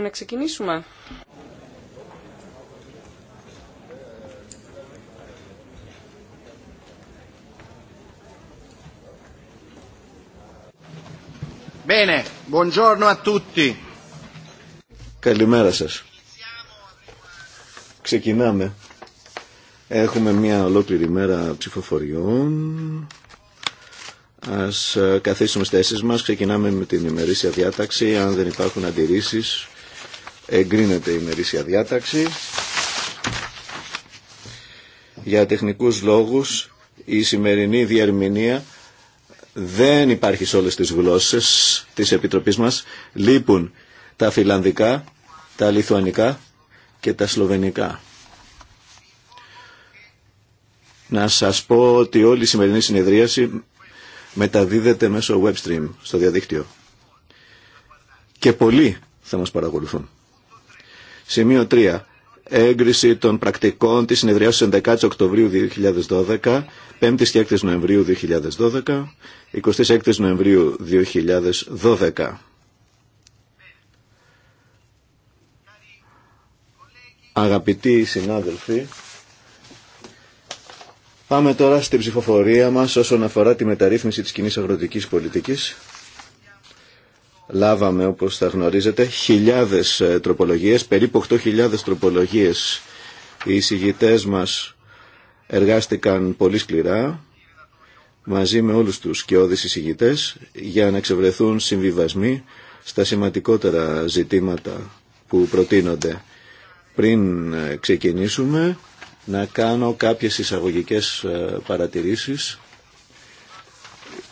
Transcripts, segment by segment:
να ξεκινήσουμε. Bene, buongiorno a tutti. Καλημέρα σας. Ξεκινάμε. Έχουμε μια ολόκληρη μέρα ψηφοφοριών. Ας ε, καθίσουμε στις θέσεις μας. Ξεκινάμε με την ημερήσια διάταξη. Αν δεν υπάρχουν αντιρρήσεις, εγκρίνεται η μερίσια διάταξη. Για τεχνικούς λόγους η σημερινή διερμηνία δεν υπάρχει σε όλες τις γλώσσες της Επιτροπής μας. Λείπουν τα φιλανδικά, τα λιθουανικά και τα σλοβενικά. Να σας πω ότι όλη η σημερινή συνεδρίαση μεταδίδεται μέσω web stream στο διαδίκτυο. Και πολλοί θα μας παρακολουθούν. Σημείο 3. Έγκριση των πρακτικών της συνεδριάσης 11 Οκτωβρίου 2012, 5η και 6 Νοεμβρίου 2012, 26 Νοεμβρίου 2012. Αγαπητοί συνάδελφοι, πάμε τώρα στην ψηφοφορία μας όσον αφορά τη μεταρρύθμιση της κοινή αγροτικής πολιτικής λάβαμε, όπως θα γνωρίζετε, χιλιάδες ε, τροπολογίες, περίπου 8.000 τροπολογίες. Οι εισηγητές μας εργάστηκαν πολύ σκληρά, μαζί με όλους τους σκιώδεις εισηγητές, για να εξευρεθούν συμβιβασμοί στα σημαντικότερα ζητήματα που προτείνονται. Πριν ε, ξεκινήσουμε, να κάνω κάποιες εισαγωγικές ε, παρατηρήσεις,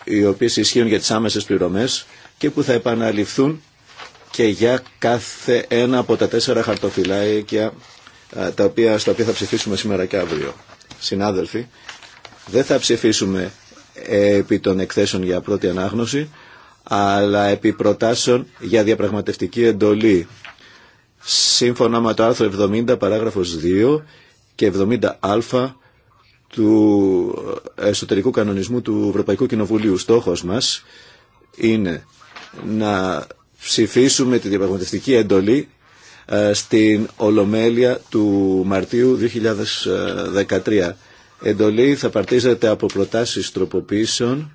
οι οποίες ισχύουν για τις άμεσες πληρωμές και που θα επαναληφθούν και για κάθε ένα από τα τέσσερα χαρτοφυλάκια τα οποία, στα οποία θα ψηφίσουμε σήμερα και αύριο. Συνάδελφοι, δεν θα ψηφίσουμε επί των εκθέσεων για πρώτη ανάγνωση, αλλά επί προτάσεων για διαπραγματευτική εντολή. Σύμφωνα με το άρθρο 70 παράγραφος 2 και 70α του εσωτερικού κανονισμού του Ευρωπαϊκού Κοινοβουλίου. Στόχος μας είναι να ψηφίσουμε τη διαπραγματευτική εντολή ε, στην Ολομέλεια του Μαρτίου 2013. Εντολή θα παρτίζεται από προτάσεις τροποποίησεων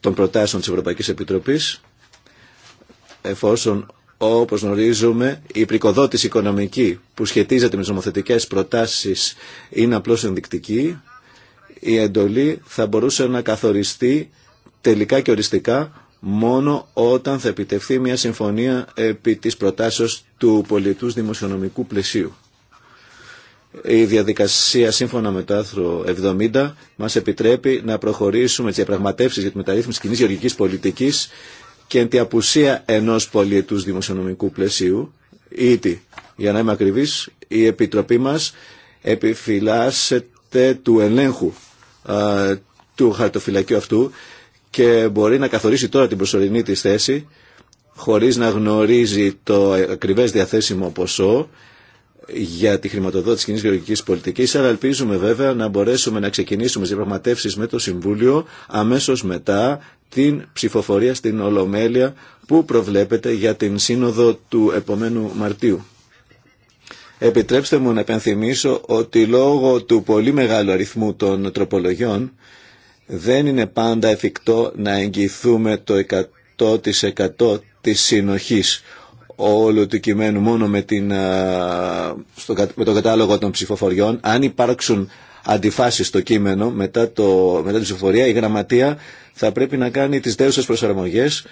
των προτάσεων της Ευρωπαϊκής Επιτροπής εφόσον όπως γνωρίζουμε η πρικοδότηση οικονομική που σχετίζεται με τις νομοθετικές προτάσεις είναι απλώς ενδεικτική η εντολή θα μπορούσε να καθοριστεί τελικά και οριστικά μόνο όταν θα επιτευχθεί μια συμφωνία επί της προτάσεως του πολιτούς δημοσιονομικού πλαισίου. Η διαδικασία σύμφωνα με το άρθρο 70 μας επιτρέπει να προχωρήσουμε τις διαπραγματεύσεις για τη μεταρρύθμιση κοινή γεωργικής πολιτικής και εν απουσία ενός πολιτούς δημοσιονομικού πλαισίου, ήτι, για να είμαι ακριβή η Επιτροπή μας επιφυλάσσεται του ελέγχου του χαρτοφυλακίου αυτού και μπορεί να καθορίσει τώρα την προσωρινή της θέση χωρίς να γνωρίζει το ακριβές διαθέσιμο ποσό για τη χρηματοδότηση κοινή γεωργική πολιτική, αλλά ελπίζουμε βέβαια να μπορέσουμε να ξεκινήσουμε τι διαπραγματεύσει με το Συμβούλιο αμέσω μετά την ψηφοφορία στην Ολομέλεια που προβλέπεται για την σύνοδο του επομένου Μαρτίου. Επιτρέψτε μου να επενθυμίσω ότι λόγω του πολύ μεγάλου αριθμού των τροπολογιών δεν είναι πάντα εφικτό να εγγυηθούμε το 100% της συνοχής όλου του κειμένου μόνο με, την, με το κατάλογο των ψηφοφοριών. Αν υπάρξουν αντιφάσεις στο κείμενο μετά, το, μετά την ψηφοφορία, η γραμματεία θα πρέπει να κάνει τις δέουσες προσαρμογές,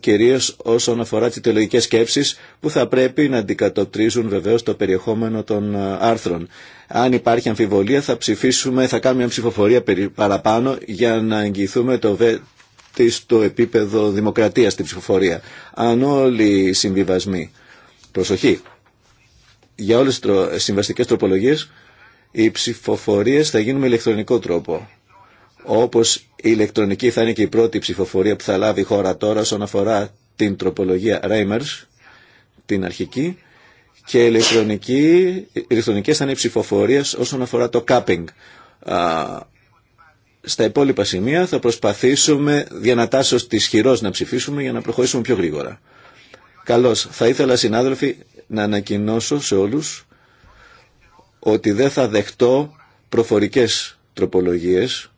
κυρίως όσον αφορά τις τελογικές σκέψεις, που θα πρέπει να αντικατοπτρίζουν βεβαίως το περιεχόμενο των άρθρων. Αν υπάρχει αμφιβολία θα ψηφίσουμε, θα κάνουμε μια ψηφοφορία παραπάνω για να εγγυηθούμε το στο επίπεδο δημοκρατίας στην ψηφοφορία. Αν όλοι οι συμβιβασμοί, προσοχή, για όλες τις συμβαστικές τροπολογίες, οι ψηφοφορίες θα γίνουν με ηλεκτρονικό τρόπο. Όπως η ηλεκτρονική θα είναι και η πρώτη ψηφοφορία που θα λάβει η χώρα τώρα όσον αφορά την τροπολογία Reimers, την αρχική, και ηλεκτρονική, ηλεκτρονικές θα είναι οι ψηφοφορίες όσον αφορά το capping. Στα υπόλοιπα σημεία θα προσπαθήσουμε διανατάσσως τη χειρός να ψηφίσουμε για να προχωρήσουμε πιο γρήγορα. Καλώς. Θα ήθελα συνάδελφοι να ανακοινώσω σε όλους ότι δεν θα δεχτώ προφορικές τροπολογίες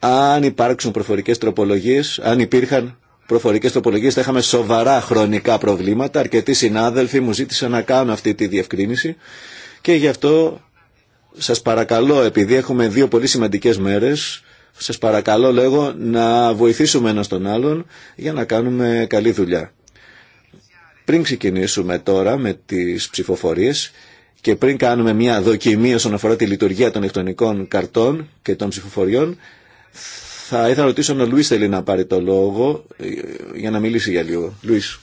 αν υπάρξουν προφορικέ τροπολογίες, αν υπήρχαν προφορικέ τροπολογίες θα είχαμε σοβαρά χρονικά προβλήματα. Αρκετοί συνάδελφοι μου ζήτησαν να κάνω αυτή τη διευκρίνηση και γι' αυτό σα παρακαλώ, επειδή έχουμε δύο πολύ σημαντικέ μέρε, σα παρακαλώ λέγω να βοηθήσουμε ένα τον άλλον για να κάνουμε καλή δουλειά. Πριν ξεκινήσουμε τώρα με τι ψηφοφορίε και πριν κάνουμε μια δοκιμή όσον αφορά τη λειτουργία των ηλεκτρονικών καρτών και των ψηφοφοριών, θα ήθελα να ρωτήσω αν ο Λουίς θέλει να πάρει το λόγο ε, για να μιλήσει για λίγο. Λουίς.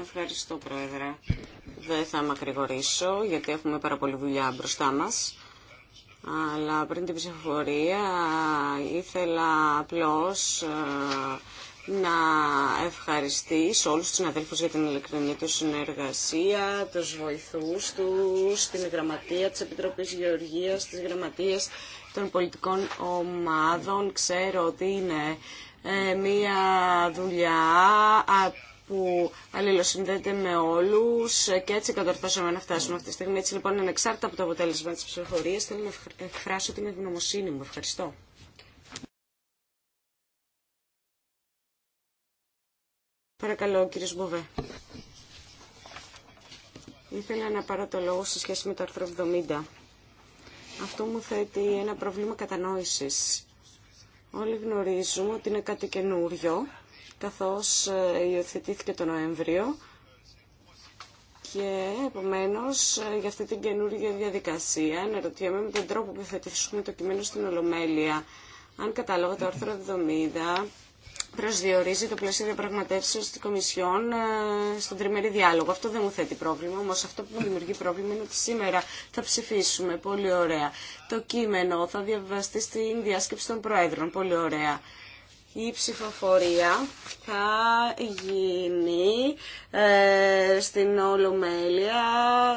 Ευχαριστώ Πρόεδρε. Δεν θα μακρηγορήσω γιατί έχουμε πάρα πολύ δουλειά μπροστά μας. Αλλά πριν την ψηφοφορία ήθελα απλώς ε, να ευχαριστήσω όλους τους συναδέλφους για την ηλεκτρονική του συνεργασία, τους βοηθούς τους, την γραμματεία της Επιτροπής Γεωργίας, τις γραμματείες των πολιτικών ομάδων. Ξέρω ότι είναι ε, μία δουλειά που αλληλοσυνδέεται με όλους και έτσι κατορθώσαμε να φτάσουμε αυτή τη στιγμή. Έτσι λοιπόν, ανεξάρτητα από το αποτέλεσμα της ψηφοφορίας, θέλω να εκφράσω την ευγνωμοσύνη μου. Ευχαριστώ. Παρακαλώ, κύριε Σμποβέ. Ήθελα να πάρω το λόγο σε σχέση με το άρθρο 70. Αυτό μου θέτει ένα πρόβλημα κατανόησης. Όλοι γνωρίζουμε ότι είναι κάτι καινούριο, καθώς ε, υιοθετήθηκε το Νοέμβριο και επομένως ε, για αυτή την καινούργια διαδικασία αναρωτιέμαι με τον τρόπο που θα το κείμενο στην Ολομέλεια. Αν κατάλαβα το άρθρο 70 προσδιορίζει το πλαίσιο διαπραγματεύσεω τη Κομισιόν ε, στον τριμερή διάλογο. Αυτό δεν μου θέτει πρόβλημα, όμω αυτό που μου δημιουργεί πρόβλημα είναι ότι σήμερα θα ψηφίσουμε. Πολύ ωραία. Το κείμενο θα διαβαστεί στην διάσκεψη των Προέδρων. Πολύ ωραία η ψηφοφορία θα γίνει ε, στην Ολομέλεια,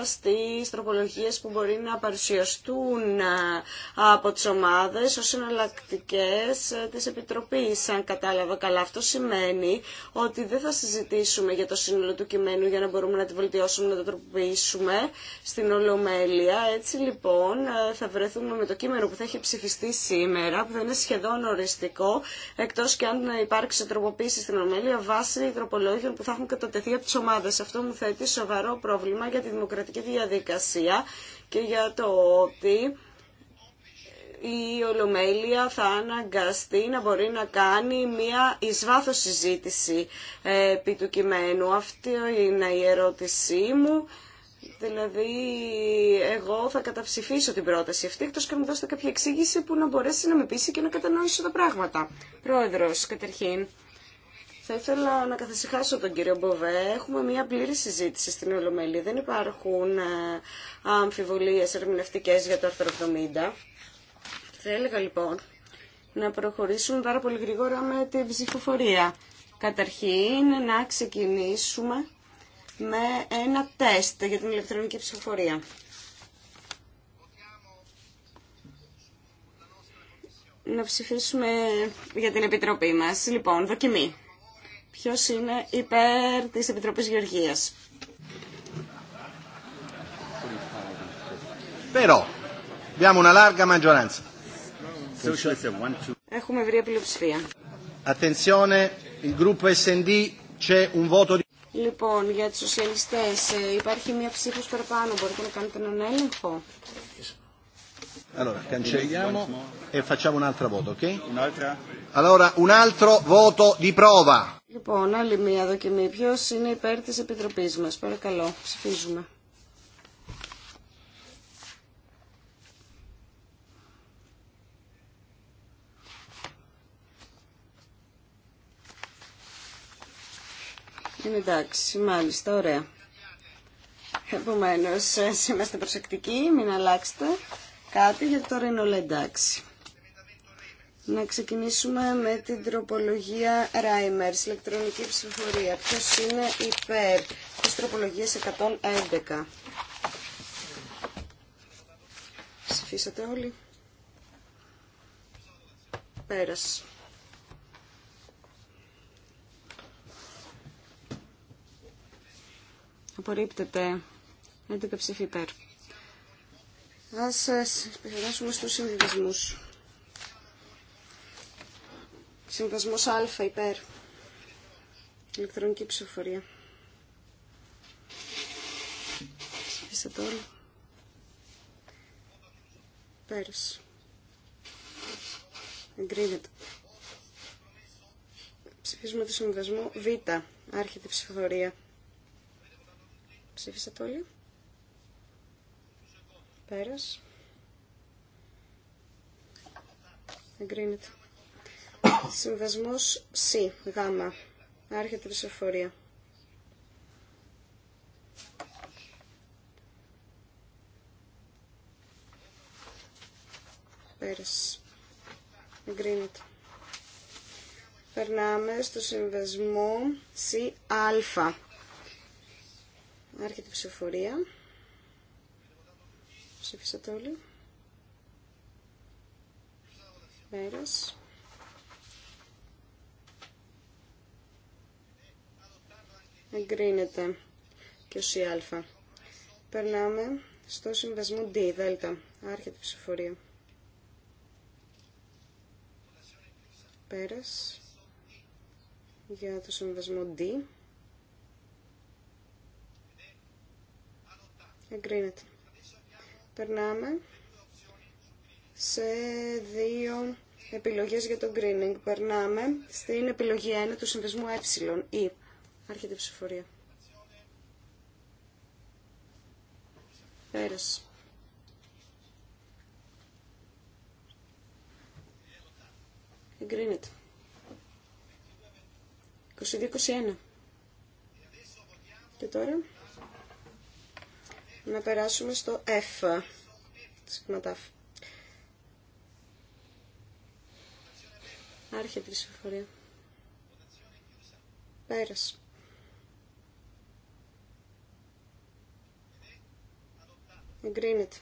στις τροπολογίες που μπορεί να παρουσιαστούν ε, από τις ομάδες ως εναλλακτικέ ε, της Επιτροπής. Αν κατάλαβα καλά, αυτό σημαίνει ότι δεν θα συζητήσουμε για το σύνολο του κειμένου για να μπορούμε να τη βελτιώσουμε, να το τροποποιήσουμε στην Ολομέλεια. Έτσι λοιπόν ε, θα βρεθούμε με το κείμενο που θα έχει ψηφιστεί σήμερα, που δεν είναι σχεδόν οριστικό, και αν υπάρξει τροποποίηση στην ολομέλεια βάσει τροπολόγιων που θα έχουν κατατεθεί από τι ομάδε. Αυτό μου θέτει σοβαρό πρόβλημα για τη δημοκρατική διαδικασία και για το ότι η Ολομέλεια θα αναγκαστεί να μπορεί να κάνει μια βάθος συζήτηση ε, επί του κειμένου. Αυτή είναι η ερώτησή μου. Δηλαδή, εγώ θα καταψηφίσω την πρόταση αυτή, εκτό και να μου δώσετε κάποια εξήγηση που να μπορέσει να με πείσει και να κατανοήσω τα πράγματα. Πρόεδρο, καταρχήν, θα ήθελα να καθησυχάσω τον κύριο Μποβέ. Έχουμε μια πλήρη συζήτηση στην Ολομέλη. Δεν υπάρχουν ε, αμφιβολίες ερμηνευτικέ για το άρθρο 70. Θα έλεγα λοιπόν να προχωρήσουμε πάρα πολύ γρήγορα με την ψηφοφορία. Καταρχήν, να ξεκινήσουμε με ένα τεστ για την ηλεκτρονική ψηφοφορία. Να ψηφίσουμε για την Επιτροπή μας. Λοιπόν, δοκιμή. Ποιος είναι υπέρ της Επιτροπής Γεωργίας. Però, abbiamo una larga maggioranza. Έχουμε βρει επιλοψηφία. Attenzione, il gruppo SD c'è un voto di... Λοιπόν, για τους σοσιαλιστές ε, υπάρχει μια ψήφος παραπάνω. Μπορείτε να κάνετε έναν έλεγχο. Allora, cancelliamo e facciamo un'altra voto, ok? Un'altra? Allora, un altro voto di prova. Λοιπόν, άλλη μια δοκιμή. Ποιος είναι υπέρ της Επιτροπής μας. Παρακαλώ, ψηφίζουμε. Είναι εντάξει, μάλιστα, ωραία. Επομένω, ε, είμαστε προσεκτικοί, μην αλλάξετε κάτι, γιατί τώρα είναι όλα εντάξει. Να ξεκινήσουμε με την τροπολογία Reimers, ηλεκτρονική ψηφοφορία. Ποιο είναι υπέρ τη τροπολογία 111. Ψηφίσατε όλοι. Πέρασε. Απορρίπτεται. 11 ψήφι υπέρ. Ας περάσουμε στους συμβιβασμούς. Συμβασμός α υπέρ. Ηλεκτρονική ψηφοφορία. Είστε το όλο. Εγκρίνεται. Ψηφίζουμε το συμβασμό Β. Άρχεται η ψηφοφορία. Ψήφισατε όλοι. Πέρας. Εγκρίνεται. Συνδεσμός C, γάμα. Άρχεται η ψηφοφορία. Πέρας. Εγκρίνεται. Περνάμε στο συνδεσμό C, α. Άρχεται η ψηφοφορία. Ψήφισατε όλοι. Πέρας. Εγκρίνεται και ο ΣΥΑ. Περνάμε στο συμβασμό D, δέλτα. Άρχεται ψηφοφορία. Πέρας για το συμβασμό D. Εγκρίνεται. Περνάμε σε δύο επιλογές για το greening. Περνάμε στην επιλογή 1 του συνδεσμού ε, ή άρχεται η αρχεται Πέρασε. Εγκρίνεται. 22-21. Και τώρα να περάσουμε στο F. Άρχεται η ψηφοφορία. Πέρασε. Εγκρίνεται.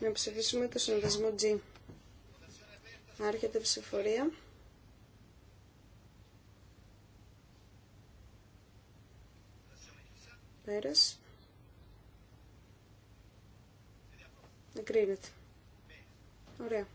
Να ψηφίσουμε το συνδεσμό G. Άρχεται η ψηφοφορία. Πέρας. Εγκρίνεται. Ωραία.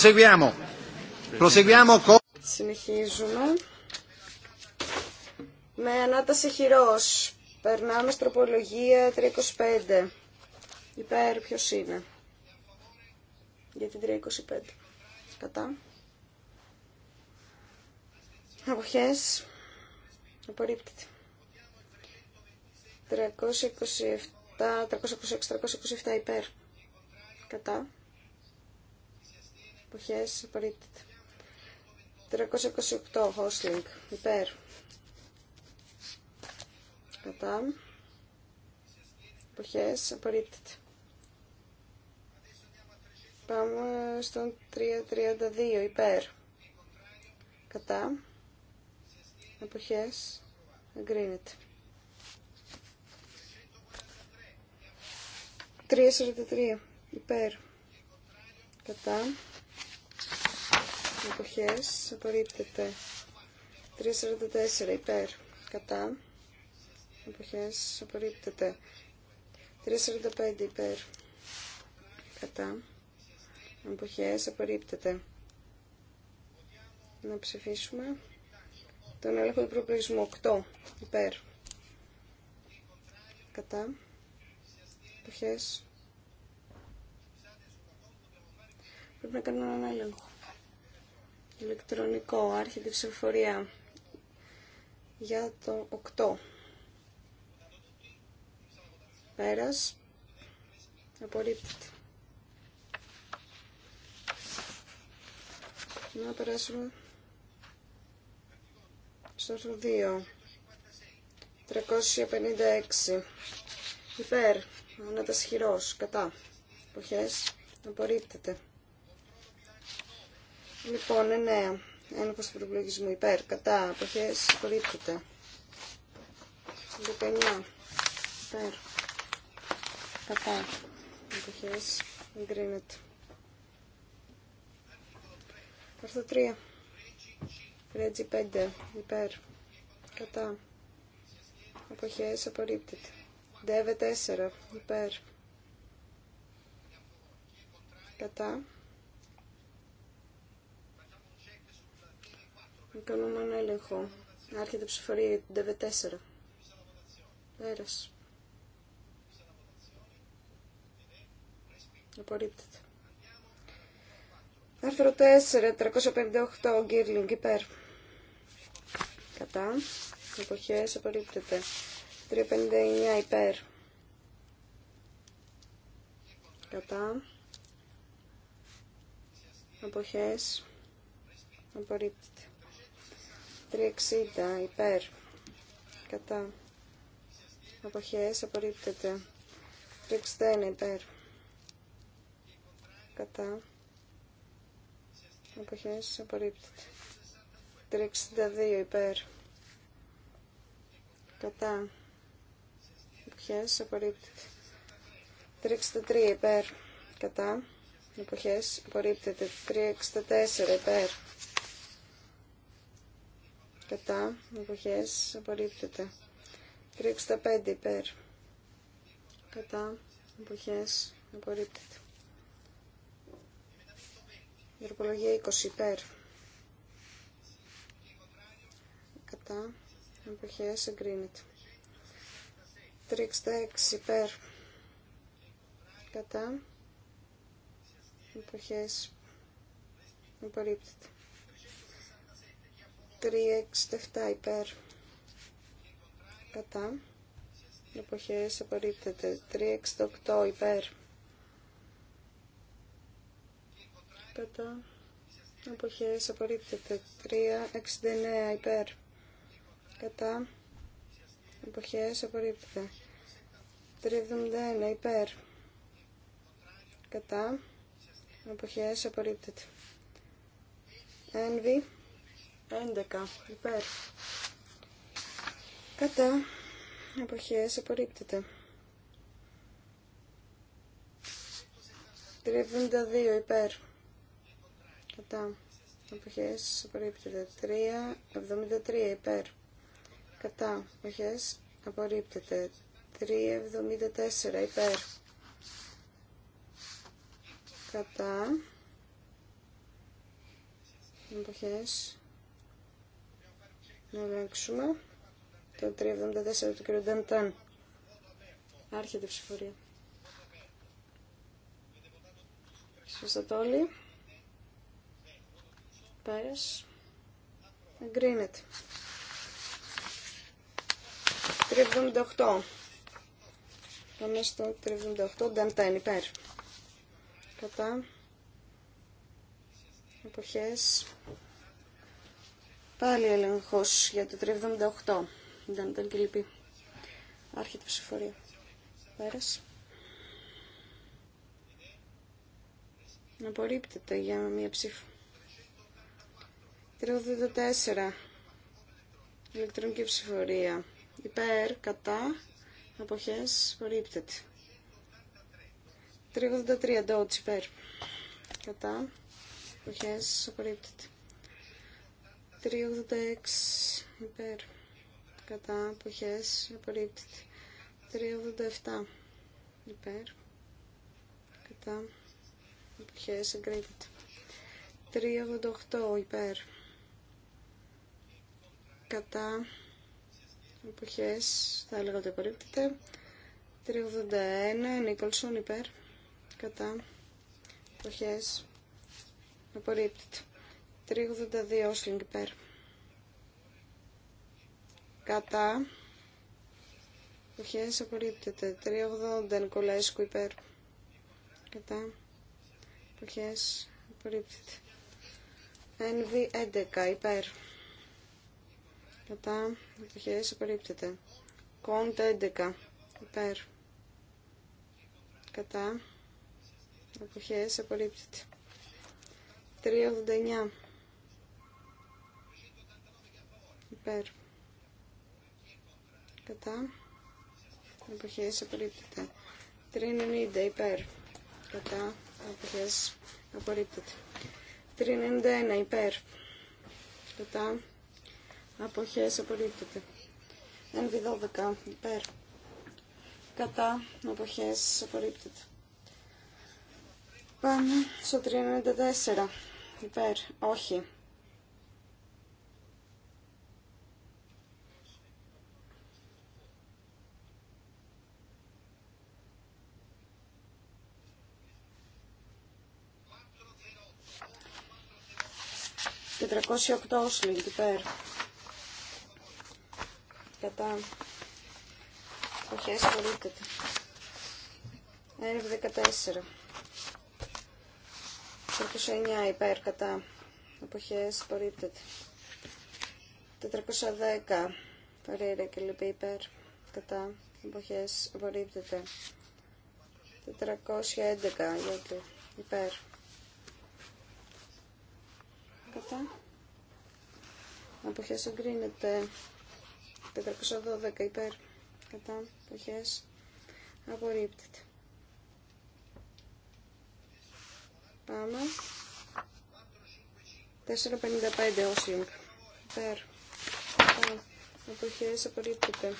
Συνεχίζουμε. Με ανάταση χειρός. Περνάμε στροπολογία 325. Υπέρ ποιος είναι. Για την 325. Κατά. Αποχές. Απορρίπτεται. 327, 326, 327 υπέρ. Κατά εποχές απορρίπτεται. 328 Χόσλινγκ υπέρ κατά εποχές απορρίπτεται. Πάμε στον 332 υπέρ κατά εποχές εγκρίνεται. 3.43 υπέρ κατά εποχές απορρίπτεται 344 υπέρ κατά εποχές απορρίπτεται 345 υπέρ κατά εποχές απορρίπτεται να ψηφίσουμε τον έλεγχο του προπλησμού 8 υπέρ κατά εποχές πρέπει να κάνουμε έναν έλεγχο ηλεκτρονικό, άρχεται η ψηφοφορία για το 8. Πέρας, απορρίπτεται. Να περάσουμε στο 2. 356. Υπέρ, ανάταση κατά. Εποχές, απορρίπτεται. Λοιπόν, 9. Ένα του προπολογισμού υπέρ, κατά, αποχές, απορρίπτεται. 19. Υπέρ, κατά, αποχές, εγκρίνεται. Άρθρο 3. Ρέτζι 5. Υπέρ. Κατά. Αποχές απορρίπτεται. Δεύε 4. Υπέρ. Κατά. Κάνουμε ένα έλεγχο. Άρχεται η ψηφορία για την TV4. Πέρασε. Απορρίπτεται. Άρθρο 4, 358, Γκίρλινγκ, υπέρ. Κατά. Εποχές, απορρίπτεται. 359, υπέρ. Κατά. Εποχές, απορρίπτεται. 360 υπέρ κατά αποχές απορρίπτεται 361 υπέρ κατά αποχές απορρίπτεται 362 υπέρ κατά αποχές απορρίπτεται 363 υπέρ κατά αποχές απορρίπτεται 364 υπέρ κατά εποχέ απορρίπτεται 365 υπέρ κατά εποχέ απορρίπτεται η 20 υπέρ κατά εποχές εγκρίνεται 366 υπέρ κατά εποχές απορρίπτεται υπέρ υπέρ κατά εποχές απορρίπτεται υπέρ υπέρ κατά εποχές απορρίπτεται υπέρ υπέρ κατά εποχές απορρίπτεται 3-1 υπέρ κατά εποχές απορρίπτεται Envy 11 υπέρ κατά εποχές απορρίπτεται 72 υπέρ κατά εποχές απορρίπτεται 373 υπέρ κατά εποχές απορρίπτεται 374 υπέρ κατά εποχές να ελέγξουμε το 374 του κ. Νταντάν. Άρχεται η ψηφορία. Σωστατόλη. όλοι. Πέρας. Εγκρίνεται. 378. Πάμε στο 378. Νταντάν υπέρ. Κατά. Εποχές. Πάλι έλεγχο για το 378. Δεν ήταν και λυπή. Άρχεται η ψηφορία. Πέρασε. Απορρίπτεται για μία ψήφο. 384. Ηλεκτρονική ψηφορία. Υπέρ, κατά, αποχές, απορρίπτεται. 383. Ντότς, υπέρ. Κατά, αποχές, απορρίπτεται. 386 υπέρ κατά αποχές απορρίπτεται 387 υπέρ κατά αποχές εγκρίνεται 388 υπέρ κατά εποχές θα έλεγα ότι απορρίπτεται 381 Νίκολσον υπέρ κατά εποχές απορρίπτεται 3,82 82 όσλινγκ υπέρ. Κατά. Αποχές απορρίπτεται. 380 Νικολέσκου υπέρ. Κατά. Αποχές απορρίπτεται. Ένβη 11 υπέρ. Κατά. εποχέ απορρίπτεται. Κόντ 11 υπέρ. Κατά. Αποχές απορρίπτεται. 389 υπέρ κατά αποχές απορρίπτεται 390 υπέρ κατά αποχές απορρίπτεται 391 υπέρ κατά αποχές απορρίπτεται NV12 υπέρ κατά αποχές απορρίπτεται πάμε στο 394 υπέρ όχι 408 όσλινγκ υπέρ. Κατά. εποχέ απορρίπτεται. Έρευ 14. 409 υπέρ κατά. Εποχές απορρίπτεται. 410. παρήρα και λοιπή υπέρ. Κατά. Εποχές απορρίπτεται. 411 γιατί υπέρ. Κατά. Αποχέ εγκρίνεται 412 υπέρ κατά αποχές απορρίπτεται πάμε 455 όσοι υπέρ κατά αποχές απορρίπτεται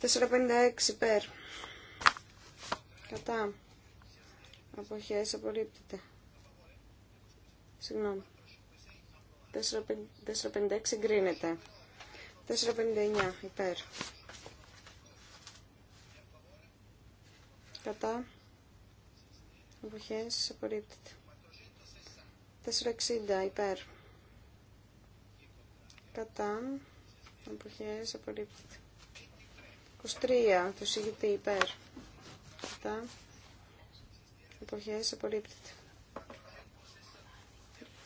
456 υπέρ κατά αποχές απορρίπτεται Συγγνώμη. 456 εγκρίνεται. 459 υπέρ. Κατά. Αποχές απορρίπτεται. 460 υπέρ. Κατά. Αποχές απορρίπτεται. 23 το συγγητή υπέρ. Κατά. Αποχές απορρίπτεται.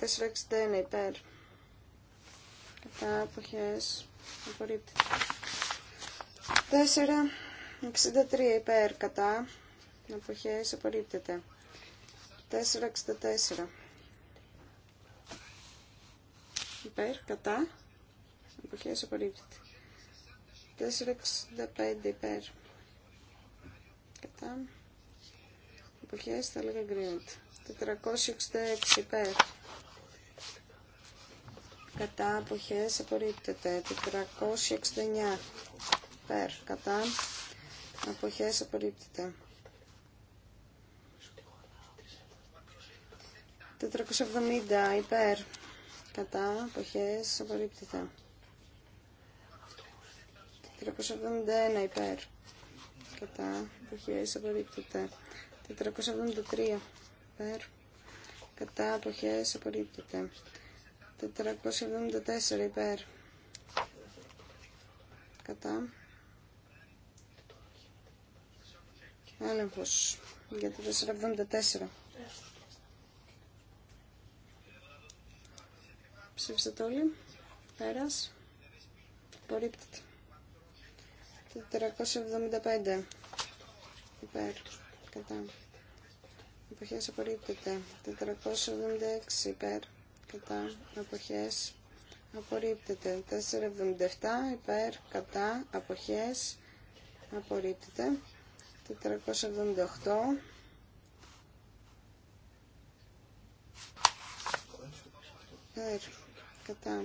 461 υπέρ. Κατά αποχές απορρίπτεται. 463 υπέρ. Κατά αποχές απορρίπτεται. 464 υπέρ. Κατά αποχές απορρίπτεται. 465 υπέρ. Κατά αποχές θα λέγαμε γκρίνεται. 466 υπέρ κατά αποχές απορρίπτεται 469 περ κατά αποχές απορρίπτεται 470 υπέρ κατά αποχές απορρίπτεται 471 υπέρ κατά αποχές απορρίπτεται 473 υπέρ κατά αποχές απορρίπτεται 474 υπέρ. Κατά. Έλεγχος για το 474. Ψήφισε το όλοι. Πέρας. Απορρίπτεται. 475. Υπέρ. Κατά. Εποχές απορρίπτεται. 476 υπέρ κατά αποχές απορρίπτεται 477 υπέρ κατά αποχές απορρίπτεται 478 υπέρ κατά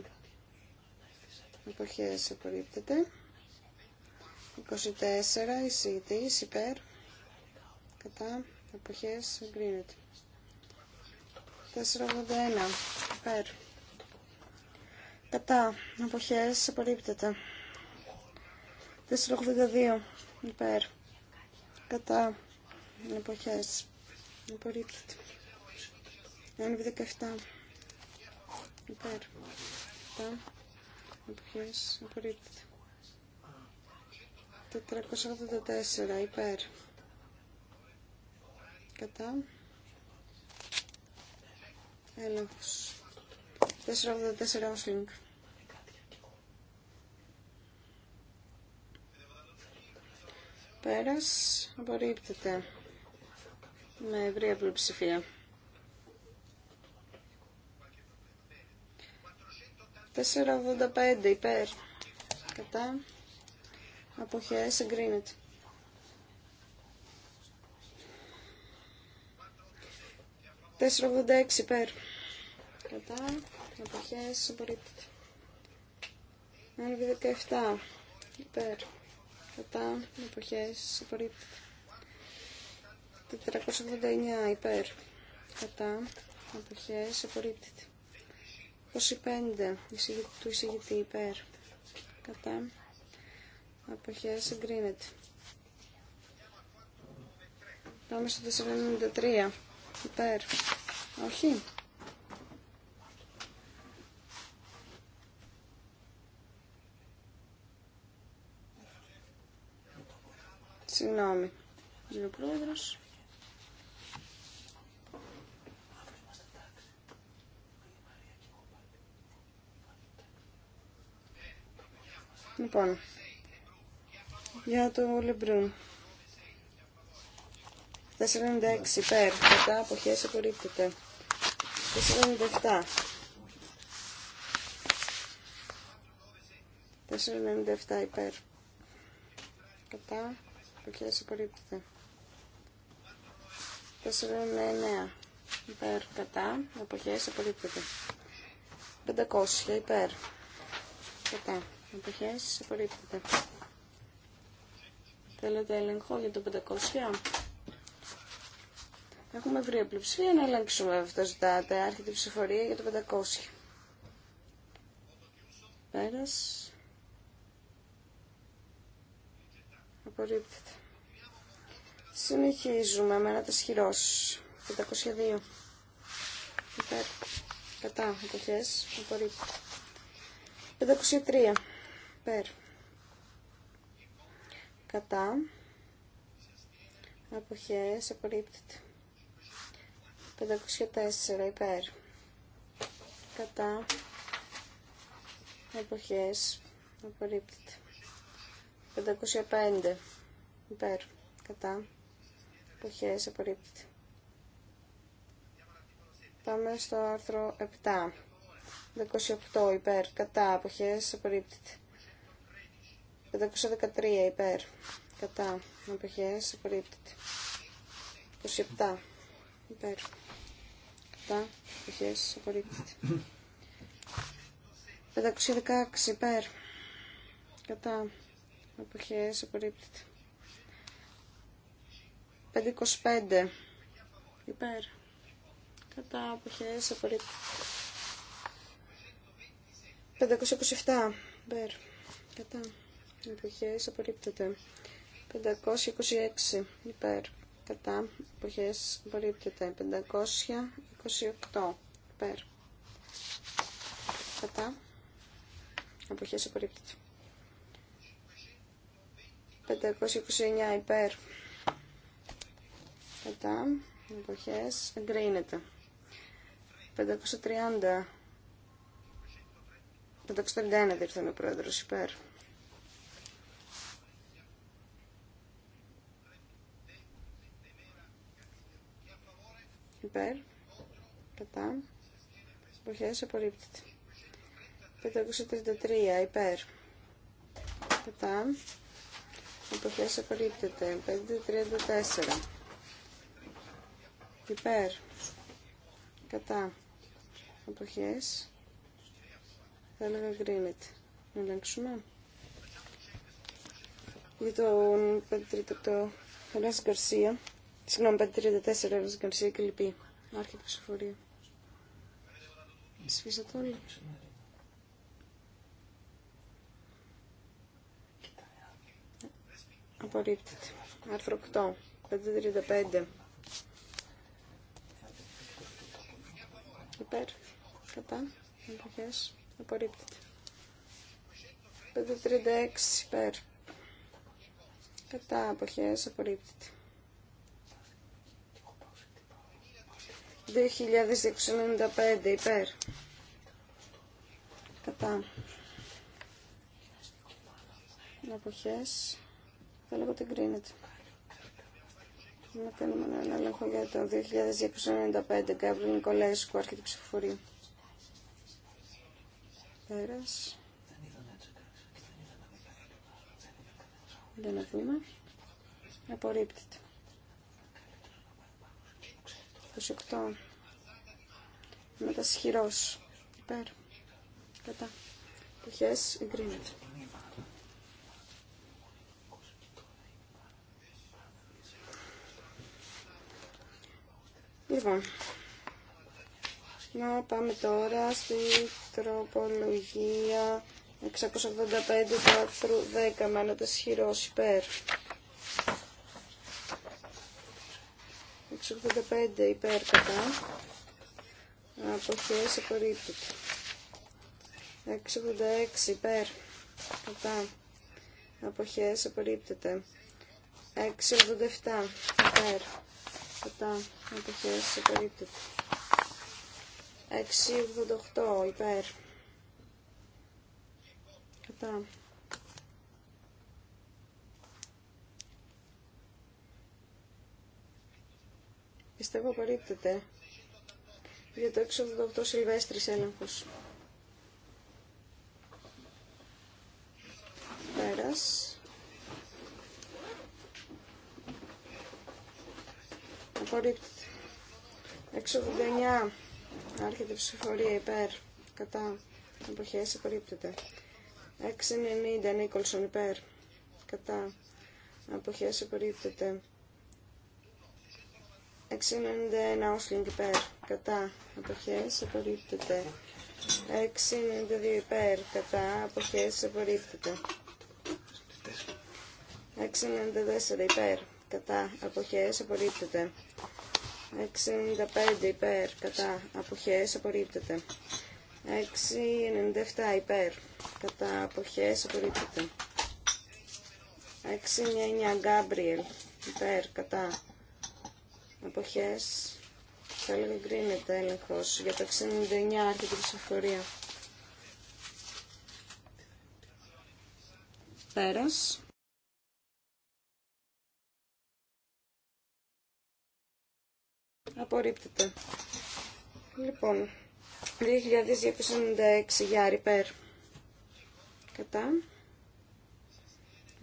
αποχές απορρίπτεται 24 εισήτης, υπέρ κατά αποχές εγκρίνεται 481 Κατά. εποχές απορρίπτεται. 482 υπέρ. Κατά. εποχές απορρίπτεται. 1.17 υπέρ. Κατά. εποχές απορρίπτεται. 484 υπέρ. Κατά. Έλεγχος. 484 link. Πέρας απορρίπτεται με ευρία πλειοψηφία. 485 υπέρ κατά αποχές εγκρίνεται. 486 υπέρ κατά αποχές απορρίπτεται. Άνβη 17 υπέρ κατά εποχέ, απορρίπτεται. 489 υπέρ κατά αποχές απορρίπτεται. 25 του εισηγητή υπέρ κατά αποχές εγκρίνεται. Πάμε στο 493 υπέρ. Όχι. Συγγνώμη. Κύριε πρόεδρο. Λοιπόν, για το Λεμπρούν. 496 υπέρ, κατά αποχές απορρίπτεται. 497. 497 υπέρ. Κατά αποχές απορρίπτεται. 499 υπέρ κατά αποχές απορρίπτεται. 500 υπέρ κατά αποχές απορρίπτεται. Θέλετε έλεγχο για το 500. Έχουμε βρει πλειοψηφία να ελέγξουμε αυτό ζητάτε. Άρχεται η ψηφορία για το 500. Πέρας. Απορρίπτεται. Συνεχίζουμε με ένα τεσχυρό. 502. Υπέρ. Κατά. εποχέ Απορρίπτεται. 503. Υπέρ. Κατά. Εποχέ. Απορρίπτεται. 504. Υπέρ. Κατά. Εποχέ. Απορρίπτεται. 505 υπέρ κατά εποχές απορρίπτει Πάμε στο άρθρο 7. 508, υπέρ κατά εποχές απορρίπτεται. 513 υπέρ κατά εποχές απορρίπτεται. 27 υπέρ κατά εποχές απορρίπτεται. 516 υπέρ κατά Αποχές απορρίπτεται. 525. Υπέρ. Κατά αποχές απορρίπτεται. 527. Υπέρ. Κατά αποχές απορρίπτεται. 526. Υπέρ. Κατά αποχές απορρίπτεται. 528. Υπέρ. Κατά αποχές απορρίπτεται. 529 υπέρ. Κατά. Εποχές. Εγκρίνεται. 530. 531 διορθώνει ο πρόεδρος υπέρ. Υπέρ. Κατά. Εποχές. Απορρίπτεται. 533 υπέρ. Κατά. Αποχές απορρίπτεται. 534. Υπέρ. Κατά. Αποχές. Θα έλεγα γκρίνεται. Να ελέγξουμε. Για τον 538 Ρας Γκαρσία. Συγγνώμη, 534 Ρας Γκαρσία και λοιπή. Άρχεται ψηφορία. Ψηφίσατε όλοι. Απορρίπτεται. Άρθρο 8. 535. Υπέρ. Κατά. Εποχές. Απορρίπτεται. 536. Υπέρ. Κατά. αποχέ, Απορρίπτεται. 2.695 υπέρ. Κατά. Εποχές. Θέλω ότι εγκρίνεται. Να κάνουμε έναν έλεγχο για το 2295. Γκάβριλ Νικολέσκου, άρχεται ψηφοφορία. Πέρας. Δεν να δούμε. Απορρίπτεται. 28. Μετασχυρός. Υπέρ. Κατά. Τυχές, εγκρίνεται. Λοιπόν, να πάμε τώρα στη τροπολογία 685 του άρθρου 10 με τα υπέρ. 685 υπέρ κατά. Αποχές απορριπτωται 686 υπέρ κατά. Αποχές απορρίπτεται. 687 υπέρ κατά σε απορρίπτεται. 688 υπέρ κατά Πιστεύω απορρίπτεται. Για το 688 Σιλβέστρης έλεγχος. Πέρας. Απορρίπτεται. 689. Άρχεται η υπέρ. Κατά. Αποχές απορρίπτεται. 690. Νίκολσον υπέρ. Κατά. Αποχές απορρίπτεται. 691 Όσλινγκ υπέρ κατά αποχές απορρίπτεται 692 υπέρ κατά αποχές απορρίπτεται 694 υπέρ κατά αποχές απορρίπτεται 6,95 υπέρ κατά αποχές απορρίπτεται. 6,97 υπέρ κατά αποχές απορρίπτεται. 6,99 Γκάμπριελ υπέρ κατά αποχές θα να γκρίνεται έλεγχος για το 6,99 άρχεται η Πέρας. Απορρίπτεται. Λοιπόν, 2.296 για repair. Κατά.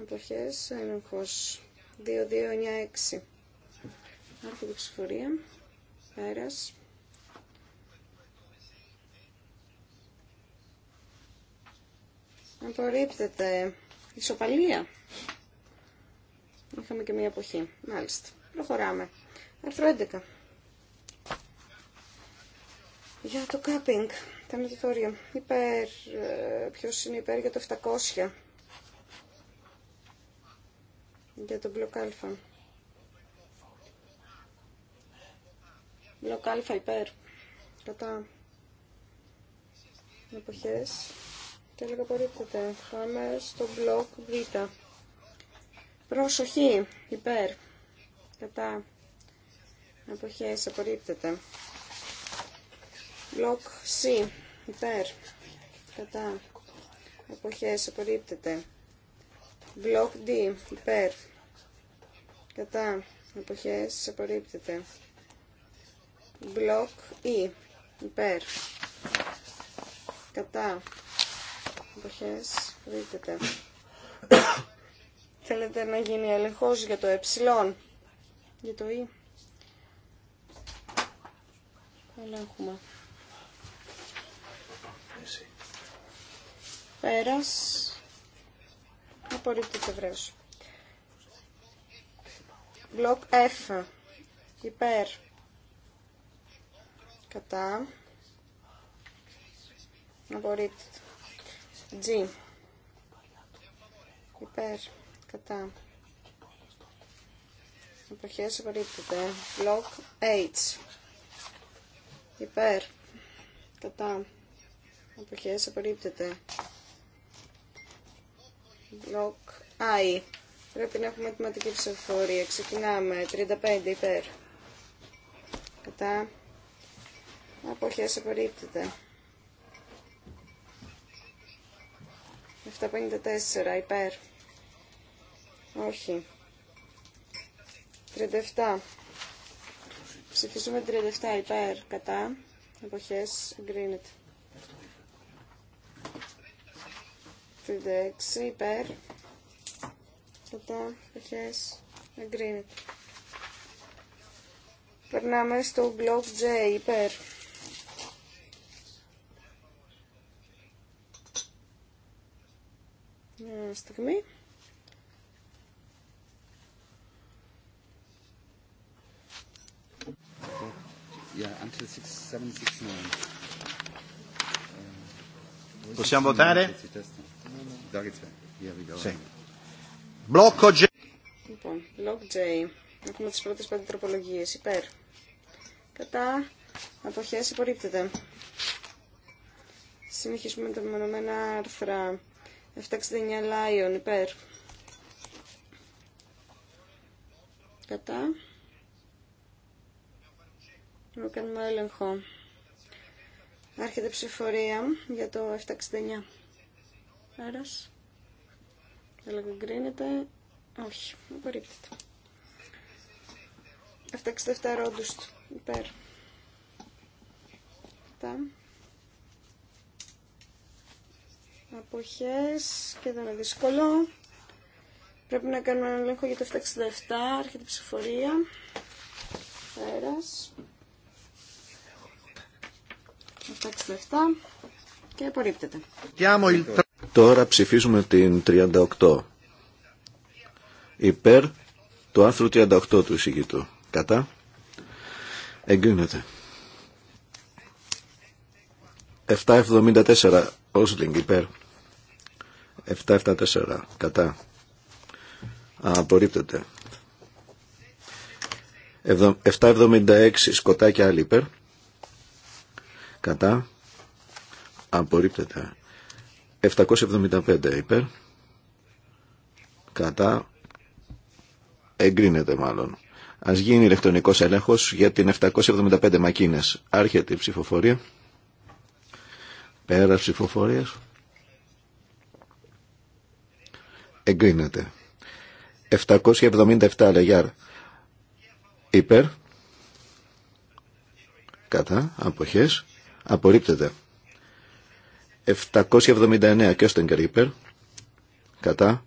Αποχές. έλεγχος. 2.296. Άρχεται ψηφορία. Πέρας. Απορρίπτεται. Ισοπαλία. Είχαμε και μία εποχή. Μάλιστα. Προχωράμε. Άρθρο 11. Για το κάπινγκ, τα μετατόρια. Υπέρ, ε, ποιος είναι υπέρ για το 700. Για το μπλοκ αλφα, Μπλοκ αλφα υπέρ. Κατά. Εποχές. Και λίγο απορρίπτεται. Πάμε στο μπλοκ β. Προσοχή. Υπέρ. Κατά. Εποχές. Απορρίπτεται. Block C. Υπέρ. Κατά. εποχές, Απορρίπτεται. Block D. Υπέρ. Κατά. εποχές, Απορρίπτεται. Block E. Υπέρ. Κατά. εποχές, Απορρίπτεται. Θέλετε να γίνει έλεγχος για το ε. Για το E. Ελέγχουμε. Πέρας. το βρέως. Μπλοκ F. Υπέρ. Κατά. Απορρίπτεται. G. Υπέρ. Κατά. Εποχές απορρίπτεται. Block H. Υπέρ. Κατά. Εποχές απορρίπτεται. Block I. Πρέπει να έχουμε ετοιματική ψηφοφορία. Ξεκινάμε. 35 υπέρ. Κατά. Αποχές απορρίπτεται. 754 υπέρ. Όχι. 37. Ψηφίζουμε 37 υπέρ. Κατά. Αποχές εγκρίνεται. 56 υπέρ κατά εποχές εγκρίνεται. Περνάμε στο Globe J υπέρ. Μια στιγμή. Yeah, until 6769. Possiamo votare? Λοιπόν, Block J. Έχουμε τις πρώτες πέντε τροπολογίες. Υπέρ. Κατά. Αποχές υπορρίπτεται. Συνεχίζουμε με τα μεμονωμένα άρθρα. 769 Lion. Υπέρ. Κατά. Να κάνουμε έλεγχο. Άρχεται ψηφορία για το 769. Πέρας. Έλεγα εγκρίνεται. Όχι, απορρίπτεται. 767 ρόντους του. Υπέρ. Αυτά. Αποχές και δεν είναι δύσκολο. Πρέπει να κάνουμε έναν έλεγχο για το 767. Άρχεται η ψηφορία. Πέρας. 767 και απορρίπτεται. Τώρα ψηφίζουμε την 38. Υπέρ του άρθρου 38 του εισηγητού. Κατά. Εγκρίνεται. 774. Όσλινγκ υπέρ. 774. Κατά. Απορρίπτεται. 776. Σκοτάκια άλλη υπέρ. Κατά. Απορρίπτεται. 775 υπέρ κατά εγκρίνεται μάλλον. Ας γίνει ηλεκτρονικός έλεγχος για την 775 μακίνες. Άρχεται η ψηφοφορία. Πέρα ψηφοφορίας. Εγκρίνεται. 777 λεγιάρ υπέρ κατά αποχές απορρίπτεται. 779 και στον υπέρ. Κατά.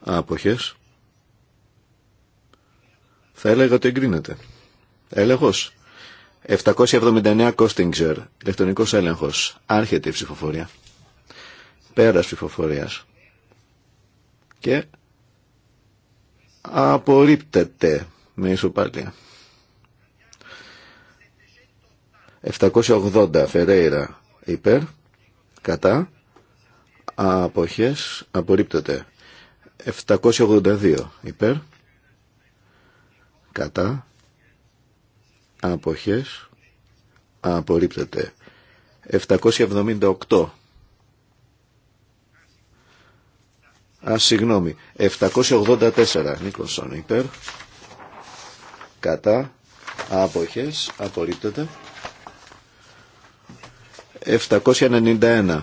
Άποχες. Θα έλεγα ότι εγκρίνεται. Έλεγχος. 779 Κόστιγκζερ, ηλεκτρονικός έλεγχος, άρχεται η ψηφοφορία, πέρας ψηφοφορίας και απορρίπτεται με ισοπαλία. 780 Φερέιρα υπέρ, κατά, αποχές απορρίπτεται. 782 υπέρ, κατά, αποχές απορρίπτεται. 778 Α, συγγνώμη, 784 Νίκολσον υπέρ, κατά, άποχες, απορρίπτεται. 791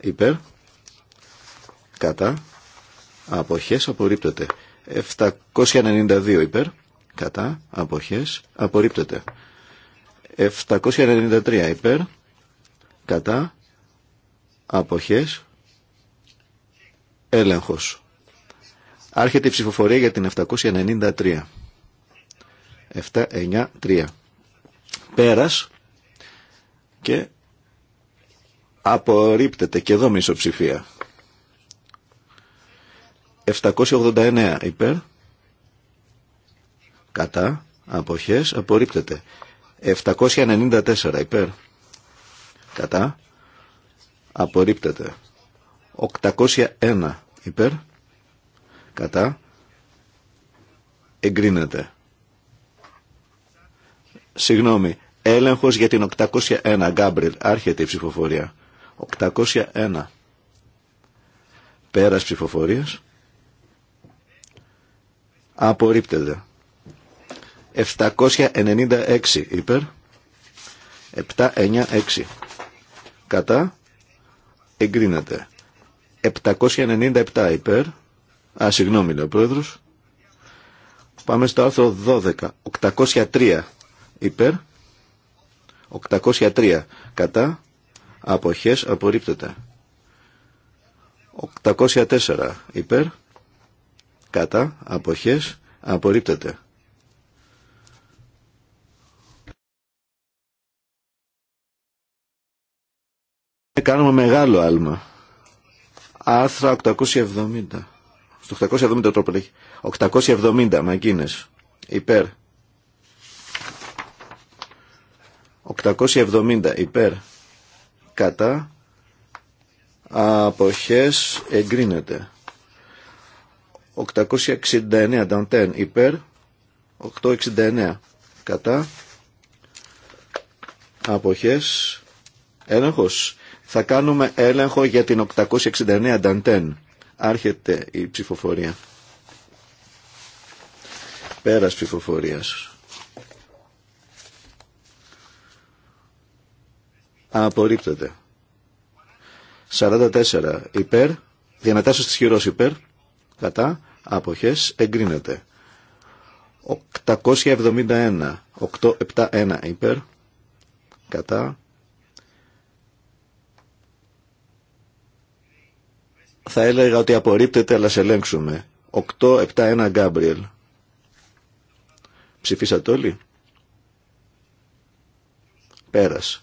υπέρ κατά αποχές απορρίπτεται 792 υπέρ κατά αποχές απορρίπτεται 793 υπέρ κατά αποχές έλεγχος άρχεται η ψηφοφορία για την 793 793 πέρας και Απορρίπτεται και εδώ μισοψηφία. 789 υπέρ. Κατά. Αποχές. Απορρίπτεται. 794 υπέρ. Κατά. Απορρίπτεται. 801 υπέρ. Κατά. Εγκρίνεται. Συγγνώμη. Έλεγχος για την 801. Γκάμπριλ. Άρχεται η ψηφοφορία. 801. Πέρας ψηφοφορίας. Απορρίπτεται. 796 υπέρ. 796. Κατά. Εγκρίνεται. 797 υπέρ. Α, συγγνώμη λέει ο πρόεδρος. Πάμε στο άρθρο 12. 803 υπέρ. 803 κατά αποχές απορρίπτεται. 804 υπέρ, κατά, αποχές απορρίπτεται. Ε, κάνουμε μεγάλο άλμα. Άθρα 870. Στο 870 τρόπο λέει. 870 μακίνες. Υπέρ. 870 υπέρ κατά αποχές εγκρίνεται 869 downtown υπέρ 869 κατά αποχές έλεγχος θα κάνουμε έλεγχο για την 869 Άρχεται η ψηφοφορία. Πέρας ψηφοφορίας. απορρίπτεται. 44 υπέρ, διανατάσσεως της χειρός υπέρ, κατά, αποχές, εγκρίνεται. 871, 871 υπέρ, κατά, θα έλεγα ότι απορρίπτεται αλλά σε ελέγξουμε. 871 Γκάμπριελ. Ψηφίσατε όλοι. Πέρας.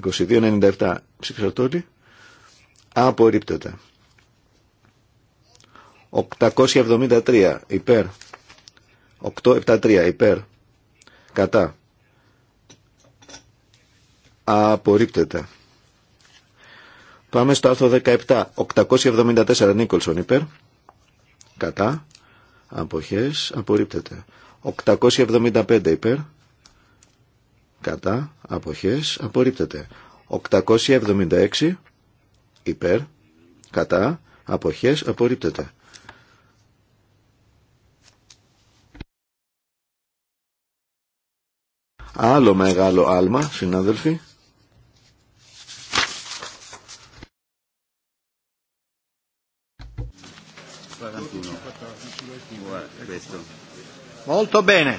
2297 ψηφισατόρι απορρίπτεται. 873 υπέρ. 873 υπέρ. Κατά. Απορρίπτεται. Πάμε στο άρθρο 17. 874 Νίκολσον υπέρ. Κατά. Αποχές. Απορρίπτεται. 875 υπέρ κατά αποχές απορρίπτεται 876 υπέρ κατά αποχές απορρίπτεται Άλλο μεγάλο άλμα, συνάδελφοι. Molto bene.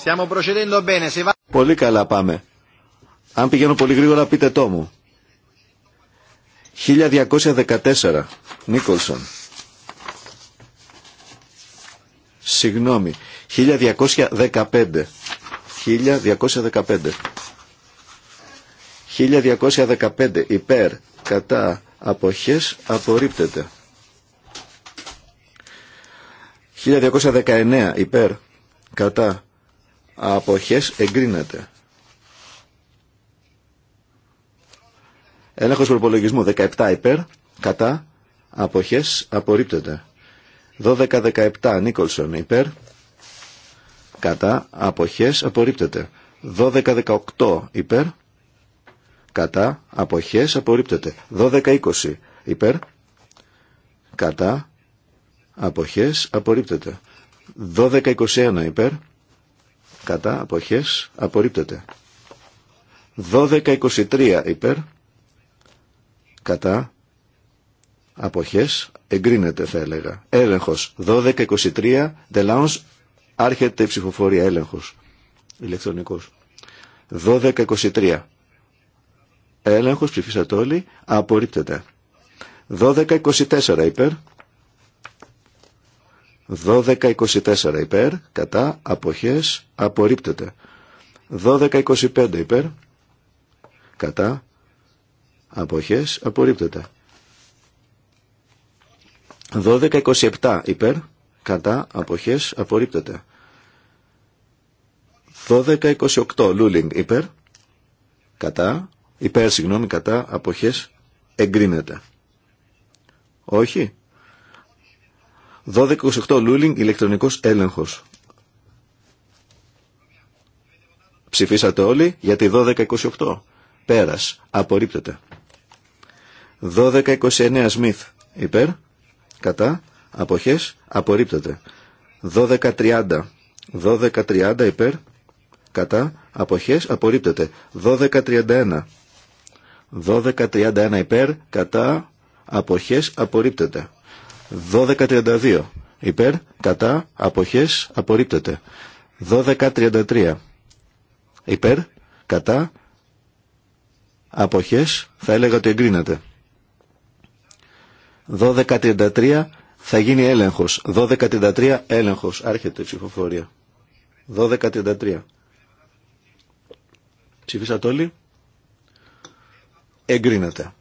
Stiamo procedendo bene. va... Πολύ καλά πάμε. Αν πηγαίνω πολύ γρήγορα πείτε το μου. 1214. Νίκολσον. Συγγνώμη. 1215. 1215. 1215 υπέρ κατά αποχές απορρίπτεται. 1219 υπέρ κατά αποχές εγκρίνεται. Έλεγχος προπολογισμού 17 υπέρ, κατά, αποχές απορρίπτεται. 12-17 Νίκολσον υπέρ, κατά, αποχές απορρίπτεται. 12-18 υπέρ, κατά, αποχές απορρίπτεται. 12-20 υπέρ, κατά, αποχές απορρίπτεται. 12-21 υπέρ, κατά αποχές απορρίπτεται. 12.23 υπέρ κατά αποχές εγκρίνεται θα έλεγα. Έλεγχος 12.23 τελάως άρχεται η ψηφοφορία έλεγχος ηλεκτρονικός. 12.23 έλεγχος ψηφίσατε όλοι απορρίπτεται. 12.24 υπέρ 12-24 υπέρ, κατά, αποχές, απορρίπτεται. 12-25 υπέρ, κατά, αποχές, απορρίπτεται. 12-27 υπέρ, κατά, αποχές, απορρίπτεται. 12-28 λούλινγκ υπέρ, κατά, υπέρ, συγγνώμη, κατά, αποχές, εγκρίνεται. Όχι, 1228 Λούλινγκ ηλεκτρονικός έλεγχος. Ψηφίσατε όλοι για τη 1228. Πέρας. Απορρίπτεται. 1229 Σμιθ. Υπέρ. Κατά. Αποχές. Απορρίπτεται. 1230. 1230 υπέρ. Κατά. Αποχές. Απορρίπτεται. 1231. 1231 υπέρ. Κατά. Αποχές. Απορρίπτεται. 12.32 υπέρ, κατά, αποχές, απορρίπτεται. 12.33 υπέρ, κατά, αποχές, θα έλεγα ότι εγκρίνεται. 12.33 θα γίνει έλεγχος. 12.33 έλεγχος. Άρχεται η ψηφοφορία. 12.33. Ψηφίσατε όλοι. Εγκρίνεται.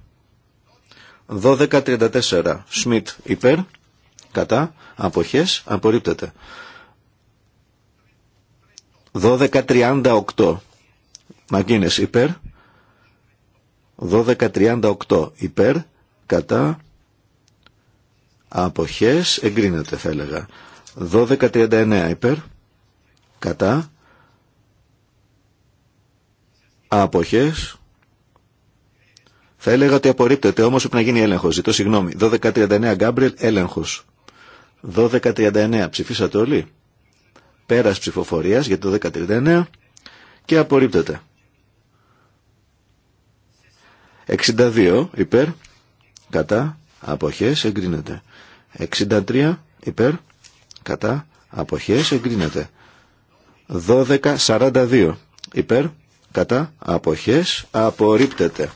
12.34 Σμιτ υπέρ, κατά, αποχές, απορρίπτεται. 12.38 Μαγκίνες υπέρ, 12.38 υπέρ, κατά, αποχές, εγκρίνεται θα έλεγα. 12.39 υπέρ, κατά, αποχές, θα έλεγα ότι απορρίπτεται, όμω πρέπει να γίνει έλεγχο, Ζητώ συγγνώμη. 1239 Γκάμπριελ, έλεγχο. 1239 ψηφίσατε όλοι. Πέρα ψηφοφορία για το 1239 και απορρίπτεται. 62 υπέρ, κατά, απόχέ εγκρίνεται. 63 υπέρ, κατά, κατά, εγκρίνεται. 1242 υπέρ, κατά, απόχέ, απορρίπτεται.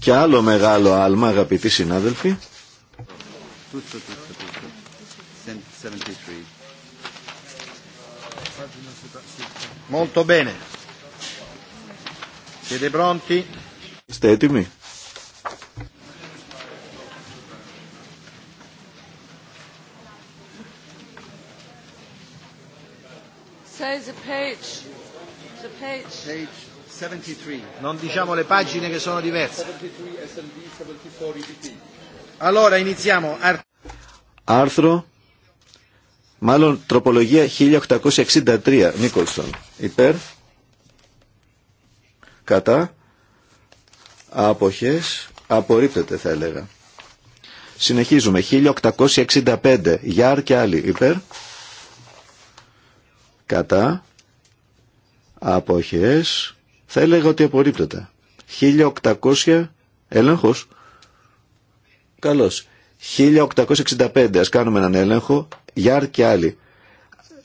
Και άλλο μεγάλο άλμα, αγαπητοί συνάδελφοι. Μόλτο μπένε. Είστε έτοιμοι. Says a Non diciamo le pagine che sono diverse. E allora Άρθρο, μάλλον τροπολογία 1863, Νίκολσον. Υπέρ, κατά, αποχές, απορρίπτεται θα έλεγα. Συνεχίζουμε, 1865, Γιάρ και άλλοι, υπέρ, κατά, Αποχές. Θα έλεγα ότι απορρίπτεται. 1800 έλεγχος. Καλώς. 1865. Ας κάνουμε έναν έλεγχο. Γιάρ και άλλοι.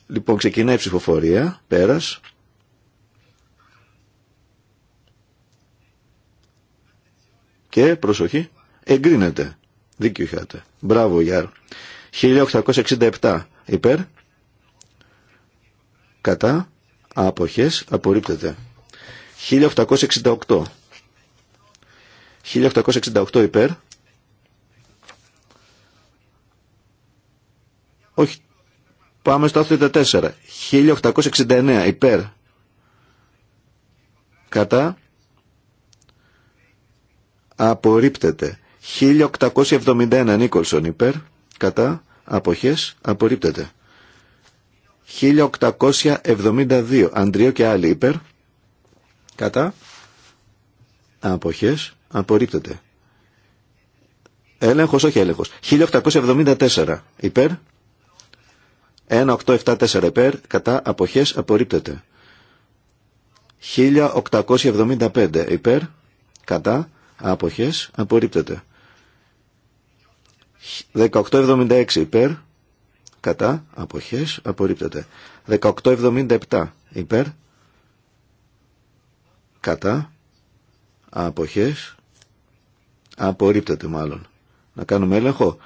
Λοιπόν, ξεκινάει η ψηφοφορία. Πέρας. Και προσοχή. Εγκρίνεται. Δίκιο είχατε. Μπράβο, Γιάρ. 1867. Υπέρ. Κατά. Αποχές απορρίπτεται. 1868. 1868 υπέρ. Όχι. Πάμε στο άθρο 4. 1869 υπέρ. Κατά. Απορρίπτεται. 1871 Νίκολσον υπέρ. Κατά. Αποχές απορρίπτεται. 1872. Αντρίο και άλλοι υπέρ. Κατά. Αποχές. Απορρίπτεται. Έλεγχος, όχι έλεγχος. 1874 υπέρ. 1874 υπέρ. Κατά. Αποχές. Απορρίπτεται. 1875 υπέρ. Κατά. Αποχές. Απορρίπτεται. 1876 υπέρ κατά, αποχές, απορρίπτεται. 1877 υπέρ, κατά, αποχές, απορρίπτεται μάλλον. Να κάνουμε έλεγχο.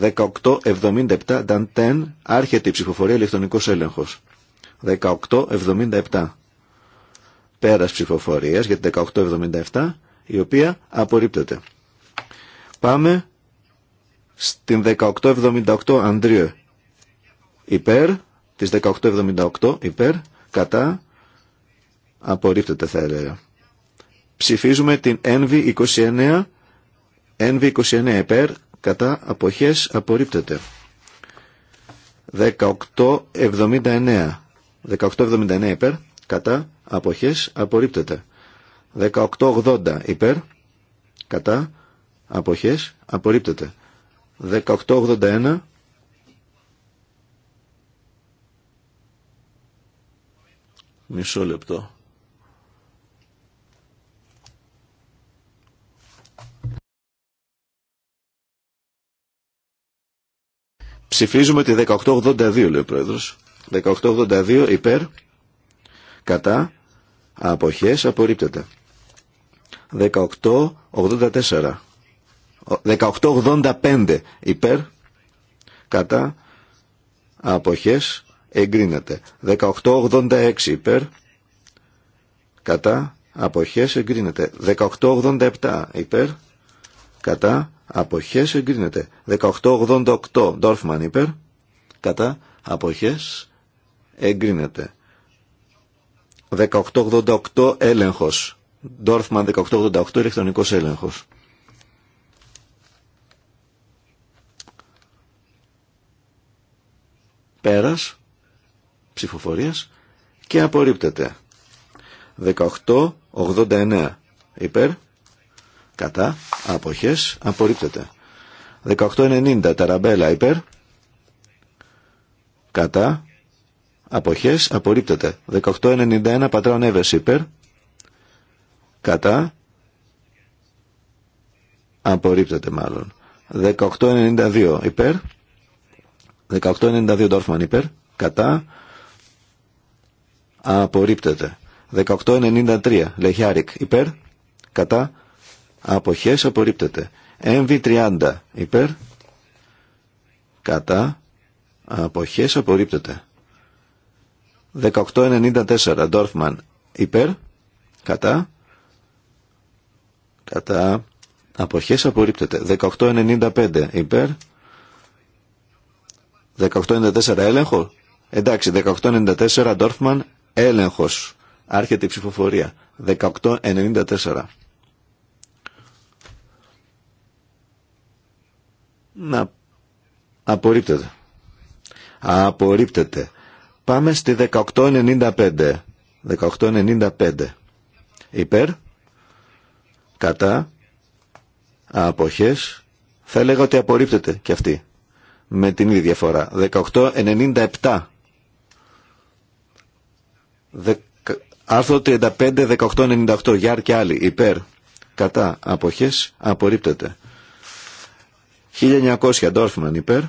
1877 ten, άρχεται η ψηφοφορία ηλεκτρονικός έλεγχος. 1877 πέρας ψηφοφορίας για την 1877 η οποία απορρίπτεται. Πάμε στην 1878 Αντρίου υπέρ, της 1878 υπέρ, κατά, απορρίπτεται θα έλεγα. Ψηφίζουμε την NV29, NV29 υπέρ, κατά, αποχές, απορρίπτεται. 1879, 1879 υπέρ, κατά, αποχές, απορρίπτεται. 1880 υπέρ, κατά, αποχές, απορρίπτεται. 1881 Μισό λεπτό. Ψηφίζουμε τη 1882, λέει ο Πρόεδρος. 1882 υπέρ, κατά, αποχές, απορρίπτεται. 1884. 1885 υπέρ, κατά, αποχές, εγκρίνεται. 1886 υπέρ, κατά, αποχές εγκρίνεται. 1887 υπέρ, κατά, αποχές εγκρίνεται. 1888 Ντόρφμαν υπέρ, κατά, αποχές εγκρίνεται. 1888 έλεγχος. Ντόρφμαν 1888 ηλεκτρονικός έλεγχος. πέρας ψηφοφορίας και απορρίπτεται. 18 18-89 υπέρ, κατά, αποχές, απορρίπτεται. 18.90 ταραμπέλα υπέρ, κατά, αποχές, απορρίπτεται. 18.91 πατράων έβες υπέρ, κατά, απορρίπτεται μάλλον. 18.92 υπέρ, 18.92 Ντόρφμαν υπέρ, κατά, απορρίπτεται. 1893 Λεχιάρικ υπέρ κατά αποχές απορρίπτεται. MV30 υπέρ κατά αποχές απορρίπτεται. 1894 Ντόρφμαν υπέρ κατά κατά αποχές απορρίπτεται. 1895 υπέρ 1894 έλεγχο. Εντάξει, 1894 Ντόρφμαν Έλεγχος. Άρχεται η ψηφοφορία. 1894. Να απορρίπτεται. Απορρίπτεται. Πάμε στη 1895. 1895. Υπέρ. Κατά. Αποχές. Θα έλεγα ότι απορρίπτεται και αυτή. Με την ίδια διαφορά. 1897. Άρθρο 35-1898. Γιάρ και άλλοι. Υπέρ. Κατά. Αποχές. Απορρίπτεται. 1900. Ντόρφμαν. Υπέρ.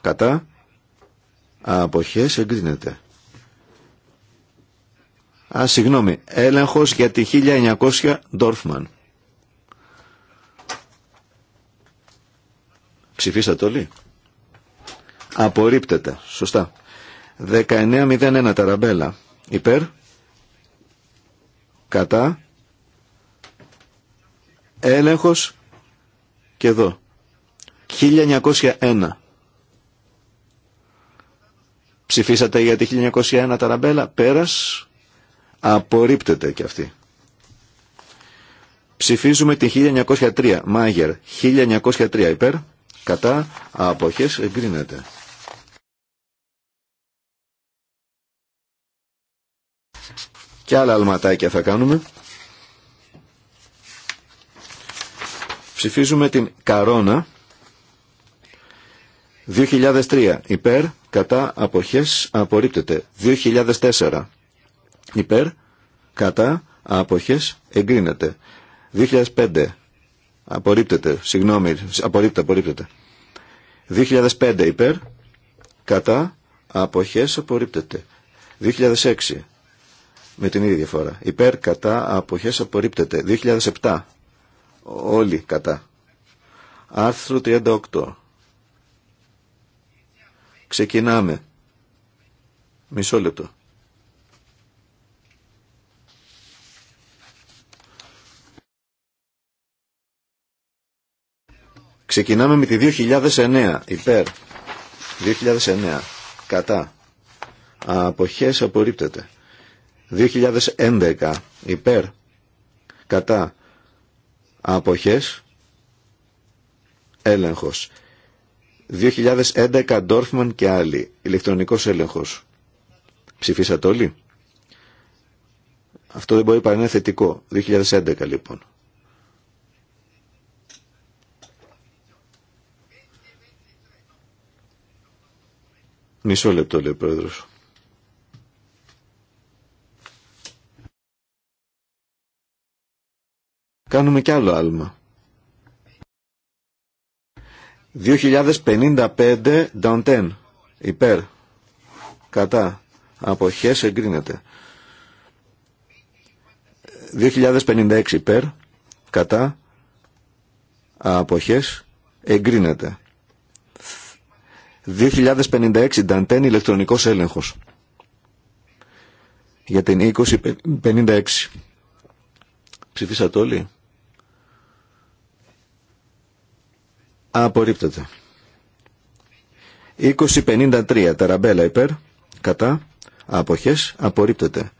Κατά. Αποχές. Εγκρίνεται. Α, συγγνώμη. Έλεγχος για τη 1900. Ντόρφμαν. Ψηφίσατε όλοι. Απορρίπτεται. Σωστά. 1901 ταραμπέλα. Υπέρ. Κατά. Έλεγχος. Και εδώ. 1901. Ψηφίσατε για τη 1901 ταραμπέλα. Πέρας. Απορρίπτεται και αυτή. Ψηφίζουμε τη 1903. Μάγερ. 1903 υπέρ. Κατά. Αποχές εγκρίνεται. και άλλα αλματάκια θα κάνουμε. Ψηφίζουμε την Καρόνα 2003 υπέρ κατά αποχές απορρίπτεται 2004 υπέρ κατά αποχές εγκρίνεται 2005 απορρίπτεται συγγνώμη απορρίπτεται απορρίπτεται 2005 υπέρ κατά αποχές απορρίπτεται 2006 με την ίδια διαφορά. Υπέρ, κατά, αποχές απορρίπτεται. 2007. Όλοι κατά. Άρθρο 38. Ξεκινάμε. Μισό λεπτό. Ξεκινάμε με τη 2009. Υπέρ. 2009. Κατά. Αποχές απορρίπτεται. 2011 υπέρ κατά αποχές έλεγχος 2011 Ντόρφμαν και άλλοι ηλεκτρονικός έλεγχος ψηφίσατε όλοι αυτό δεν μπορεί παρά να είναι θετικό 2011 λοιπόν Μισό λεπτό λέει ο πρόεδρος. κάνουμε κι άλλο άλμα. 2055 downtown υπέρ κατά αποχές εγκρίνεται 2056 υπέρ κατά αποχές εγκρίνεται 2056 downtown ηλεκτρονικός έλεγχος για την 2056 ψηφίσατε όλοι Απορρίπτεται. 2053 ταραμπέλα υπέρ. Κατά. Αποχές. Απορρίπτεται.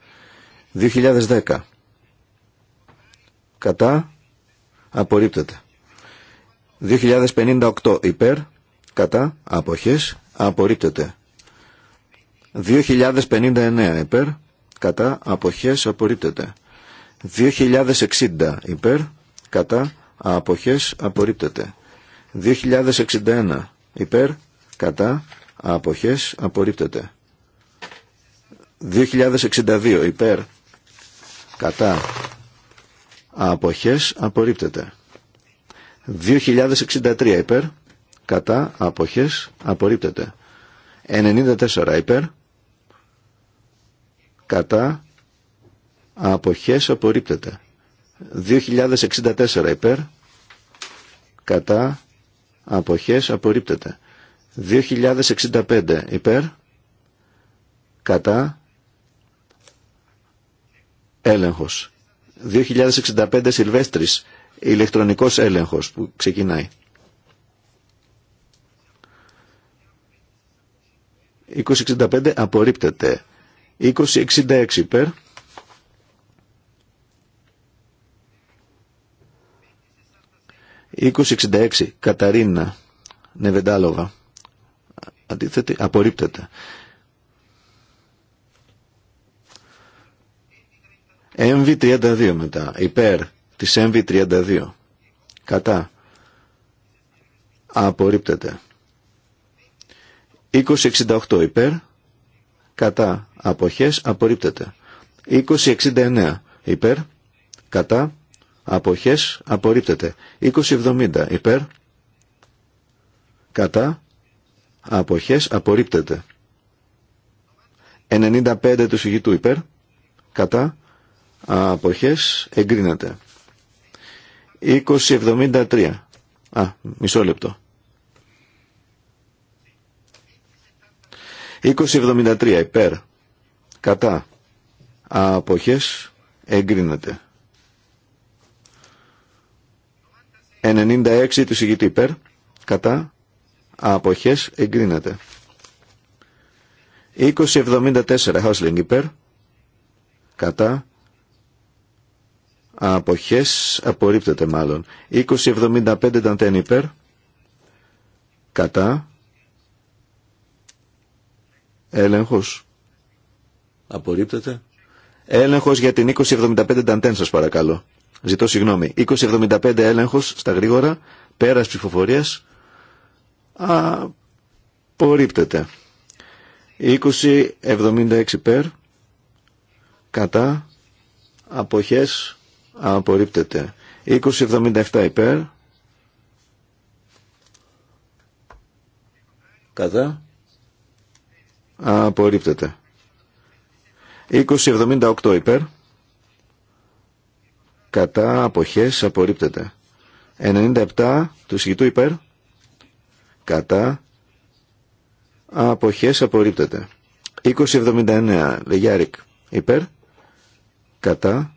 2010. Κατά. Απορρίπτεται. 2058 υπέρ. Κατά. Αποχές. Απορρίπτεται. 2059 υπέρ. Κατά. Αποχές. Απορρίπτεται. 2060 υπέρ. Κατά. Αποχές. Απορρίπτεται. 2061 υπέρ, κατά, αποχές, απορρίπτεται. 2062 υπέρ, κατά, αποχές, απορρίπτεται. 2063 υπέρ, κατά, αποχές, απορρίπτεται. 94 υπέρ, κατά, αποχές, απορρίπτεται. 2064 υπέρ, κατά, αποχές απορρίπτεται. 2065 υπέρ, κατά, έλεγχος. 2065 Σιλβέστρης, ηλεκτρονικός έλεγχος που ξεκινάει. 2065 απορρίπτεται. 2066 υπέρ, 2066 Καταρίνα Νεβεντάλοβα αντίθετη απορρίπτεται. MV32 μετά, υπέρ της MV32, κατά, απορρίπτεται. 2068 υπέρ, κατά, αποχές, απορρίπτεται. 2069 υπέρ, κατά, Αποχές απορρίπτεται. 2070 υπέρ. Κατά. Αποχές απορρίπτεται. 95 του συγητού υπέρ. Κατά. Αποχές εγκρίνεται. 2073. Α, μισό λεπτό. 2073 υπέρ. Κατά. Αποχές εγκρίνεται. 96 του συγκητή υπέρ, κατά, αποχές, εγκρίνεται. 2074 Χάουσλινγκ υπέρ, κατά, αποχές, απορρίπτεται μάλλον. 2075 Νταντέν υπέρ, κατά, έλεγχος, απορρίπτεται. Έλεγχος για την 2075 Νταντέν σας παρακαλώ. Ζητώ συγγνώμη. 2075 έλεγχος στα γρήγορα, πέρας ψηφοφορία. απορρίπτεται. 2076 περ, κατά, αποχές, απορρίπτεται. 2077 υπέρ, κατά, απορρίπτεται. 2078 υπέρ, κατά αποχές απορρίπτεται. 97 του συγκητού υπέρ κατά αποχές απορρίπτεται. 2079 Λεγιάρικ υπέρ κατά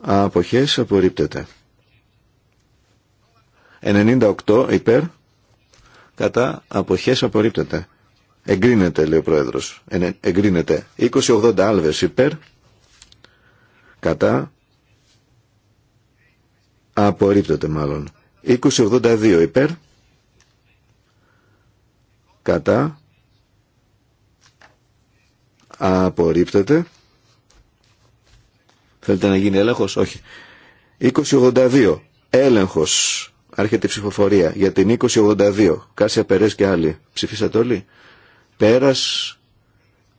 αποχές απορρίπτεται. 98 υπέρ κατά αποχές απορρίπτεται. Εγκρίνεται λέει ο πρόεδρος. Εγκρίνεται. 2080 Άλβες υπέρ κατά απορρίπτεται μάλλον 2082 υπέρ κατά απορρίπτεται θέλετε να γίνει έλεγχος όχι 2082 έλεγχος άρχεται η ψηφοφορία για την 2082 Κάσια Περές και άλλοι ψηφίσατε όλοι πέρας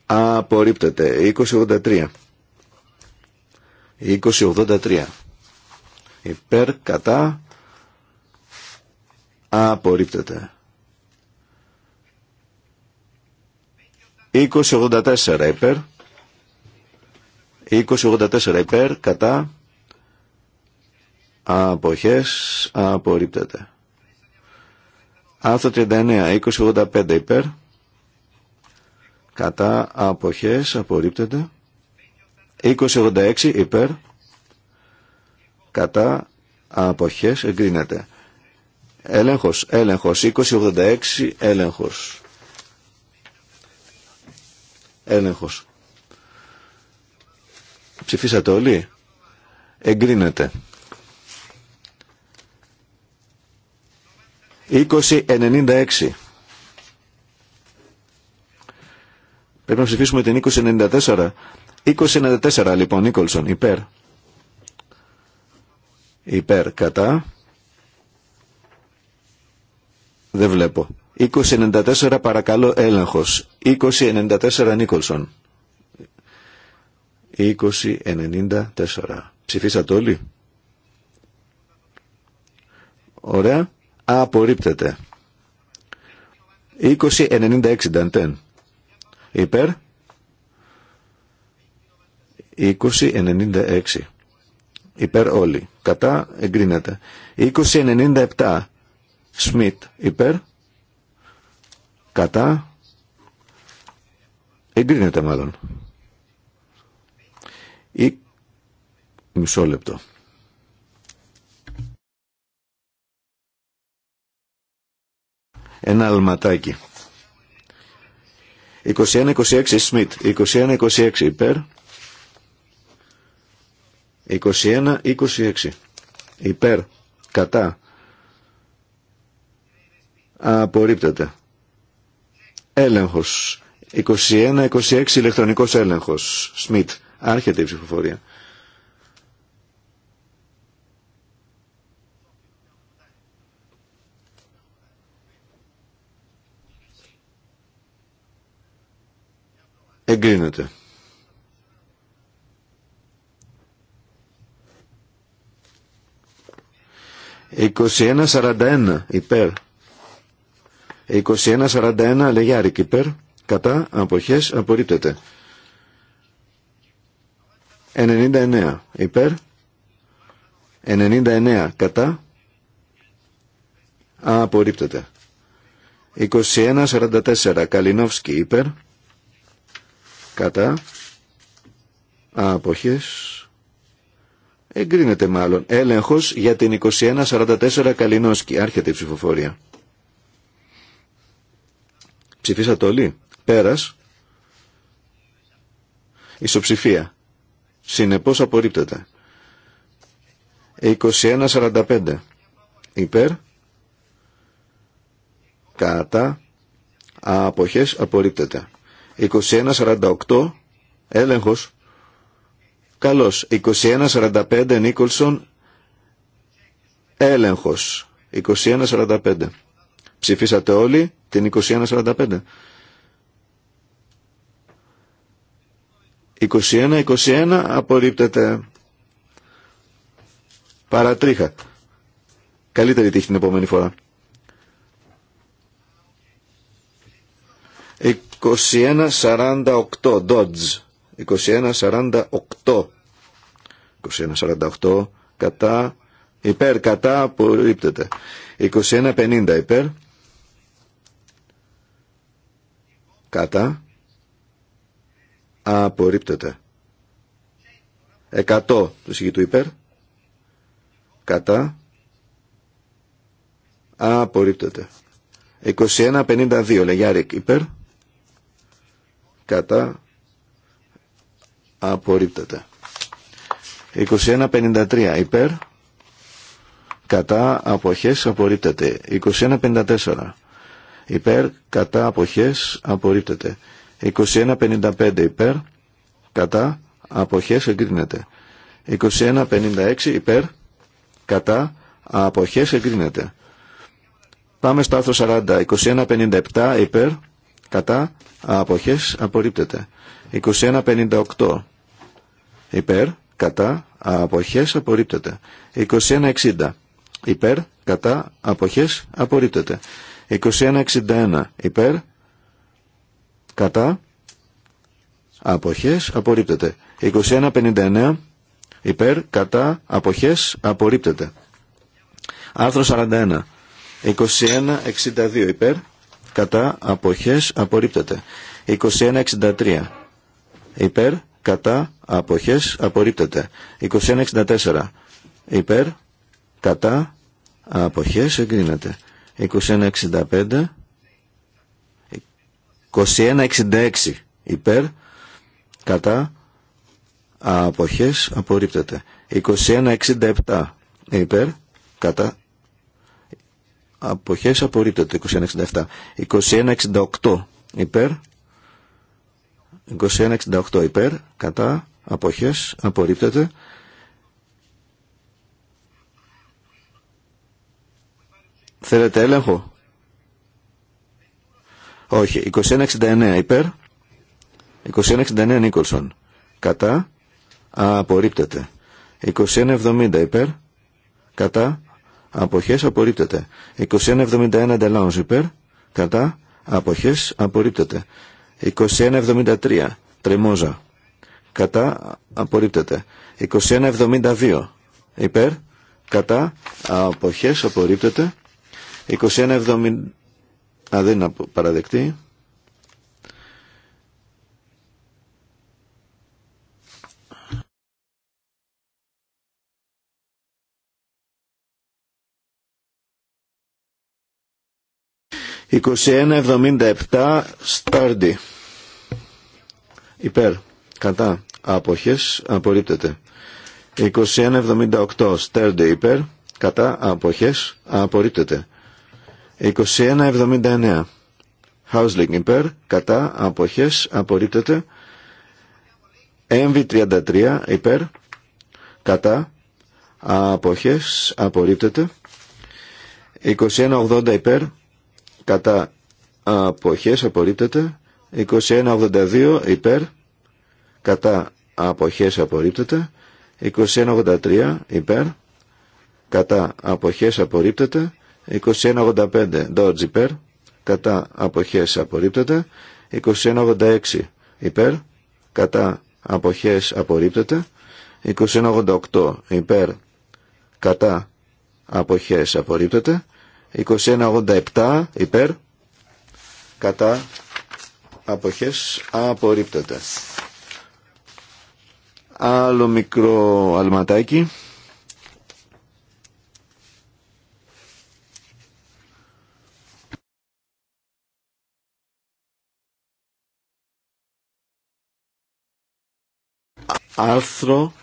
απορρίπτεται 2083 2083. Υπέρ, κατά, απορρίπτεται. 2084 υπέρ, 2084 υπέρ, κατά, αποχές, απορρίπτεται. Άρθρο 39, 2085 υπέρ, κατά, αποχές, απορρίπτεται. 2086 υπέρ κατά αποχές εγκρίνεται. Έλεγχος, έλεγχος, 2086 έλεγχος. Έλεγχος. Ψηφίσατε όλοι. Εγκρίνεται. 2096. Πρέπει να ψηφίσουμε την 2094. 2094 λοιπόν, Νίκολσον, υπέρ. Υπέρ, κατά. Δεν βλέπω. 2094 παρακαλώ έλεγχος. 2094 Νίκολσον. 2094. Ψηφίσατε όλοι. Ωραία. Απορρίπτεται. 2096 Νταντέν. Υπέρ. 2096. Υπέρ όλοι. Κατά εγκρίνεται. 2097. Σμιτ. Υπέρ. Κατά. Εγκρίνεται μάλλον. Ή... Μισό λεπτό. Ένα αλματάκι. 21-26 Σμιτ. 21-26 υπέρ. 21-26 υπέρ κατά απορρίπτεται έλεγχος 21-26 ηλεκτρονικός έλεγχος Σμιτ άρχεται η ψηφοφορία εγκρίνεται 2141 υπέρ. 2141 Λεγιάρικ υπέρ. Κατά αποχές απορρίπτεται. 99 υπέρ. 99 κατά. Απορρίπτεται. 2144 Καλινόφσκι υπέρ. Κατά. Αποχές Εγκρίνεται μάλλον. Έλεγχος για την 2144 Καλινόσκη. Άρχεται η ψηφοφορία. Ψηφίσατε όλοι. Πέρας. Ισοψηφία. Συνεπώς απορρίπτεται. 2145. Υπέρ. Κατά. Αποχές απορρίπτεται. 2148. Έλεγχος. Καλώς. 21.45 Νίκολσον. Έλεγχος. 21.45. Ψηφίσατε όλοι την 21.45. 21-21 απορρίπτεται. Παρατρίχα. Καλύτερη τύχη την επόμενη φορά. 21-48 Dodge. 21 2148 κατά υπέρ κατά απορρίπτεται. 2150 υπέρ κατά απορρίπτεται. 100 του συγκητού υπέρ κατά απορρίπτεται. 2152 λεγιάρικ υπέρ κατά απορρίπτεται. 2153 υπέρ, κατά αποχές απορρίπτεται. 2154 υπέρ, κατά αποχές απορρίπτεται. 2155 υπέρ, κατά αποχές εγκρίνεται. 2156 υπέρ, κατά αποχές εγκρίνεται. Πάμε στο άρθρο 40. 2157 υπέρ, κατά αποχές απορρίπτεται. 2158 υπέρ, κατά, αποχές απορρίπτεται. 2160 υπέρ, κατά, αποχές απορρίπτεται. 2161 υπέρ, κατά, αποχές απορρίπτεται. 2159 υπέρ, κατά, αποχές απορρίπτεται. Άρθρο 41. 2162 υπέρ, κατά, αποχές απορρίπτεται. 2163 υπέρ, κατά, αποχές, απορρίπτεται. 2164, υπέρ, κατά, αποχές, εγκρίνεται. 2165, 2166, υπέρ, κατά, αποχές, απορρίπτεται. 2167, υπέρ, κατά, αποχές, απορρίπτεται. 2167, 2168, υπέρ, 2168 υπέρ, κατά, αποχές, απορρίπτεται. Θέλετε έλεγχο. Όχι, 2169 υπέρ, 2169 Νίκολσον, κατά, απορρίπτεται. 2170 υπέρ, κατά, αποχές, απορρίπτεται. 2171 Ντελάουνς υπέρ, κατά, αποχές, απορρίπτεται. 2173 τρεμόζα κατά απορρίπτεται 2172 υπέρ κατά αποχές απορρίπτεται 2170 α δεν είναι 2177 Στάρντι. Υπέρ. Κατά. Αποχές. Απορρίπτεται. 2178 Στέρντι. Υπέρ. Κατά. Αποχές. Απορρίπτεται. 2179 χαουσλινγκ υπέρ, κατά, αποχές, απορρίπτεται. MV33 υπέρ, κατά, αποχές, απορρίπτεται. 2180 υπέρ, κατά αποχές απορρίπτεται 2182 υπέρ κατά αποχές απορρίπτεται 2183 υπέρ κατά αποχές απορρίπτεται 2185 Dodge υπέρ κατά αποχές απορρίπτεται 2186 υπέρ κατά αποχές απορρίπτεται 2188 υπέρ κατά αποχές απορρίπτεται 2187 υπέρ κατά αποχές απορρίπτεται. Άλλο μικρό αλματάκι. Άρθρο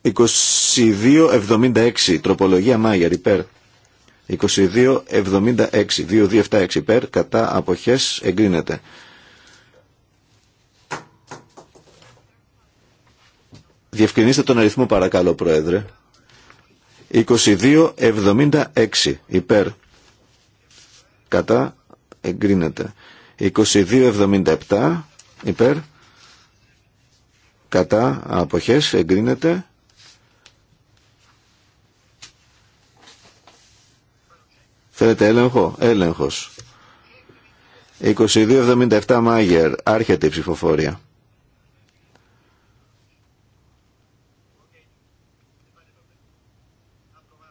2276 τροπολογία Μάγερ υπέρ 2276 2276 υπέρ κατά αποχές εγκρίνεται Διευκρινίστε τον αριθμό παρακαλώ Πρόεδρε 2276 υπέρ κατά εγκρίνεται 2277 υπέρ κατά αποχές εγκρίνεται Θέλετε έλεγχο. Έλεγχος. 2277 Μάγερ. Άρχεται η ψηφοφορία.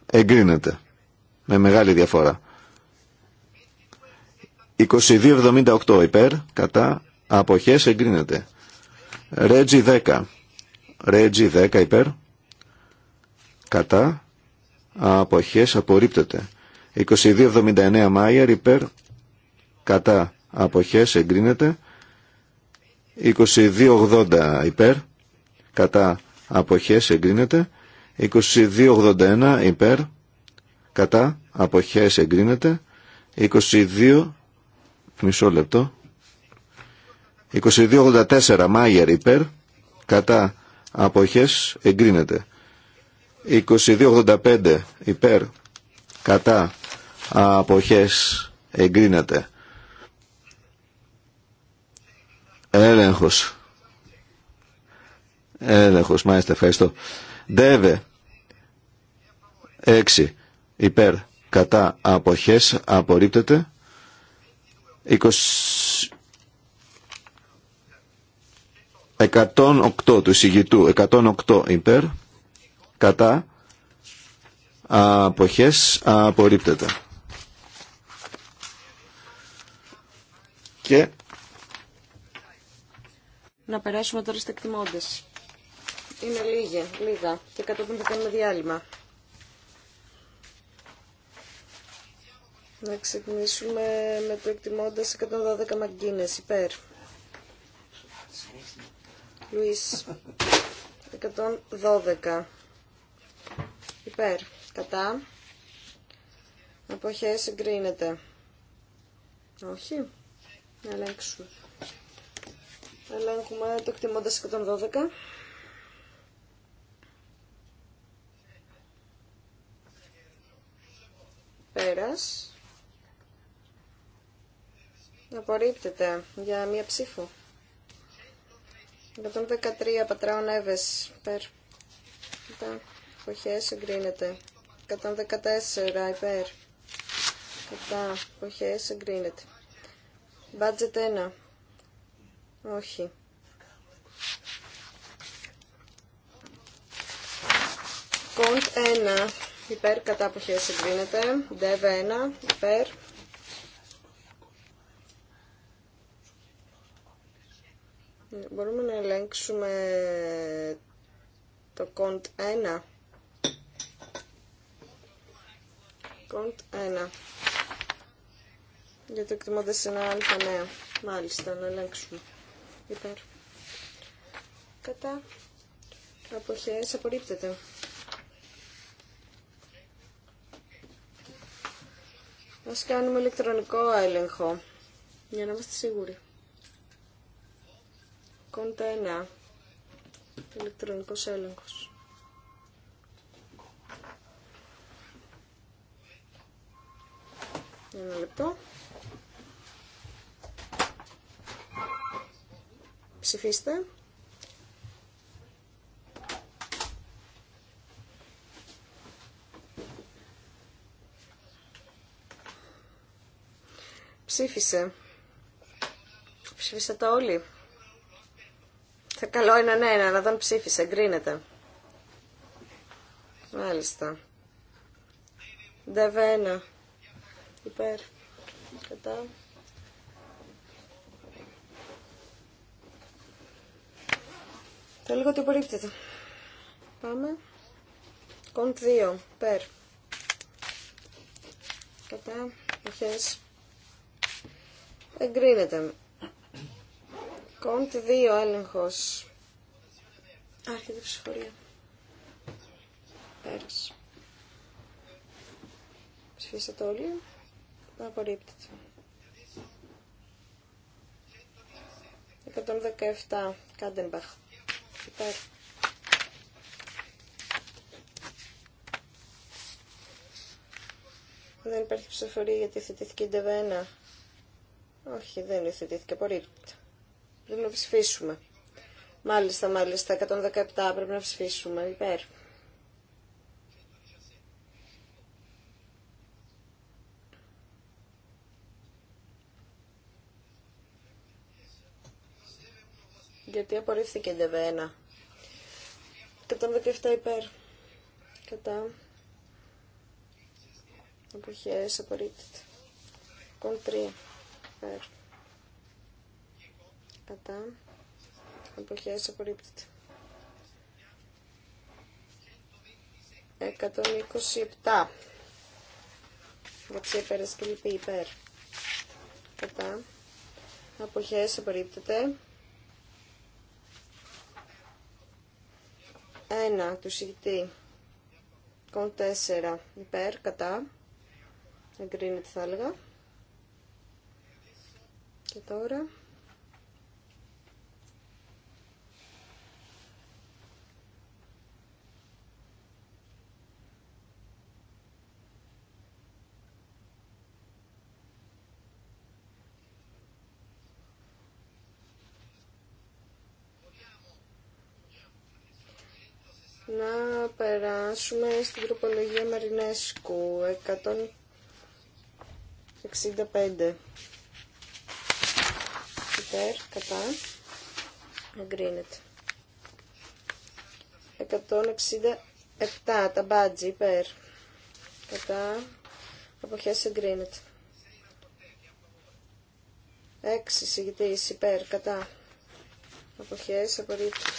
Εγκρίνεται. Με μεγάλη διαφορά. 2278 υπέρ. Κατά. Αποχές εγκρίνεται. Ρέτζι 10. Ρέτζι 10 υπέρ. Κατά. Αποχές απορρίπτεται. 2279 Μάιερ υπέρ κατά αποχές εγκρίνεται 2280 υπέρ κατά αποχές εγκρίνεται 2281 υπέρ κατά αποχές εγκρίνεται 22 μισό λεπτό 2284 Μάιερ υπέρ κατά αποχές εγκρίνεται 2285 υπέρ κατά αποχές εγκρίνεται έλεγχος έλεγχος μάλιστα ευχαριστώ δεύε 6 υπέρ κατά αποχές απορρίπτεται 20... 108 του εισηγητού 108 υπέρ κατά αποχές απορρίπτεται Να περάσουμε τώρα στα εκτιμώντες. Είναι λίγα, λίγα και κατόπιν θα κάνουμε διάλειμμα. Να ξεκινήσουμε με το εκτιμώντα 112 μαγκίνες, υπέρ. Λουίς, 112. Υπέρ, κατά. Αποχές εγκρίνεται. Όχι να ελέγξουμε. Ελέγχουμε το εκτιμώντας 112. Πέρας. Απορρίπτεται για μία ψήφο. 113 πατράων έβες. Περ. Μετά. Εποχές εγκρίνεται. 114 υπέρ. Κατά. Εποχές εγκρίνεται. Budget 1. Όχι. Κοντ 1. Υπέρ κατά που εγκρίνεται. Dev 1. Υπέρ. Μπορούμε να ελέγξουμε το κοντ 1. Κοντ 1 γιατί το εκτιμώντα ένα αλφα ναι. Μάλιστα, να ελέγξουμε. Υπέρ. Κατά. Αποχές απορρίπτεται. Ας κάνουμε ηλεκτρονικό έλεγχο. Για να είμαστε σίγουροι. Κόντα 9. Ηλεκτρονικός έλεγχος. Ένα λεπτό. Ψηφίστε. Ψήφισε. Ψήφισατε όλοι. Θα καλό είναι ένα, ναι, αλλά δεν ψήφισε. Εγκρίνεται. Μάλιστα. Δεβένα. Υπέρ. Κατά. Το λίγο ότι απορρίπτεται. Πάμε. Κοντ 2. Περ. Κατά. Οχές. Εγκρίνεται. Κοντ 2. Έλεγχος. Άρχεται η ψηφορία. Ψηφίσα Ψηφίσατε όλοι. Απορρίπτεται. 117. Κάντεμπαχ. Δεν υπάρχει ψηφορία γιατί θετήθηκε η Ντεβένα. Όχι, δεν υιοθετήθηκε. Απορρίπτεται. Πρέπει να ψηφίσουμε. Μάλιστα, μάλιστα. 117 πρέπει να ψηφίσουμε. Υπέρ. Γιατί απορρίφθηκε η Ντεβένα. 117 υπέρ. Κατά. Αποχές απορρίπτεται. Κον 3 υπέρ. Κατά. Αποχές απορρίπτεται. 127. Δεξιά υπέρ, και λυπή υπέρ. Κατά. Αποχές απορρίπτεται. ένα του συγκριτή Κον 4 υπέρ, κατά. Εγκρίνεται θα έλεγα. Και τώρα περάσουμε στην τροπολογία Μαρινέσκου 165 υπέρ, κατά εγκρίνεται 167 τα μπάτζι υπέρ κατά αποχές εγκρίνεται 6 συγητής υπέρ, κατά αποχές απορρίπτω.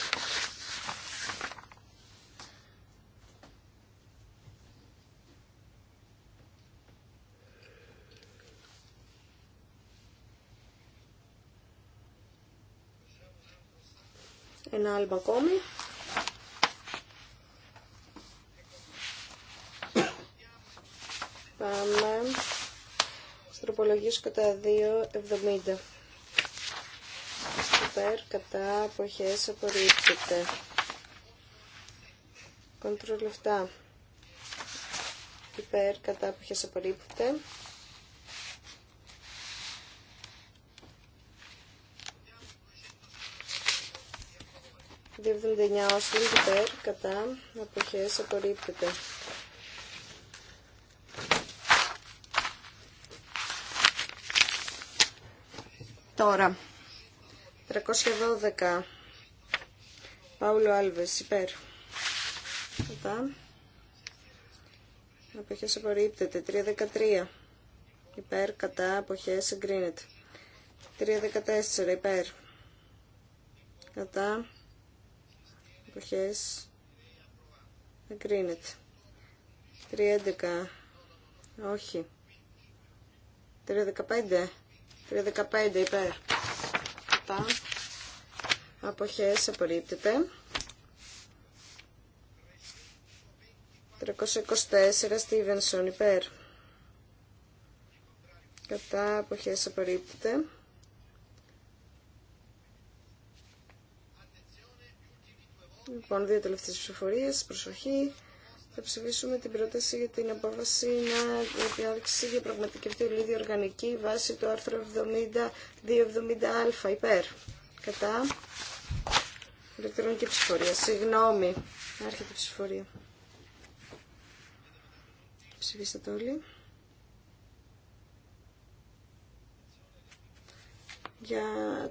άλμπα ακόμη. Πάμε στροπολογίες κατά 2,70. Υπέρ, κατά, αποχές, απορρίπτεται. Κοντρόλ 7. Υπέρ, κατά, αποχές, απορρίπτεται. 279 λίγο υπέρ κατά αποχές απορρίπτεται. Τώρα. 312 Παύλο Άλβες υπέρ κατά Αποχές απορρίπτεται 313 Υπέρ κατά αποχές εγκρίνεται 314 υπέρ Κατά εποχές εγκρίνεται 3.11 όχι 3.15 3.15 υπέρ κατά αποχές απορρίπτεται 324 Στίβενσον υπέρ κατά αποχές απορρίπτεται Λοιπόν, δύο τελευταίες ψηφοφορίες, προσοχή. Θα ψηφίσουμε την πρόταση για την απόφαση να διάλεξη για πραγματική ολίδη οργανική βάση του άρθρου 70-270α υπέρ. Κατά. Ηλεκτρονική ψηφορία. Συγγνώμη. Άρχεται η ψηφορία. Ψηφίστε το όλοι. Για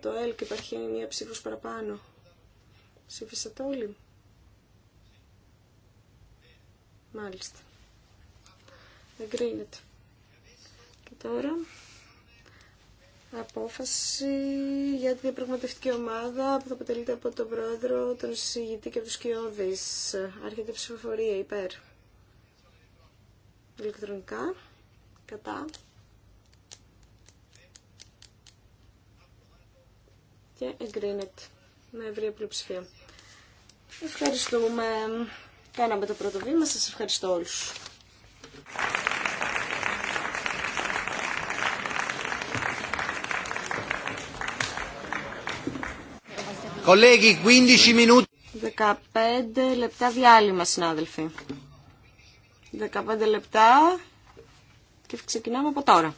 το ΕΛΚ υπάρχει μία ψήφος παραπάνω. Ψήφισατε όλοι. Μάλιστα. Εγκρίνεται. Και τώρα απόφαση για τη διαπραγματευτική ομάδα που θα αποτελείται από τον πρόεδρο, τον συζητητή και τους κοιόδης. Άρχεται ψηφοφορία υπέρ. Ηλεκτρονικά. Κατά. Και εγκρίνεται με ευρία πλειοψηφία. Ευχαριστούμε. Κάναμε το πρώτο βήμα. Σας ευχαριστώ όλους. Κολέγοι, 15 minuti. 15 λεπτά διάλειμμα, συνάδελφοι. 15 λεπτά και ξεκινάμε από τώρα.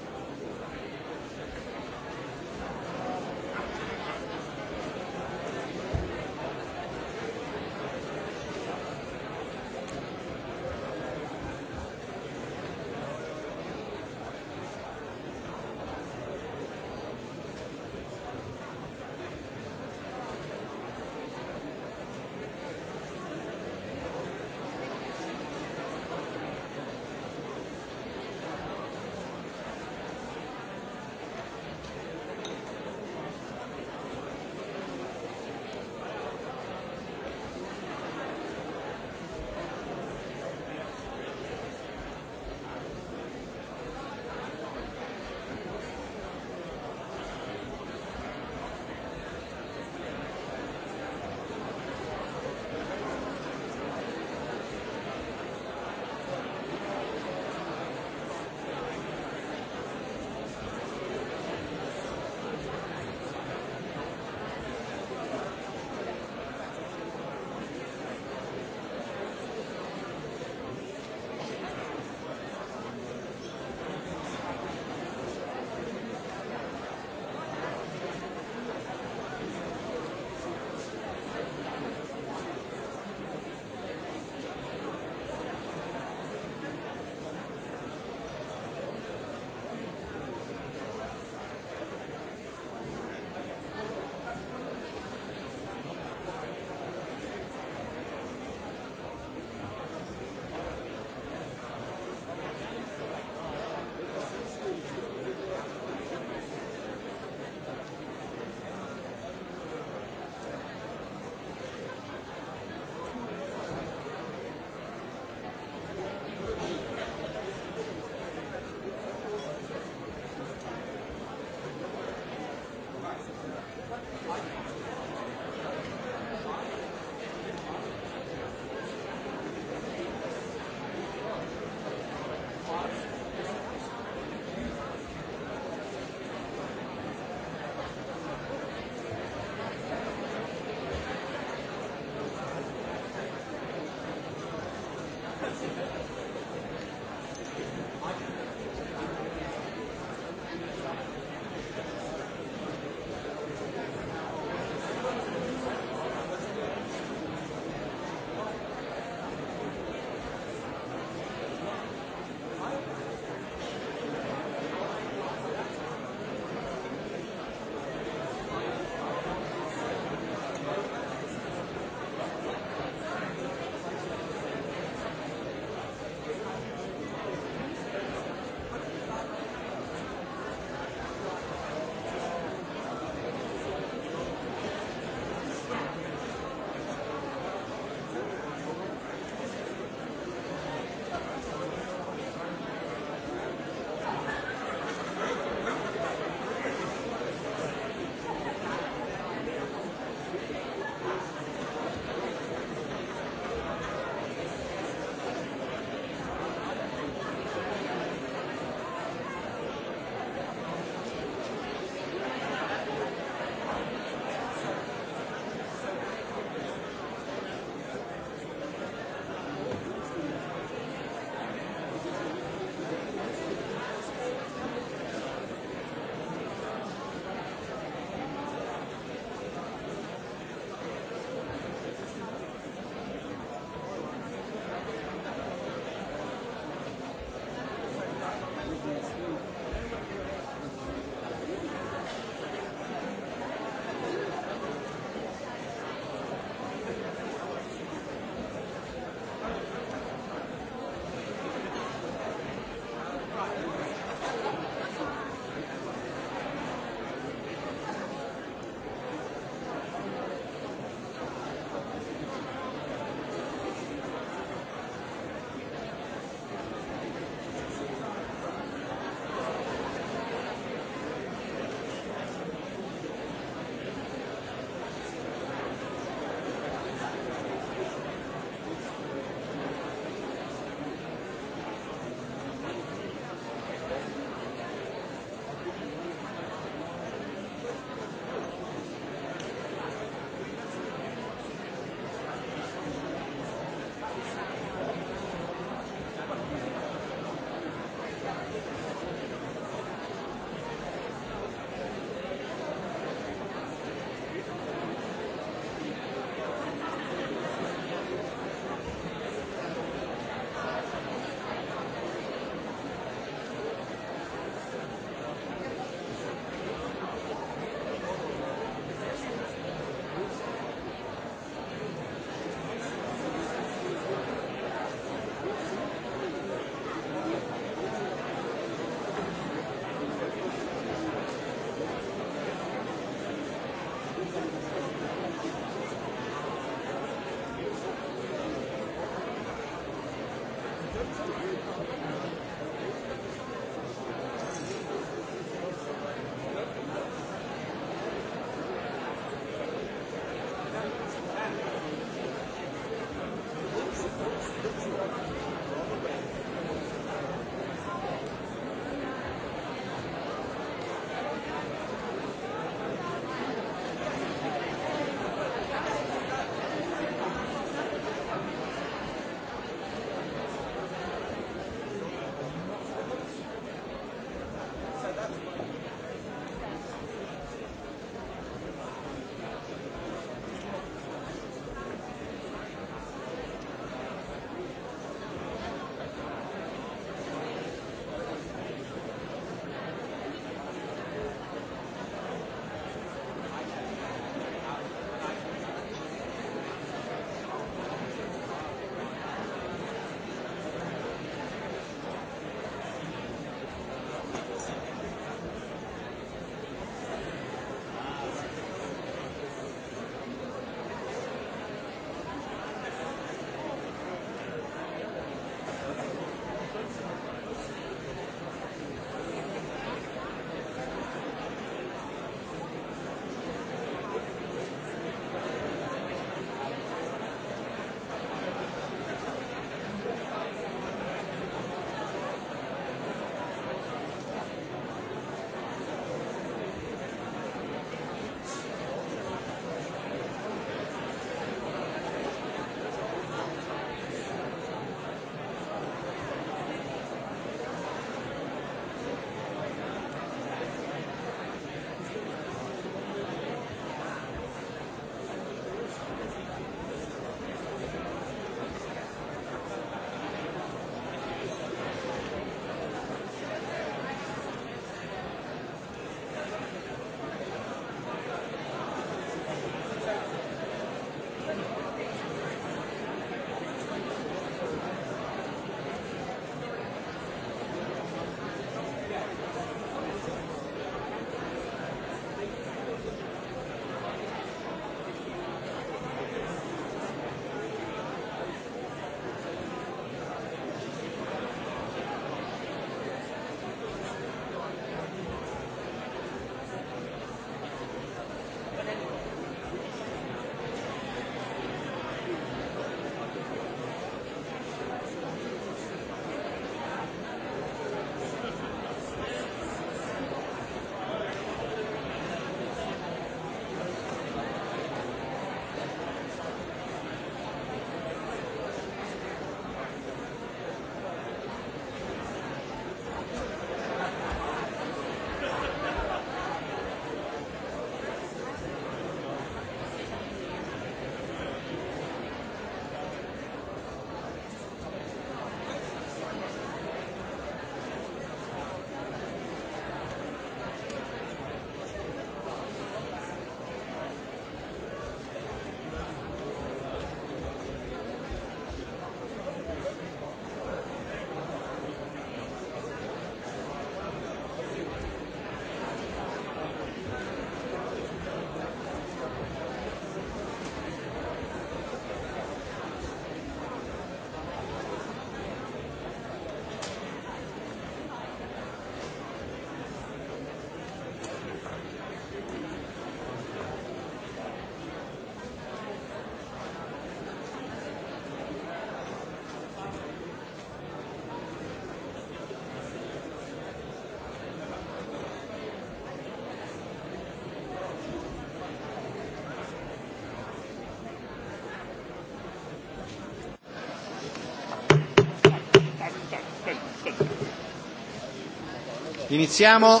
Iniziamo.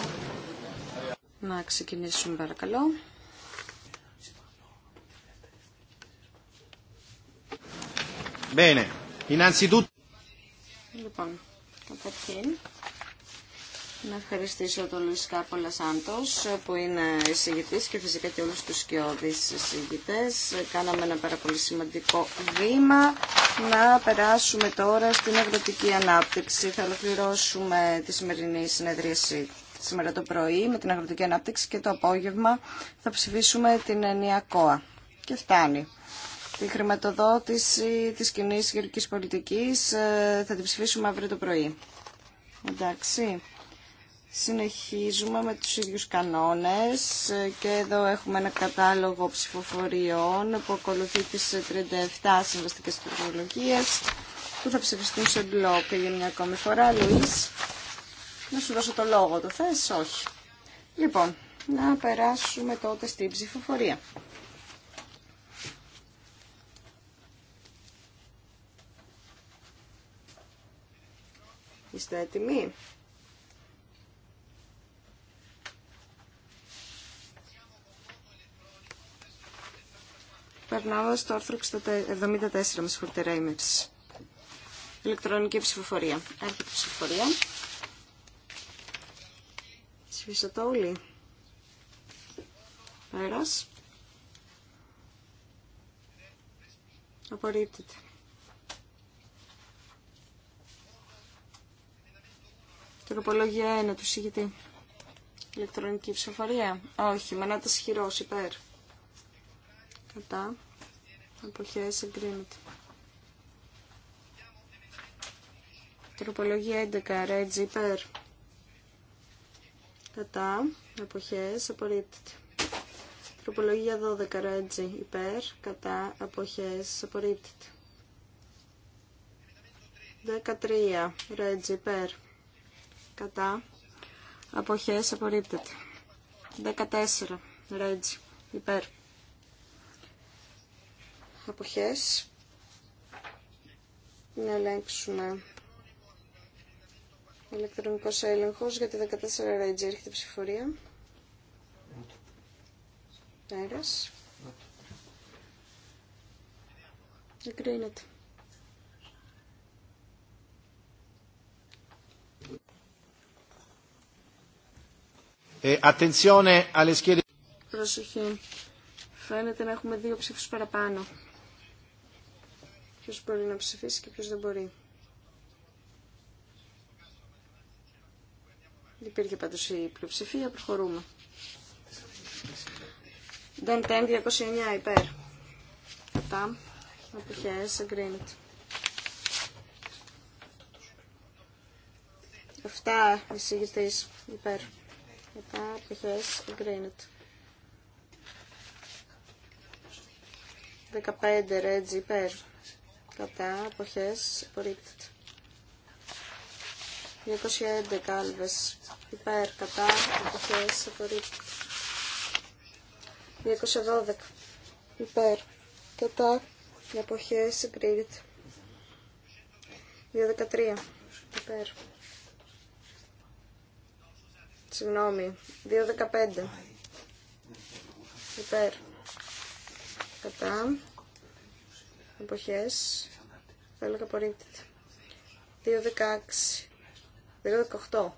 Να ξεκινήσουμε παρακαλώ. Bene. Innanzitutto ευχαριστήσω τον Λουίς Κάπολα που είναι εισηγητής και φυσικά και όλους τους σκιώδεις εισηγητές. Κάναμε ένα πάρα πολύ σημαντικό βήμα. Να περάσουμε τώρα στην αγροτική ανάπτυξη. Θα ολοκληρώσουμε τη σημερινή συνεδρίαση σήμερα το πρωί με την αγροτική ανάπτυξη και το απόγευμα θα ψηφίσουμε την ενιακόα. Και φτάνει τη χρηματοδότηση της κοινή γερικής πολιτικής ε, θα την ψηφίσουμε αύριο το πρωί. Εντάξει. Συνεχίζουμε με τους ίδιους κανόνες και εδώ έχουμε ένα κατάλογο ψηφοφοριών που ακολουθεί τις 37 συμβαστικές τεχνολογίες. που θα ψηφιστούν σε μπλοκ για μια ακόμη φορά. Λουίς, να σου δώσω το λόγο, το θες, όχι. Λοιπόν, να περάσουμε τότε στην ψηφοφορία. Είστε έτοιμοι? Περνάω στο άρθρο 74, με συγχωρείτε, Ρέιμερ. Ηλεκτρονική ψηφοφορία. Έρχεται η ψηφοφορία. Ψηφίσα το όλοι. Αέρας. Απορρίπτεται. Τροπολογία 1 του συγητή. Ηλεκτρονική ψηφοφορία. Όχι, τα χειρός, υπέρ. Κατά. Αποχές εγκρίνεται. Τροπολογία 11, Ρέτζι υπέρ. Κατά, εποχές, απορρίπτεται. Τροπολογία 12, Ρέτζι υπέρ. Κατά, εποχές, απορρίπτεται. 13, Ρέτζι υπέρ. Κατά, εποχές, απορρίπτεται. 14, Ρέτζι υπέρ αποχές να ελέγξουμε ηλεκτρονικός έλεγχος για τη 14 Ranger έρχεται ψηφορία αέρας εγκρίνεται Ε, Προσοχή. Φαίνεται να έχουμε δύο ψήφους παραπάνω ποιος μπορεί να ψηφίσει και ποιος δεν μπορεί. Υπήρχε πάντως η πλειοψηφία, προχωρούμε. Δεν 209 υπέρ. Κατά. Αποχές, εγκρίνεται. 7 εισηγητής υπέρ. Κατά. Αποχές, εγκρίνεται. 15 ρέτζι υπέρ κατά αποχές απορρίπτεται. 211 άλβες υπέρ κατά αποχές απορρίπτεται. 212 υπέρ κατά αποχές απορρίπτεται. 213 υπέρ. Συγγνώμη, 2.15 υπέρ κατά εποχές θα έλεγα απορρίπτεται 2.16 2.18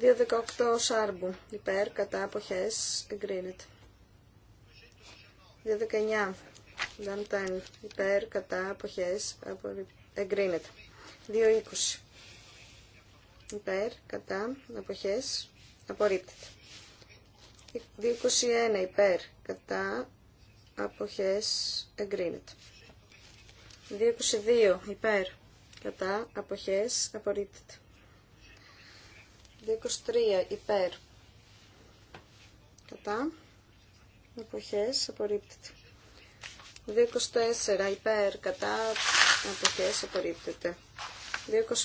2.18 Σάρμπου. Υπέρ, κατά, αποχές, εγκρίνεται. 2.19 Δαντάν. Υπέρ, κατά, αποχές, εγκρίνεται. 2.20 υπέρ, κατά, αποχές, απορρίπτεται. 21 υπέρ, κατά, αποχές, εγκρίνεται. 22 υπέρ, κατά, αποχές, απορρίπτεται. 23 υπέρ, κατά, αποχές, απορρίπτεται. 24 υπέρ, κατά, αποχές, απορρίπτεται.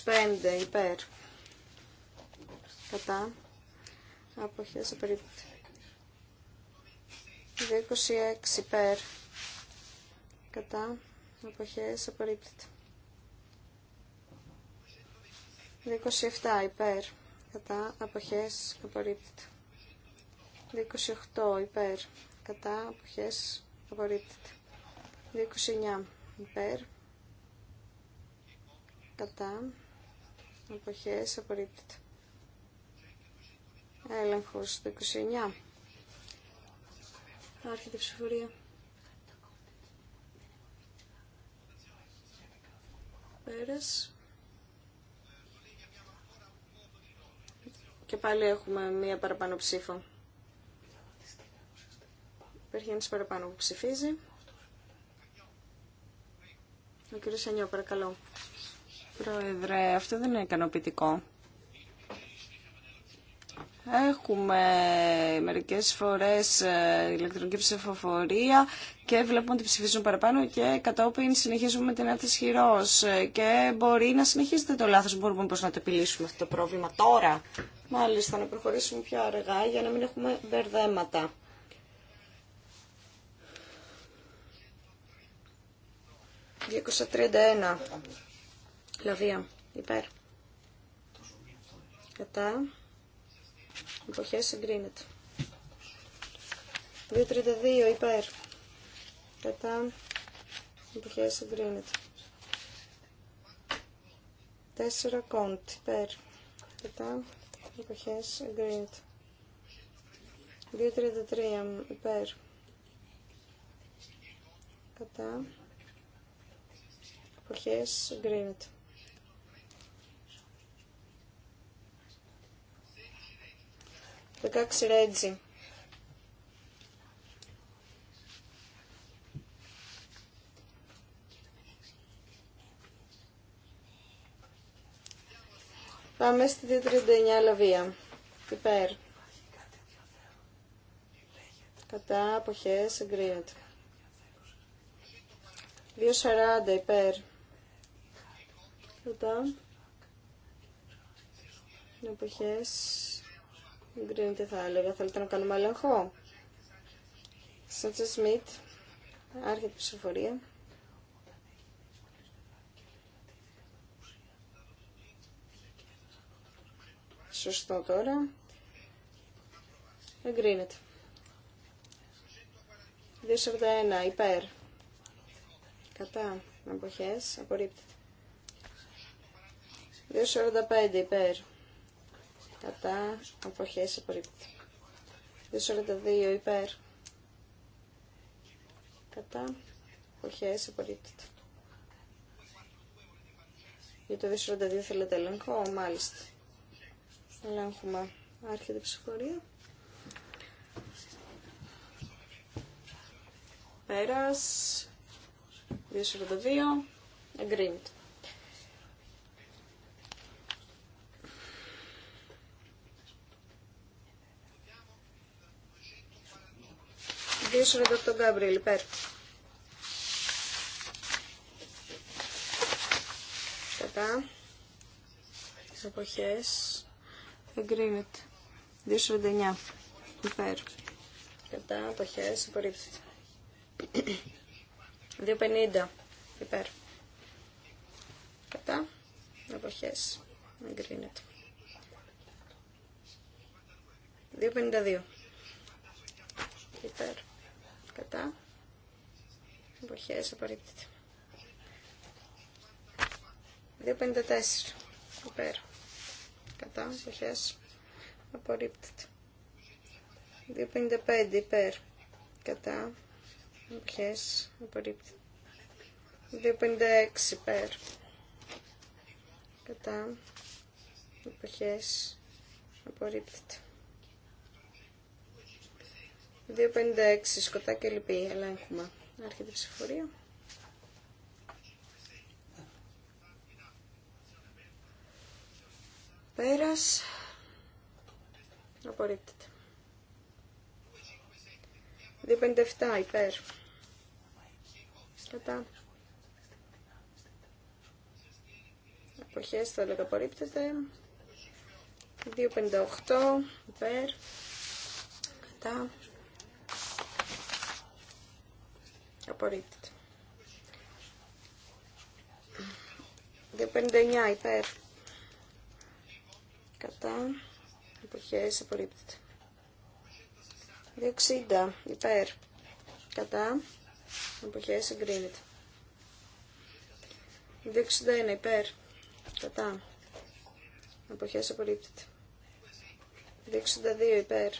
25 υπέρ, κατά αποχές απορρίπτεται 26 υπέρ κατά αποχές απορρίπτεται 27 υπέρ κατά αποχές απορρίπτεται 28 υπέρ κατά αποχές απορρίπτεται 29 υπέρ κατά αποχές απορρίπτεται Έλεγχος το 29. Άρχεται η ψηφορία. Πέρας. Και πάλι έχουμε μία παραπάνω ψήφο. Υπάρχει ένας παραπάνω που ψηφίζει. Ο κύριος Ανιώ, παρακαλώ. Πρόεδρε, αυτό δεν είναι ικανοποιητικό. Έχουμε μερικές φορές ε, ηλεκτρονική ψηφοφορία και βλέπουμε ότι ψηφίζουν παραπάνω και κατόπιν συνεχίζουμε με την άρθρηση χειρός ε, και μπορεί να συνεχίσετε το λάθος, μπορούμε πώς να το επιλύσουμε αυτό το πρόβλημα τώρα. Μάλιστα να προχωρήσουμε πιο αργά για να μην έχουμε μπερδέματα. «231. Λαβία. Υπέρ. Κατά. Εποχές εγκρίνεται. 2.32 υπέρ. Κατά. Εποχές εγκρίνεται. 4 κόντ υπέρ. Κατά. Εποχές εγκρίνεται. 2.33 υπέρ. Κατά. Εποχές εγκρίνεται. 16 Ρέτζι. Πάμε στη 239 Λαβία. Υπέρ. Κατά αποχές εγκρίνεται. 2.40 υπέρ. Κατά. Αποχές Γκρίνεται θα έλεγα. Θέλετε να κάνουμε έλεγχο. Σαντζε Σμιτ. Άρχεται η ψηφοφορία. Σωστό τώρα. Εγκρίνεται. 2.41 υπέρ. Κατά. Αποχές. Απορρίπτεται. 2.45 υπέρ κατά αποχές απορρίπτει. 2.42 υπέρ κατά αποχές απορρίπτει. Για το 2.42 θέλετε έλεγχο, μάλιστα. Ελέγχουμε. Άρχεται η ψηφορία. Πέρας. 2.42. Εγκρίνεται. κ. τον Γκάμπριελ, υπέρ. Κατά. Εποχές. Εγκρίνεται. 2.49. Υπέρ. Κατά. εποχέ Απορρίπτεται. 2.50. Υπέρ. Κατά. Εποχές. Εγκρίνεται. 2.52. Υπέρ κατά εποχές απορρίπτεται 2.54 υπέρ κατά εποχές απορρίπτεται 2.55 υπέρ κατά εποχές απορρίπτεται 2.56 υπέρ κατά εποχές απορρίπτεται 256 σκοτά και λυπή. Ελέγχουμε. Άρχεται η ψηφορία. Πέρας. Απορρίπτεται. 257 υπέρ. Κατά. Αποχές θα έλεγα απορρίπτεται. 258 υπέρ. Κατά. Απορρίπτεται. 259 υπέρ. Κατά. Εποχές απορρίπτεται. 260 υπέρ. Κατά. Εποχές εγκρίνεται. 261 υπέρ. Κατά. Εποχές απορρίπτεται. 262 υπέρ.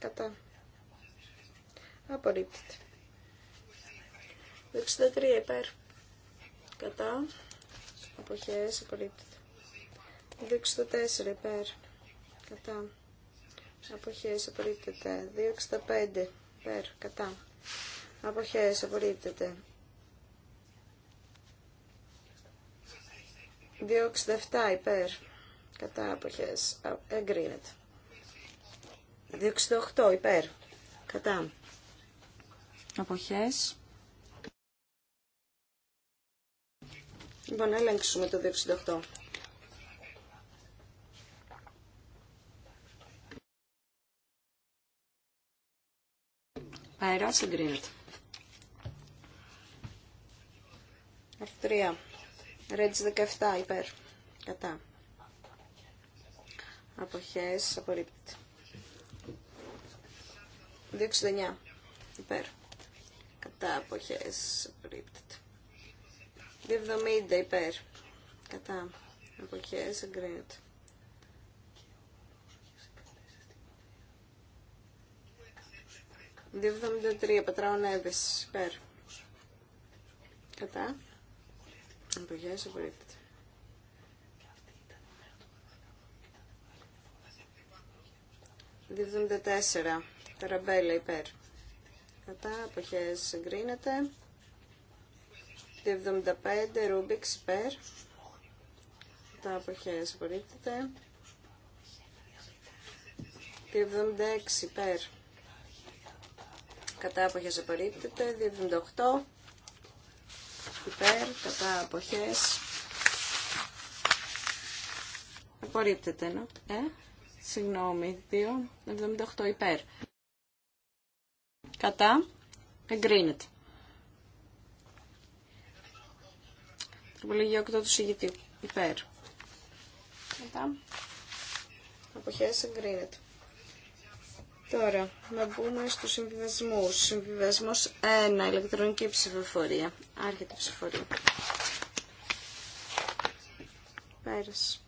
Κατά. Απορρίπτεται. 63 υπέρ. Κατά. Αποχές. Απορρίπτεται. 264 υπέρ. Κατά. Αποχές. Απορρίπτεται. 265 υπέρ. Κατά. Αποχές. Απορρίπτεται. 267 υπέρ. Κατά. Αποχές. Εγκρίνεται. 268 υπέρ. Κατά αποχές. Λοιπόν, να ελέγξουμε το 268. Αερά συγκρίνεται. Αυτρία Ρέτζ 17 υπέρ. Κατά. Αποχές απορρίπτεται. 269 υπέρ κατά αποχές απορρίπτεται. 270 υπέρ κατά αποχές εγκρίνεται. 273 πατράων έβες υπέρ κατά αποχές απορρίπτεται. 274 ταραμπέλα υπέρ κατά αποχές εγκρίνεται. Το 75 Ρούμπιξ υπέρ κατά αποχές απορρίπτεται. Το 76 Per. κατά αποχές απορρίπτεται. Το 78 υπέρ κατά αποχές απορρίπτεται. Ε, συγγνώμη, 2, 78 υπέρ. Κατά. Εγκρίνεται. Τροπολογία 8 του συγητή. Υπέρ. Κατά, Αποχές εγκρίνεται. Τώρα, να μπούμε στους συμβιβασμούς. Συμβιβασμός 1, ηλεκτρονική ψηφοφορία. Άρχεται ψηφοφορία. Πέρασε.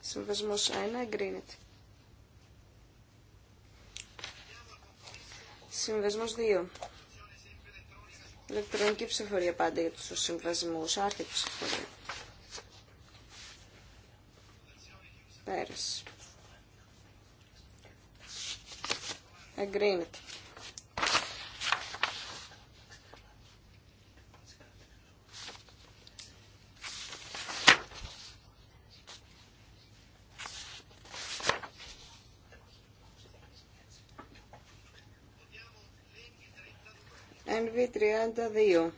Συμβιβασμός 1, εγκρίνεται. Συμβασμός 2. Ηλεκτρονική ψηφορία πάντα για τους συμβασμούς. Άρχη ψηφορία. Πέρασε. Εγκρίνεται. NV32.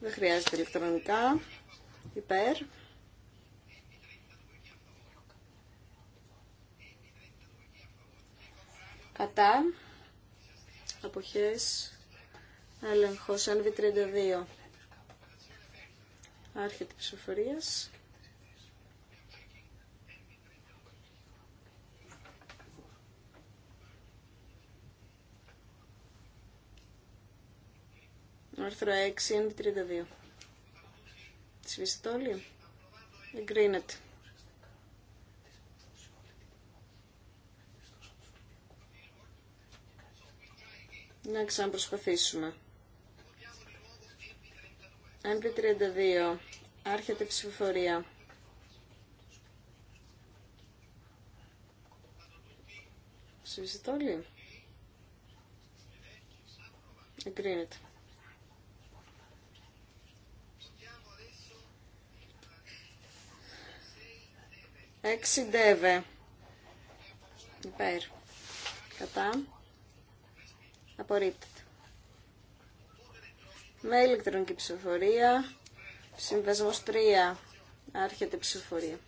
Δεν χρειάζεται ηλεκτρονικά. Υπέρ. Κατά. Αποχές. Έλεγχος NV32. Άρχεται ψηφορίας. άρθρο 6, 32. Σβήσετε όλοι. Εγκρίνεται. Να ξαναπροσπαθήσουμε. MP32. Άρχεται η ψηφοφορία. Ψηφίσετε όλοι. Εγκρίνεται. 6 Υπέρ. Κατά. Απορρίπτεται. Με ηλεκτρονική ψηφοφορία. Συμβασμό 3. Άρχεται η ψηφοφορία.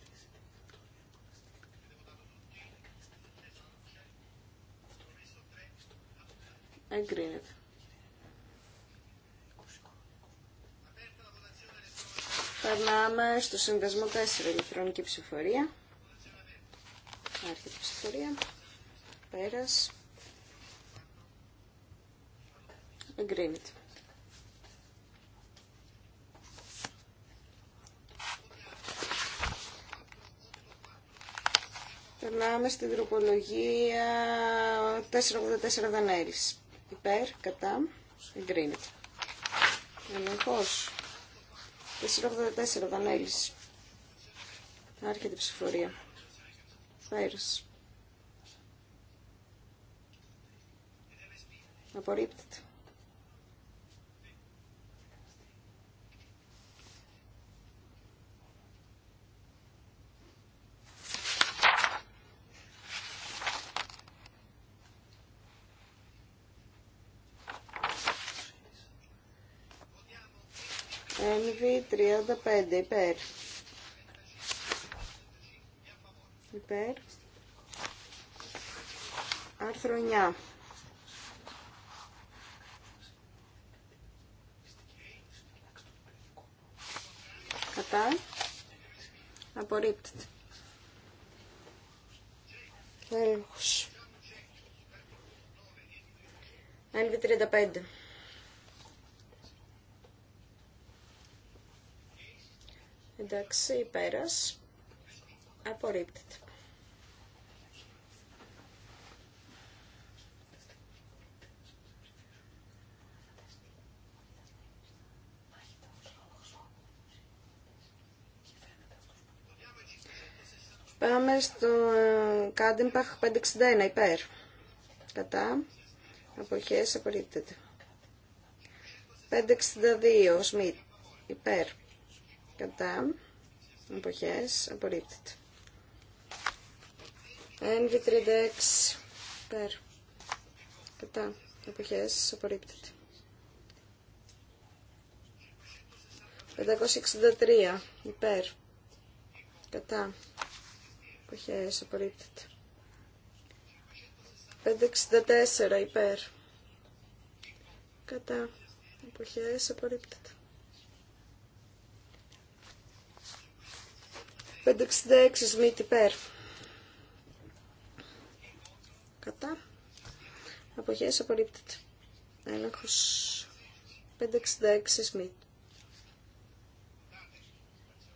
Εγκρίνεται. Περνάμε στο συνδεσμό 4 ηλεκτρονική ψηφορία. Άρχεται η ψηφορία. Πέρας. Εγκρίνεται. Περνάμε στην τροπολογία 484 Δανέλης. Υπέρ, κατά, εγκρίνεται. Ελεγχώ. 484 Δανέλης. Άρχεται η ψηφορία. Πέρας. Απορρίπτεται. NV35 υπέρ. υπέρ. Άρθρο 9. Κατά. Απορρίπτεται. έλβη LV35. Εντάξει, πέρας. Απορρίπτεται. Πάμε στο ε, Κάντιμπαχ 561 υπέρ. Κατά. Αποχές απορρίπτεται. 562 Σμιτ υπέρ. Κατά. Αποχές απορρίπτεται. NV36 υπέρ. Κατά. Αποχές απορρίπτεται. 563 υπέρ. Κατά εποχές απορρίπτεται. 564 υπέρ. Κατά. εποχές απορρίπτεται. 566 σμίτ υπέρ. Κατά. εποχές απορρίπτεται. Έλεγχος 566 σμίτ.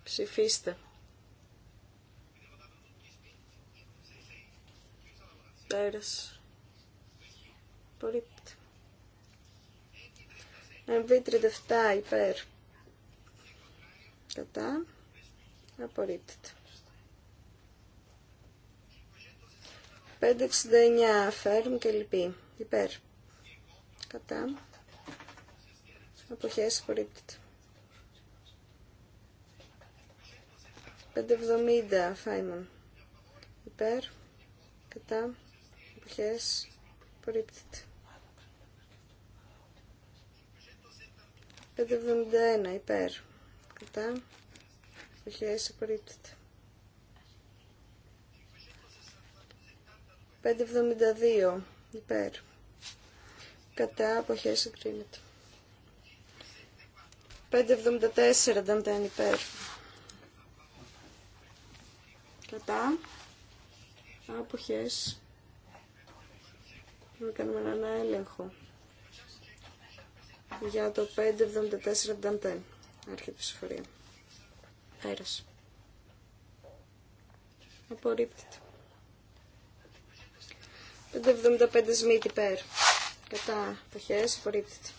Ψηφίστε. Πέρας. Απορρίπτεται. MV37 υπέρ. Κατά. Απορρίπτεται. 569 φέρμ και λοιπή. Υπέρ. Κατά. Αποχές απορρίπτεται. 570 φάιμον. Υπέρ. Κατά αποχές απορρίπτεται. 571 υπέρ κατά Εποχές απορρίπτεται. 572 υπέρ κατά αποχές εγκρίνεται. 574 δαντέν, υπέρ. Κατά. εποχές να κάνουμε έναν έλεγχο για το 574-75. Έρχεται η ψηφορία. Αέρασε. Απορρίπτεται. 575 σμίτη υπέρ. Κατά αποχές απορρίπτεται.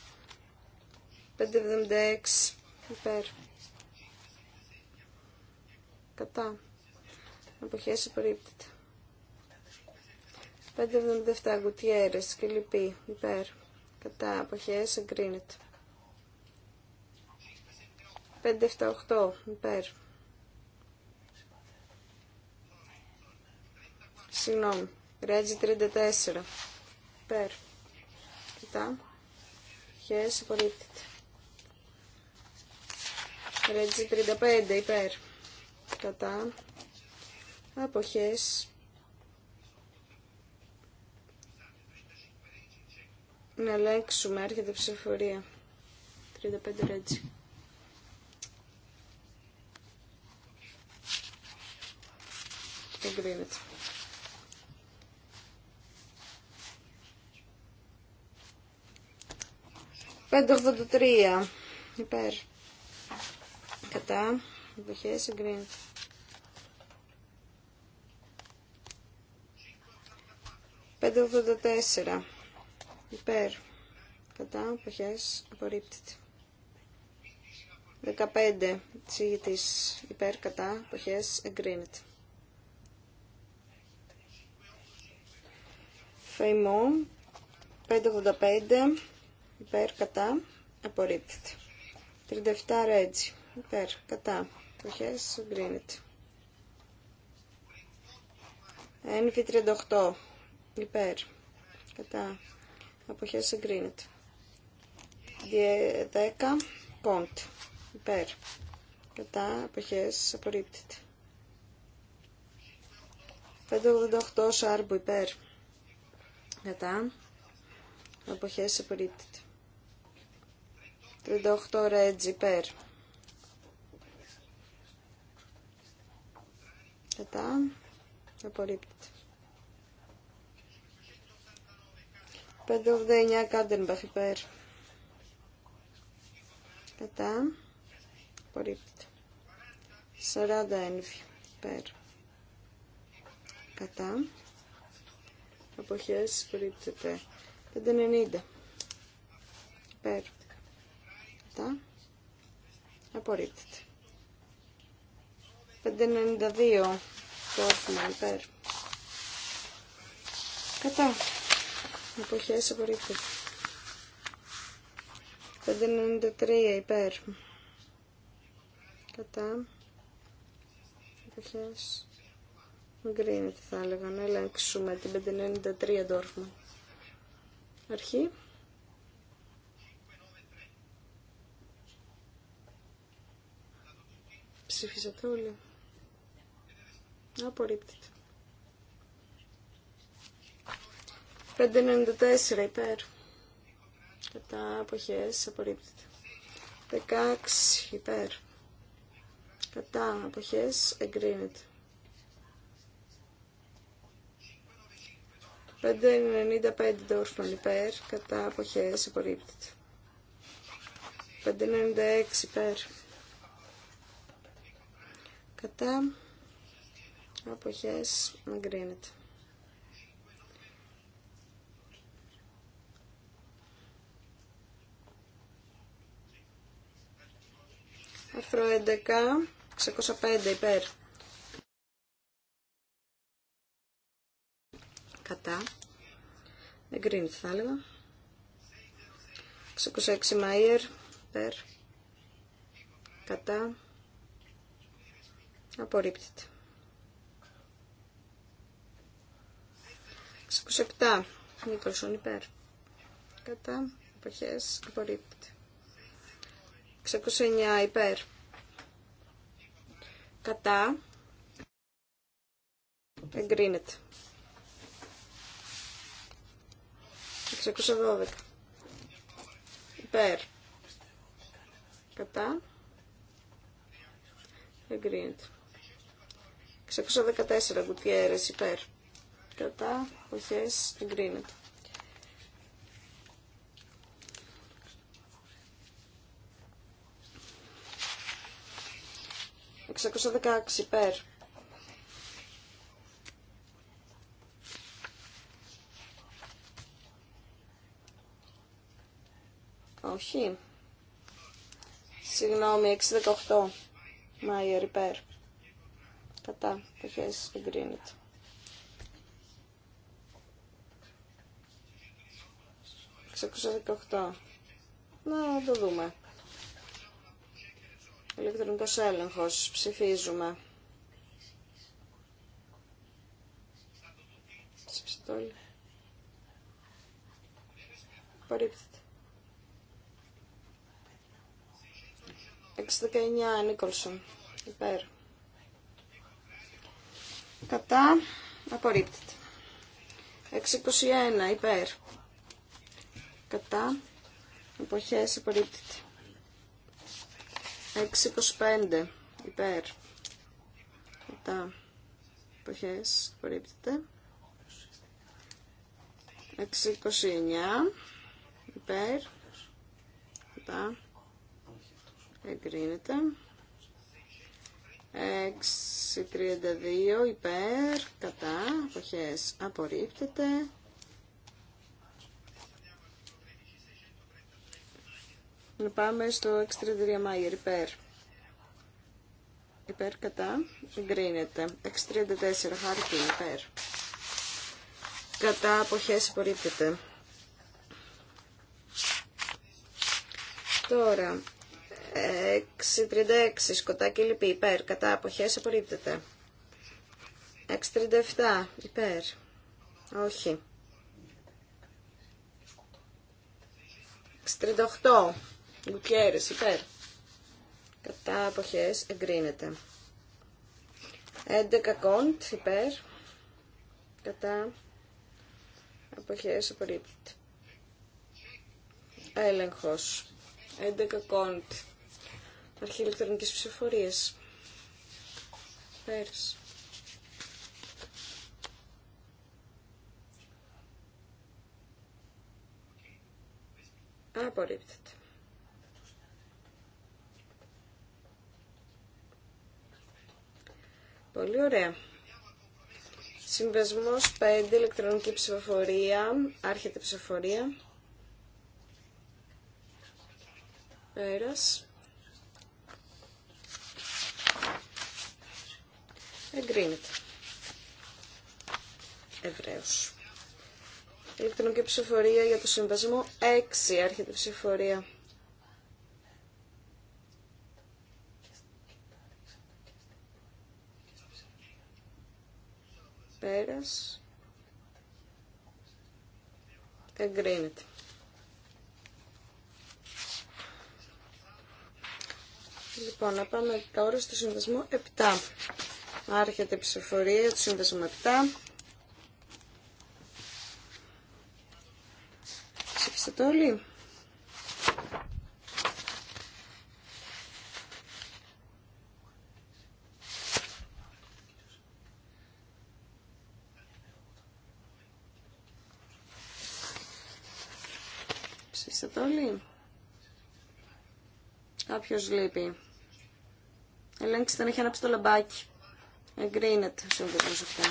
576 υπέρ. Κατά αποχές απορρίπτεται. 577 γουτιέρε και λοιπή υπέρ κατά αποχέ εγκρίνεται 578 υπέρ συγγνώμη Ρέτζι 34 υπέρ κατά Αποχέ απορρίπτεται Ρέτζι 35 υπέρ κατά αποχές Να ελέγξουμε, έρχεται ψηφορία. 35 ρέτσι. Εγκρίνεται. Πέντε υπέρ. Κατά, εποχές, εγκρίνεται. 584 υπέρ κατά αποχές απορρίπτεται 15 της υπέρ κατά αποχές εγκρίνεται Φαϊμό 585 υπέρ κατά απορρίπτεται 37 Ρέτζι υπέρ κατά αποχές 1.38 NV38 υπέρ κατά αποχές εγκρίνεται. 10 πόντ υπέρ κατά αποχές απορρίπτεται. 588 σάρμπου υπέρ κατά αποχές απορρίπτεται. 38 ρέτζι υπέρ κατά απορρίπτεται. 589 μπας υπέρ. Κατά. Απορρίπτεται. 40 ένβη υπέρ. Κατά. Αποχές απορρίπτεται. 590 υπέρ. Κατά. Απορρίπτεται. 592 Dorfman υπέρ. Κατά. Αποχές απορρίπτω. 593 υπέρ. Κατά. Αποχές. Γκρίνεται θα έλεγα. Να ελέγξουμε την 593 Ντόρφμαν. Αρχή. Ψήφισατε όλοι. Απορρίπτεται. 594 υπέρ. Κατά αποχές απορρίπτεται. 16 υπέρ. Κατά αποχές εγκρίνεται. 595 Ντόρφμαν υπέρ. Κατά αποχές απορρίπτεται. 596 υπέρ. Κατά αποχές εγκρίνεται. Άρθρο 11, 605 υπέρ. Κατά. Εγκρίνεται θα έλεγα. 606 Μάιερ υπέρ. Κατά. Απορρίπτεται. 607 Νίκολσον υπέρ. Κατά. Εποχές απορρίπτεται. 609 υπέρ. Κατά. Εγκρίνεται. 612. Υπέρ. Κατά. Εγκρίνεται. 614 γουτιέρες υπέρ. Κατά. Οχές. Εγκρίνεται. 616 υπέρ. Όχι. Συγγνώμη, 618. Μάιερ υπέρ. Κατά. Πεχές εγκρίνεται. Ξεκούσα 18. Να το δούμε. Ηλεκτρονικός έλεγχος. Ψηφίζουμε. Ψηφιστόλη. Απορρίπτεται. 619 Νίκολσον. Υπέρ. Κατά. Απορρίπτεται. 621 υπέρ. Κατά. Εποχές απορρίπτεται. 625 υπέρ κατά εποχές απορρίπτεται 629 υπέρ κατά εγκρίνεται 632 υπέρ κατά εποχές απορρίπτεται Να πάμε στο 633 Μάιερ υπέρ. Υπέρ κατά. Εγκρίνεται. 634 Χάρκιν υπέρ. Κατά αποχές υπορρίπτεται. Τώρα, 6.36 σκοτάκι λυπή υπέρ, κατά αποχές απορρίπτεται. 6.37 υπέρ, όχι. 6.38 Γκουτιέρες, υπέρ. Κατά αποχές εγκρίνεται. 11 κοντ, υπέρ. Κατά αποχές απορρίπτεται. Έλεγχος. 11 κοντ. Αρχή ηλεκτρονικής ψηφοφορίας. Πέρασε. Απορρίπτεται. Πολύ ωραία. Συμβεσμός 5, ηλεκτρονική ψηφοφορία, άρχεται ψηφοφορία. Πέρας. Εγκρίνεται. Ευραίος. Ηλεκτρονική ψηφοφορία για το συμβασμό 6, άρχεται ψηφοφορία. Πέρας. Εγκρίνεται. Λοιπόν, να πάμε τώρα στο συνδεσμό 7. Άρχεται η ψηφορία του συνδεσμού 7. Ψήφισε όλοι. Ποιος λείπει. Ελέγξτε να έχει ανάψει το λαμπάκι. Εγκρίνεται ο συμβιβασμός αυτό.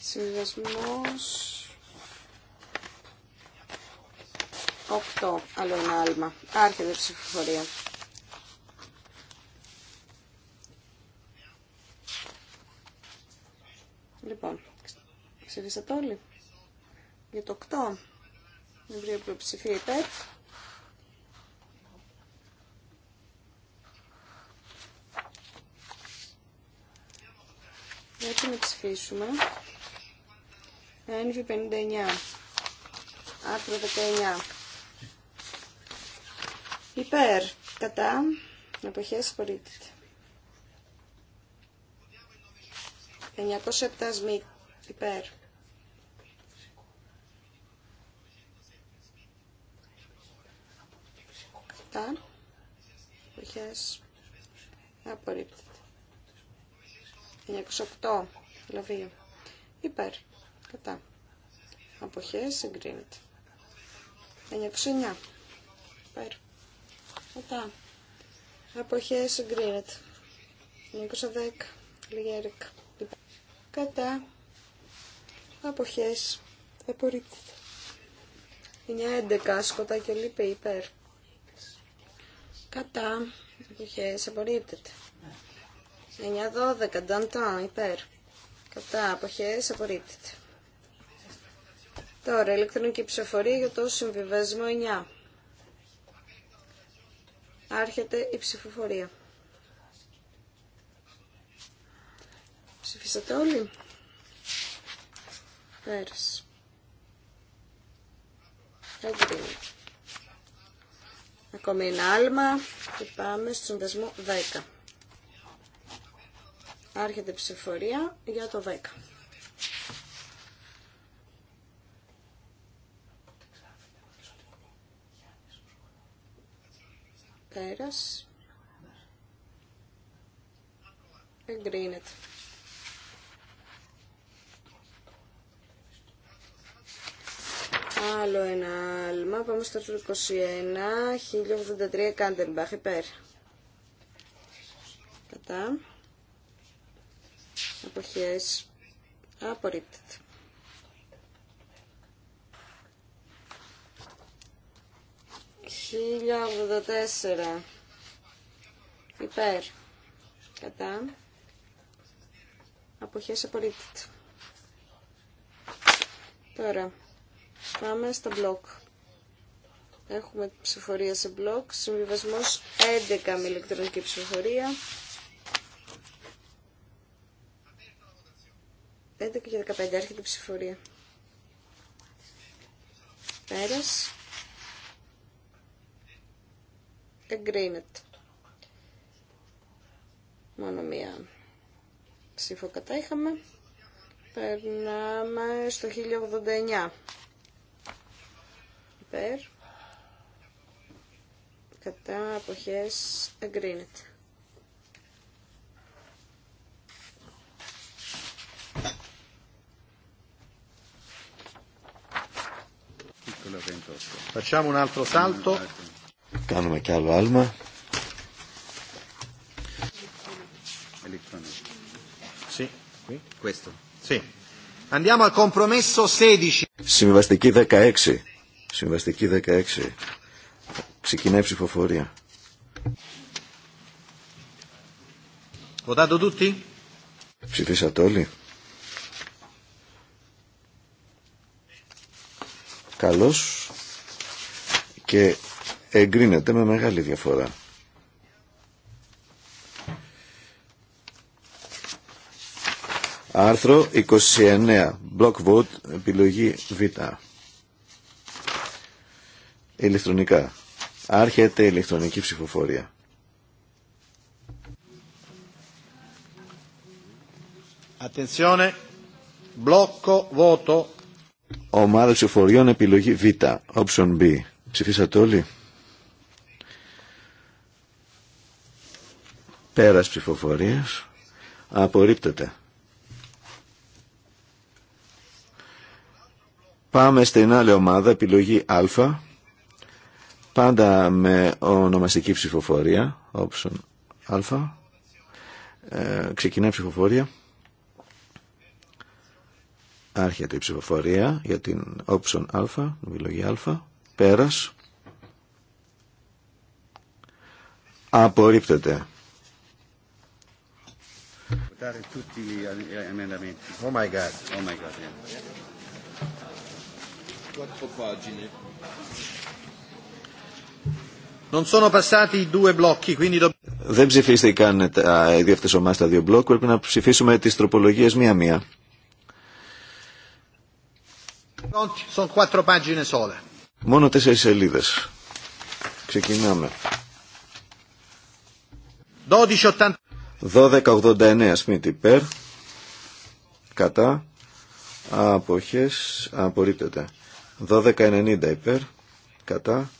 Συμβιβασμός... 8. Άλλο ένα άλμα. Άρχεται η ψηφοφορία. Λοιπόν, ψηφίσατε όλοι. Για το 8. Ευρία πλειοψηφία υπέρ. Πρέπει να ψηφίσουμε. NV59. Άρθρο 19. Υπέρ. Κατά. Εποχές απορρίπτεται. 907 σμιτ. Υπέρ. Κατά εποχές απορρίπτεται. 908, δηλαδή υπέρ κατά αποχές συγκρίνεται. 909 υπέρ κατά αποχές εγκρίνεται 910 Λιγέρικ υπέρ κατά αποχές απορρίπτεται 911 σκοτά και λίπε υπέρ κατά αποχές απορρίπτεται 9-12, Νταντάν, υπέρ. Κατά αποχέ απορρίπτεται. Τώρα, ηλεκτρονική ψηφοφορία για το συμβιβασμό 9. Άρχεται η ψηφοφορία. Ψηφίσατε όλοι. Πέρασε. Εγκρίνει. Ακόμη ένα άλμα και πάμε στο συνδεσμό 10. Άρχεται η ψηφορία για το 10. Πέρας. Εγκρίνεται. Άλλο ένα άλμα. Πάμε στο 21. 1083 Κάντεμπαχ. Υπέρ. Κατά εποχές απορρίπτεται. Χίλια υπέρ κατά αποχές απορρίπτεται. Τώρα πάμε στα μπλοκ. Έχουμε ψηφορία σε μπλοκ, συμβιβασμός 11 με ηλεκτρονική ψηφορία. και 15 έρχεται η ψηφορία. Πέρας. Εγκρίνεται. Μόνο μία ψήφο κατά είχαμε. Περνάμε στο 1089. Υπέρ. Κατά αποχές εγκρίνεται. Facciamo un altro salto. Κάνουμε κι άλλο άλμα. Andiamo al compromesso 16. Συμβαστική 16. Συμβαστική 16. Ξεκινάει η ψηφοφορία. Ψηφίσατε όλοι. Καλώς και εγκρίνεται με μεγάλη διαφορά. Άρθρο 29. Block vote, επιλογή Β. Ηλεκτρονικά. Άρχεται ηλεκτρονική ψηφοφορία. Attenzione, blocco voto Ομάδα ψηφοφοριών επιλογή Β, option B. Ψηφίσατε όλοι. Πέρας ψηφοφορίας. Απορρίπτεται. Πάμε στην άλλη ομάδα, επιλογή Α. Πάντα με ονομαστική ψηφοφορία, option Α. Ε, ξεκινάει ψηφοφορία. Άρχεται η ψηφοφορία για την option α, την επιλογή α, πέρας. Απορρίπτεται. Δεν ψηφίστηκαν οι δύο αυτές ομάδες τα δύο μπλοκ, πρέπει να ψηφίσουμε τις τροπολογίες μία-μία. Μόνο τέσσερις σελίδες. Ξεκινάμε. 1289 Σμίτ υπέρ. Κατά. Αποχές. Απορρίπτεται. 1290 υπέρ. Κατά.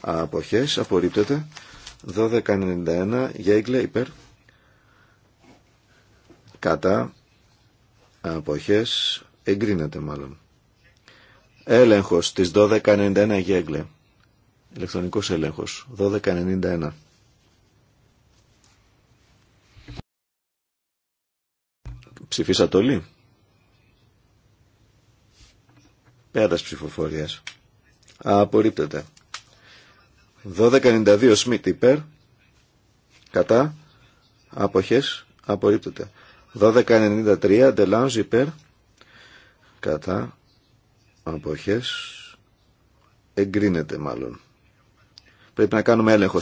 Αποχές. Απορρίπτεται. 1291 Γέγκλε υπέρ. Κατά. Αποχές. Εγκρίνεται μάλλον. Έλεγχος της 12.91 Γέγλε. Ηλεκτρονικός έλεγχος. 12.91. Ψηφίσατε όλοι. Πέρα ψηφοφορίας. Απορρίπτεται. 12.92 Σμιτ υπέρ. Κατά. Αποχές. Απορρίπτεται. 12.93 Ντελάνζ υπέρ. Κατά αποχές εγκρίνεται μάλλον. Πρέπει να κάνουμε έλεγχο.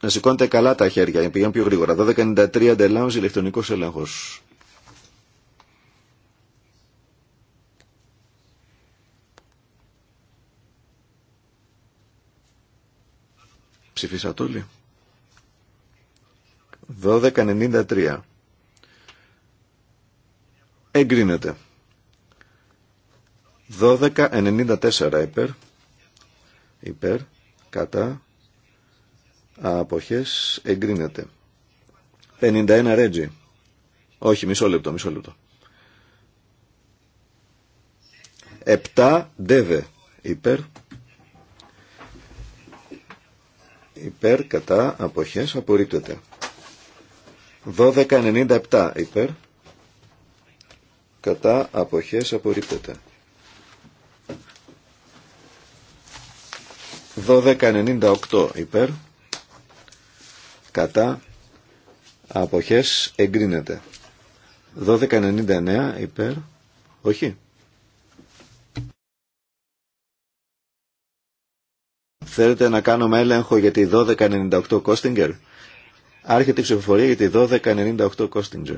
να σηκώνετε καλά τα χέρια για να πηγαίνουν πιο γρήγορα. 1293 αντελάμους ηλεκτρονικός έλεγχος. Ψηφίσατε όλοι. 1293. Εγκρίνεται. 12.94 υπέρ, υπέρ, κατά, αποχές, εγκρίνεται. 51 Ρέτζι. Όχι, μισό λεπτό, μισό λεπτό. 7 Ντεβε υπέρ, υπέρ, κατά, αποχές, απορρίπτεται. 12.97 υπέρ, κατά, αποχές, απορρίπτεται. 1298 υπέρ κατά αποχές εγκρίνεται 1299 υπέρ όχι Θέλετε να κάνουμε έλεγχο για τη 1298 Κόστιγκερ. Άρχεται η ψηφοφορία για τη 1298 Κόστιγκερ.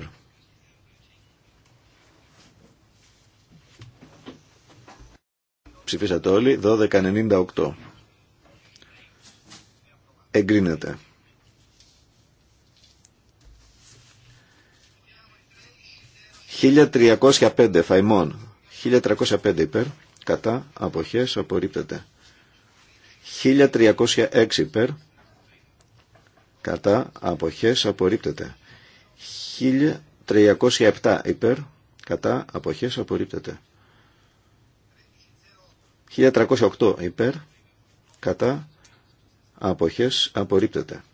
Ψηφίσατε όλοι 1298 εγκρίνεται. «1305 φαϊμών». «1305 υπέρ» κατά αποχές απορρίπτεται. «1306 υπέρ» κατά αποχές απορρίπτεται. «1307 υπέρ» κατά αποχές απορρίπτεται. 1308 υπέρ, κατά αποχές απορρίπτεται.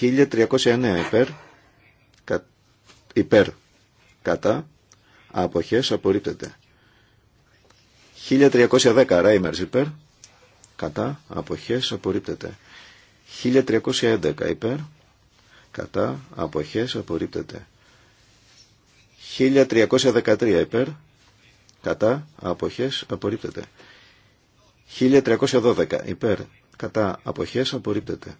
1309 υπέρ, κα, υπέρ κατά αποχές απορρίπτεται. 1310 ράιμερς υπέρ, κατά αποχές απορρίπτεται. 1311 υπέρ, κατά αποχές απορρίπτεται. 1313 υπέρ, κατά αποχές απορρίπτεται. 1312 υπέρ, κατά αποχές απορρίπτεται.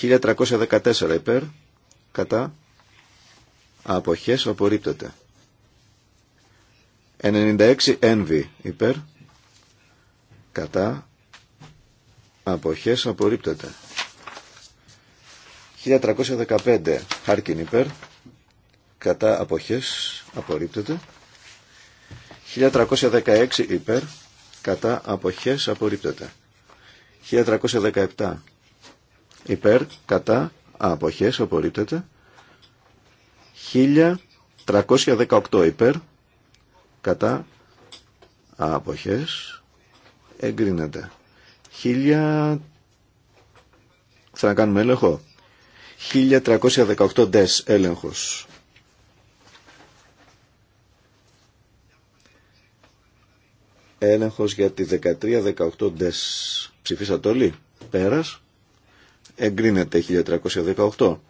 1314 υπέρ κατά αποχές απορρίπτεται. 96 ένβη υπέρ κατά αποχές απορρίπτεται. 1315 χάρκιν υπέρ κατά αποχές απορρίπτεται. 1316 υπέρ κατά αποχές απορρίπτεται. 1317 υπέρ, κατά, αποχές, απορρίπτεται. 1318 υπέρ, κατά, αποχές, εγκρίνεται. 1000... Θα κάνουμε έλεγχο. 1318 δες έλεγχος. Έλεγχος για τη 13-18 δες Ψηφίσατε όλοι. Πέρας. Εγκρίνεται 1318.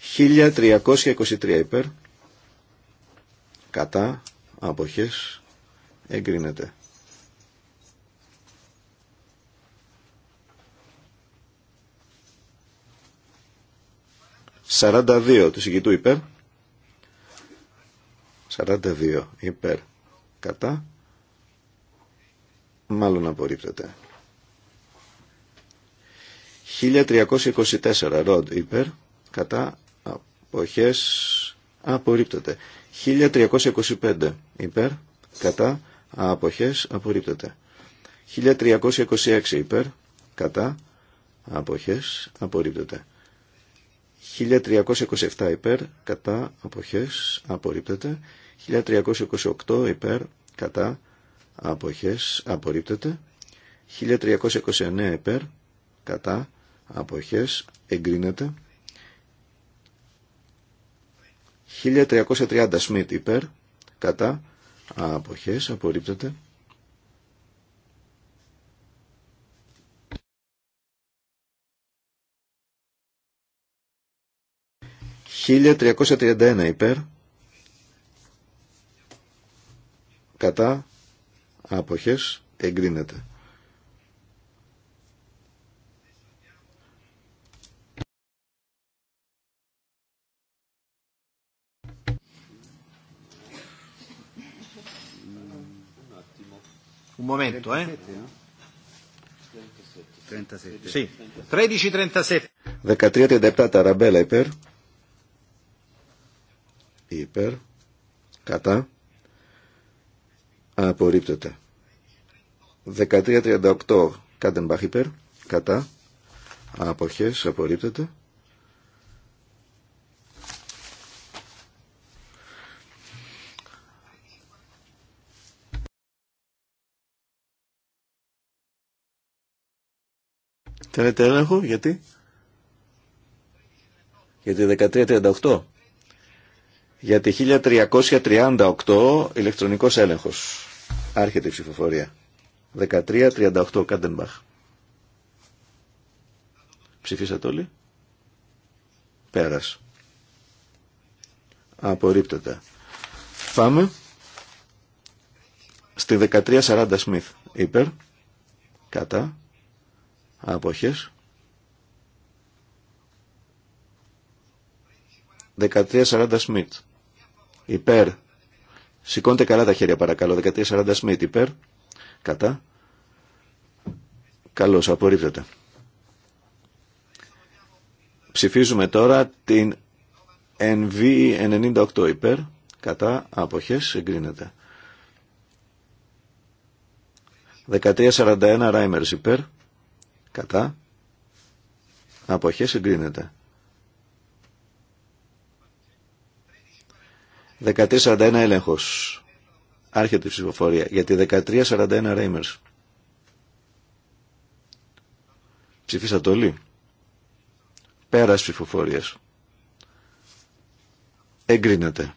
1323 υπέρ. Κατά. Αποχές. Εγκρίνεται. 42 του συγκητού υπέρ. 42 υπέρ. Κατά. Μάλλον απορρίπτεται. 1324 ροντ υπέρ κατά αποχές απορρίπτεται. 1325 υπέρ κατά αποχές απορρίπτεται. 1326 υπέρ κατά αποχές απορρίπτεται. 1327 υπέρ κατά αποχές απορρίπτεται. 1328 υπέρ κατά αποχές απορρίπτεται 1329 υπέρ κατά αποχές εγκρίνεται 1330 Σμιτ υπέρ κατά αποχές απορρίπτεται 1331 υπέρ κατά αποχές εγκρίνεται. Un momento, eh. 37. Sì. 13-37. 13-37 ταραμπέλα iper. Υπέρ απορρίπτεται. 1338 Κάντεμπαχ υπέρ, κατά, αποχές, απορρίπτεται. Θέλετε έλεγχο, γιατί. Γιατί 1338. Για τη 1338 ηλεκτρονικός έλεγχος. Άρχεται η ψηφοφορία. 1338 Κάντεμπαχ. Ψηφίσατε όλοι. Πέρας. Απορρίπτεται. Πάμε στη 1340 Σμιθ. Υπέρ. Κατά. Αποχές. 1340 Σμιθ υπέρ, σηκώντε καλά τα χέρια παρακαλώ, 1340 Σμιτ υπέρ, κατά, καλώς απορρίπτεται. Ψηφίζουμε τώρα την NV98 υπέρ, κατά, άποχες, εγκρίνεται. 1341 ράιμερ υπέρ, κατά, άποχες, εγκρίνεται. 1341 έλεγχο Άρχεται η ψηφοφορία Γιατί τη 1341 Ρέιμερ. Ψηφίσατε όλοι. Πέρας ψηφοφορία. Εγκρίνεται.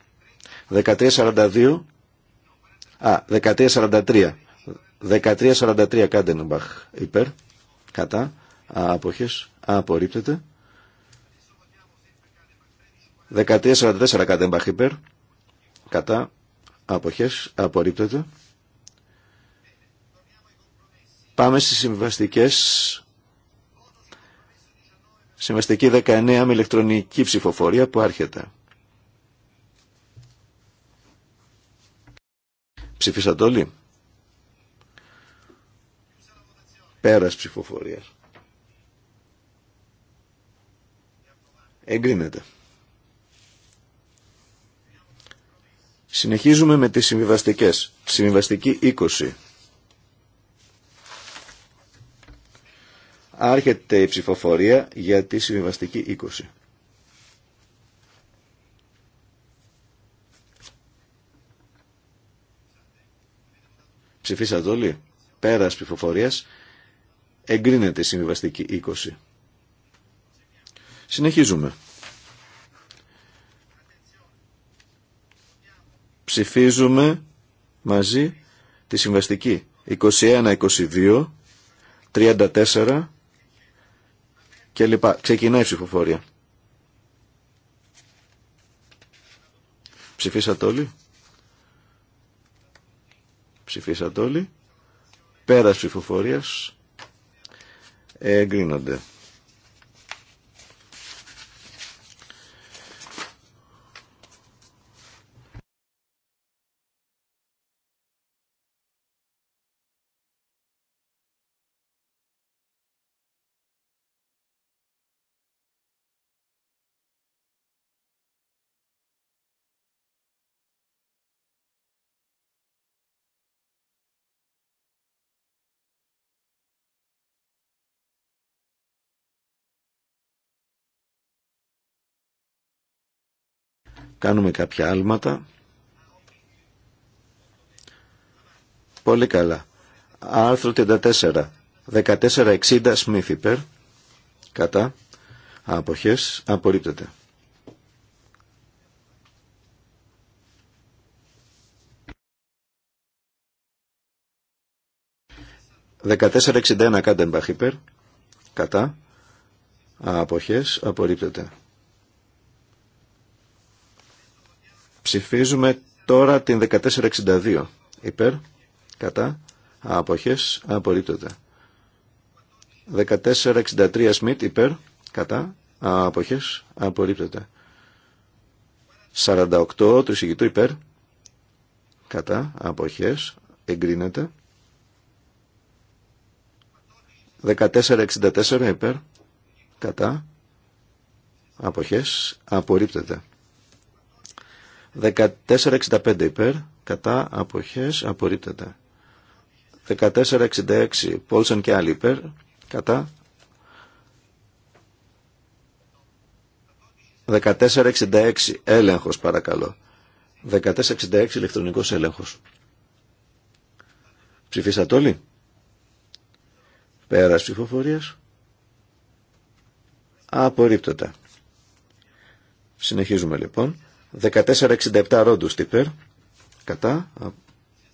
1342. Α, 1343. 1343 Κάντενμπαχ υπέρ. Κατά. Αποχές. Απορρίπτεται. 1344 Κάντενμπαχ υπέρ κατά αποχές απορρίπτεται. Πάμε στις συμβαστικές. Συμβαστική 19 με ηλεκτρονική ψηφοφορία που άρχεται. Ψηφίσατε όλοι. Πέρας ψηφοφορίας. Εγκρίνεται. Συνεχίζουμε με τις συμβιβαστικές. Συμβιβαστική 20. Άρχεται η ψηφοφορία για τη συμβιβαστική 20. Ψηφίσατε όλοι. Πέρας ψηφοφορίας εγκρίνεται η συμβιβαστική 20. Συνεχίζουμε. Ψηφίζουμε μαζί τη συμβαστική 21-22, 34 και λοιπά. Ξεκινάει η ψηφοφορία. Ψηφίσατε όλοι. Ψηφίσατε όλοι. Πέρας ψηφοφορίας εγκρίνονται. Κάνουμε κάποια άλματα. Πολύ καλά. Άρθρο 34. 1460 Σμίθιπερ. Κατά. Αποχές. Απορρίπτεται. Δεκατέσσερα εξιντένα Κατά. Αποχές. Απορρίπτεται. Ψηφίζουμε τώρα την 1462. Υπέρ, κατά, αποχές, απορρίπτεται. 1463 Σμιτ, υπέρ, κατά, αποχές, απορρίπτεται. 48 του εισηγητού υπέρ, κατά, αποχές, εγκρίνεται. 1464 υπέρ, κατά, αποχές, απορρίπτεται. 1465 υπέρ, κατά αποχές απορρίπτεται. 1466 Πόλσαν και άλλοι υπέρ, κατά 1466 έλεγχος παρακαλώ. 1466 ηλεκτρονικός έλεγχος. Ψηφίσατε όλοι. Πέρας ψηφοφορίας. Απορρίπτεται. Συνεχίζουμε λοιπόν. 1467 ρόντου υπέρ. Κατά.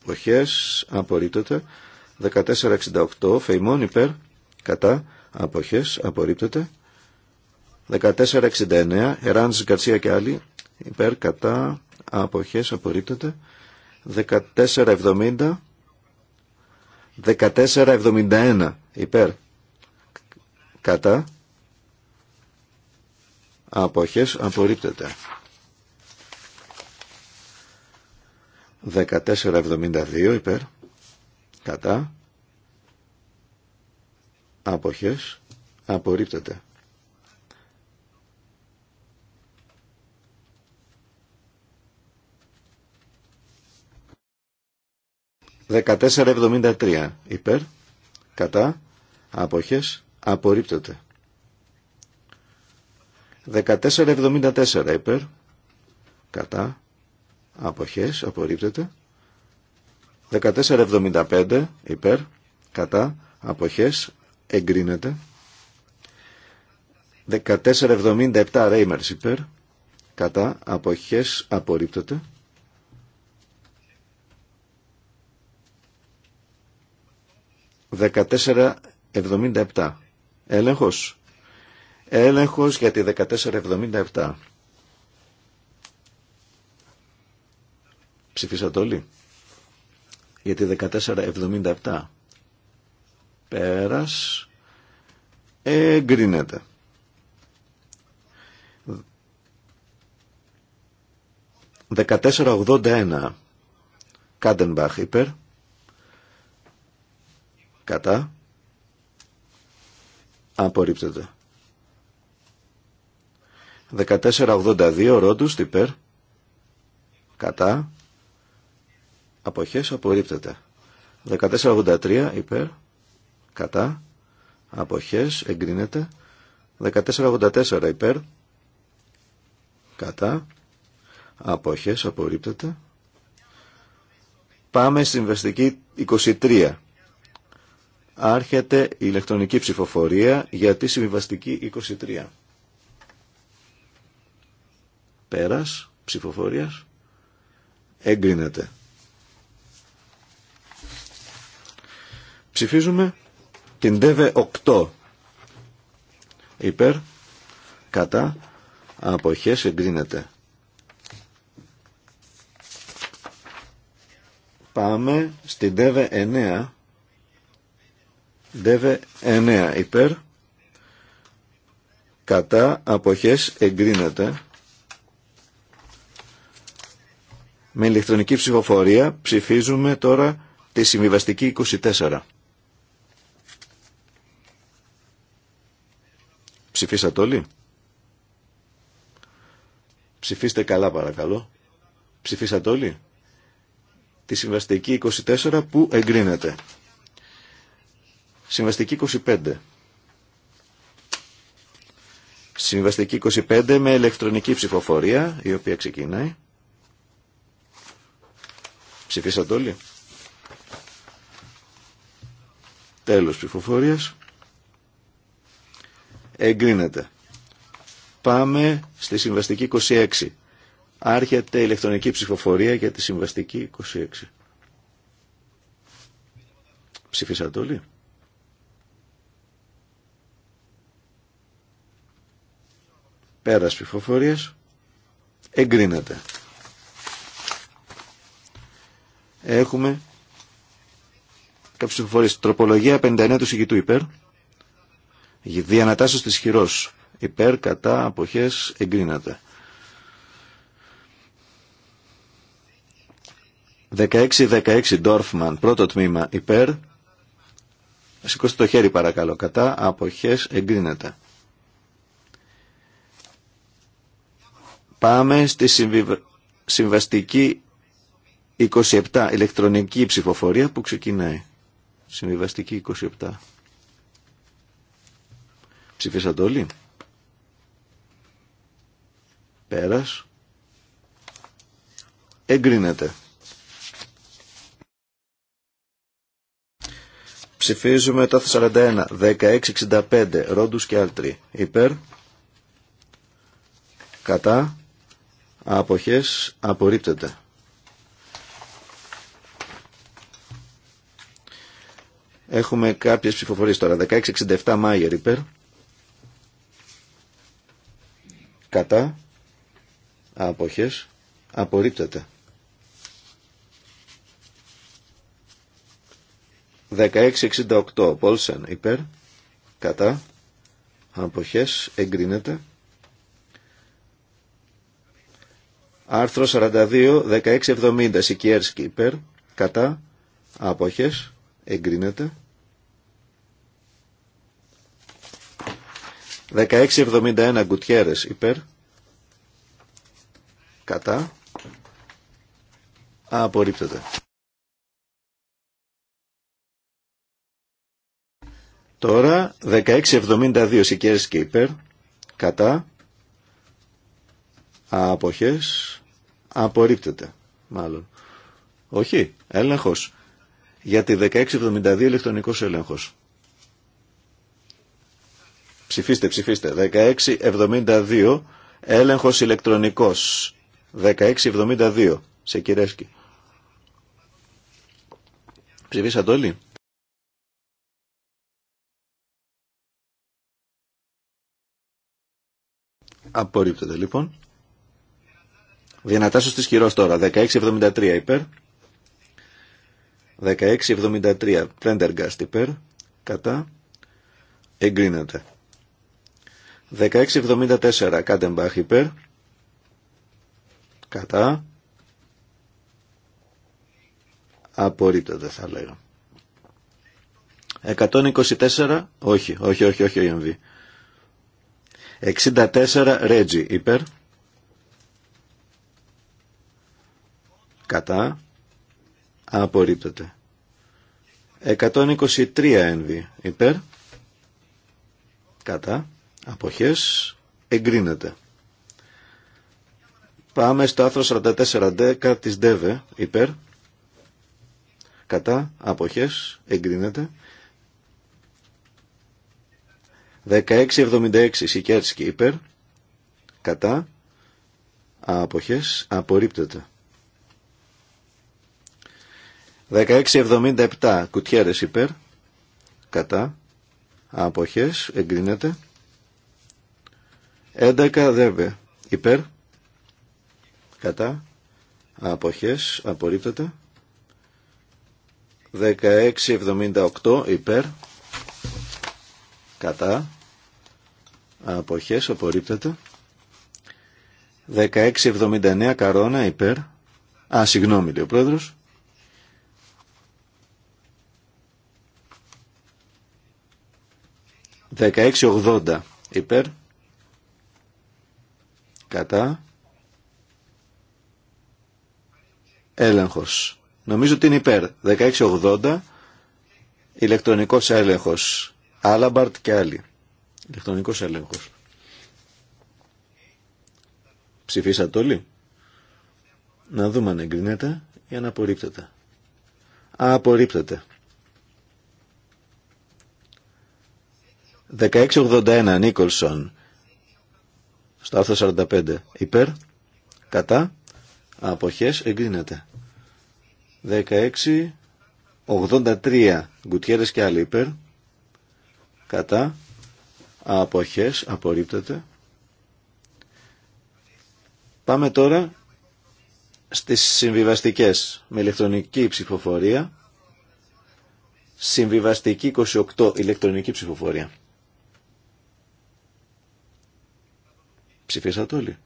Αποχέ. Απορρίπτεται. 1468 φεϊμών υπέρ. Κατά. Αποχέ. Απορρίπτεται. 1469 Εράνς Γκαρσία και άλλοι υπέρ. Κατά. Αποχέ. Απορρίπτεται. 1470 1471 υπέρ κατά αποχές απορρίπτεται 1472 υπέρ κατά άποχες απορρίπτεται. Δεκατέσσερα υπέρ, κατά, άποχες, απορρίπτεται. Δεκατέσσερα υπέρ, κατά, αποχές απορρίπτεται 1475 υπέρ κατά αποχές εγκρίνεται 1477 ρέιμερς, υπέρ κατά αποχές απορρίπτεται 1477 έλεγχος έλεγχος για τη 1477 Ψηφίσατε όλοι. Για 1477. Πέρας. Εγκρίνεται. 1481 ογδόντα Κάντενμπαχ υπέρ. Κατά. Απορρίπτεται. 1482 ρόντους υπέρ. Κατά αποχές απορρίπτεται. 1483 υπέρ, κατά, αποχές εγκρίνεται. 1484 υπέρ, κατά, αποχές απορρίπτεται. Πάμε στην βεστική 23. Άρχεται η ηλεκτρονική ψηφοφορία για τη συμβιβαστική 23. Πέρας ψηφοφορίας εγκρίνεται. Ψηφίζουμε την ΔΕΒΕ 8. Υπέρ, κατά, αποχές εγκρίνεται. Πάμε στην ΔΕΒΕ 9. ΔΕΒΕ 9 υπέρ, κατά, αποχές εγκρίνεται. Με ηλεκτρονική ψηφοφορία ψηφίζουμε τώρα τη συμβιβαστική 24. Ψηφίσατε όλοι. Ψηφίστε καλά παρακαλώ. Ψηφίσατε όλοι. Τη συμβαστική 24 που εγκρίνεται. Συμβαστική 25. Συμβαστική 25 με ηλεκτρονική ψηφοφορία η οποία ξεκινάει. Ψηφίσατε όλοι. Τέλος ψηφοφορίας εγκρίνεται. Πάμε στη συμβαστική 26. Άρχεται η ηλεκτρονική ψηφοφορία για τη συμβαστική 26. Ψηφίσατε όλοι. Πέρας ψηφοφορίας. Εγκρίνεται. Έχουμε κάποιες ψηφοφορίες. Τροπολογία 59 του συγκητού υπέρ. Διανατάσσεις της χειρός. Υπέρ, κατά, αποχές, εγκρίνεται. 16-16 Ντόρφμαν, πρώτο τμήμα υπέρ. Σηκώστε το χέρι παρακαλώ. Κατά, αποχές, εγκρίνεται. Πάμε στη συμβαστική 27 ηλεκτρονική ψηφοφορία που ξεκινάει. Συμβιβαστική 27. Ψηφίσατε όλοι. Πέρας. Εγκρίνεται. Ψηφίζουμε το 41, 1665, Ρόντους και Άλτρι. Υπέρ, κατά, αποχές, απορρίπτεται. Έχουμε κάποιες ψηφοφορίες τώρα. 1667 Μάγερ. υπέρ. κατά αποχές απορρίπτεται. 1668 Πόλσεν υπέρ κατά αποχές εγκρίνεται. Άρθρο 42, 1670 Σικιέρσκι υπέρ κατά αποχές εγκρίνεται. 1671 Γκουτιέρες υπέρ. Κατά. Απορρίπτεται. Τώρα 1672 Σικέρες και υπέρ. Κατά. Αποχές. Απορρίπτεται. Μάλλον. Όχι. Έλεγχος. Για τη 1672 ηλεκτρονικός έλεγχος. Ψηφίστε, ψηφίστε. 1672 έλεγχος ηλεκτρονικός. 1672 σε Κυρέσκι. Ψηφίσατε όλοι. Απορρίπτεται λοιπόν. Διανατάσσω στις χειρός τώρα. 1673 υπέρ. 1673 Πρέντεργαστ υπέρ. Κατά. Εγκρίνεται. 1674 Κάντεμπαχ υπέρ κατά δεν θα λέγω 124 όχι όχι όχι όχι ΕΝΒ. 64 Ρέτζι υπέρ κατά απορρίπτονται. 123 ΕΝΒ υπέρ κατά αποχές εγκρίνεται. Πάμε στο άθρο 44 της ΔΕΒΕ υπέρ κατά αποχές εγκρίνεται. 1676 Σικέρσκι υπέρ κατά αποχές απορρίπτεται. 1677 Κουτιέρες υπέρ κατά αποχές εγκρίνεται. 11 δεύε. Υπέρ. Κατά. Αποχές. Απορρίπτεται. 1678 υπέρ. Κατά. Αποχές. Απορρίπτεται. 1679 καρόνα υπέρ. Α, συγγνώμη λέει ο πρόεδρος. «1680 υπέρ» Κατά. Έλεγχος. Νομίζω ότι είναι υπέρ. 1680. Ηλεκτρονικός έλεγχος. Άλαμπαρτ και άλλοι. Ηλεκτρονικός έλεγχος. Ψηφίσατε όλοι. Να δούμε αν εγκρίνεται ή αν απορρίπτεται. Α, απορρίπτεται. 1681 Νίκολσον στο άρθρο 45. Υπέρ, κατά, αποχές, εγκρίνεται. 16, 83, Γκουτιέρες και άλλοι υπέρ, κατά, αποχές, απορρίπτεται. Πάμε τώρα στις συμβιβαστικές με ηλεκτρονική ψηφοφορία. Συμβιβαστική 28 ηλεκτρονική ψηφοφορία. Ψηφίσατε όλοι.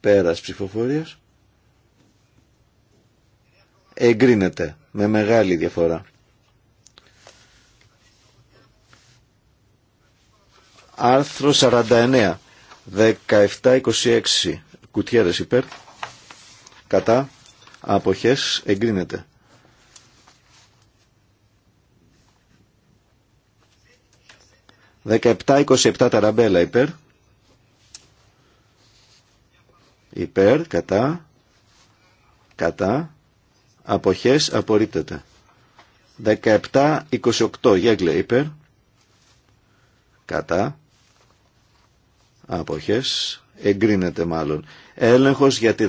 Πέρας ψηφοφορίας. Εγκρίνεται με μεγάλη διαφορά. Άρθρο 49, 17-26, κουτιέρες υπέρ, κατά, αποχές εγκρίνεται. 17-27 ταραμπέλα υπέρ. Υπέρ, κατά, κατά, αποχές απορρίπτεται. 17-28 γέγλε υπέρ, κατά, αποχές εγκρίνεται μάλλον. Έλεγχος για τη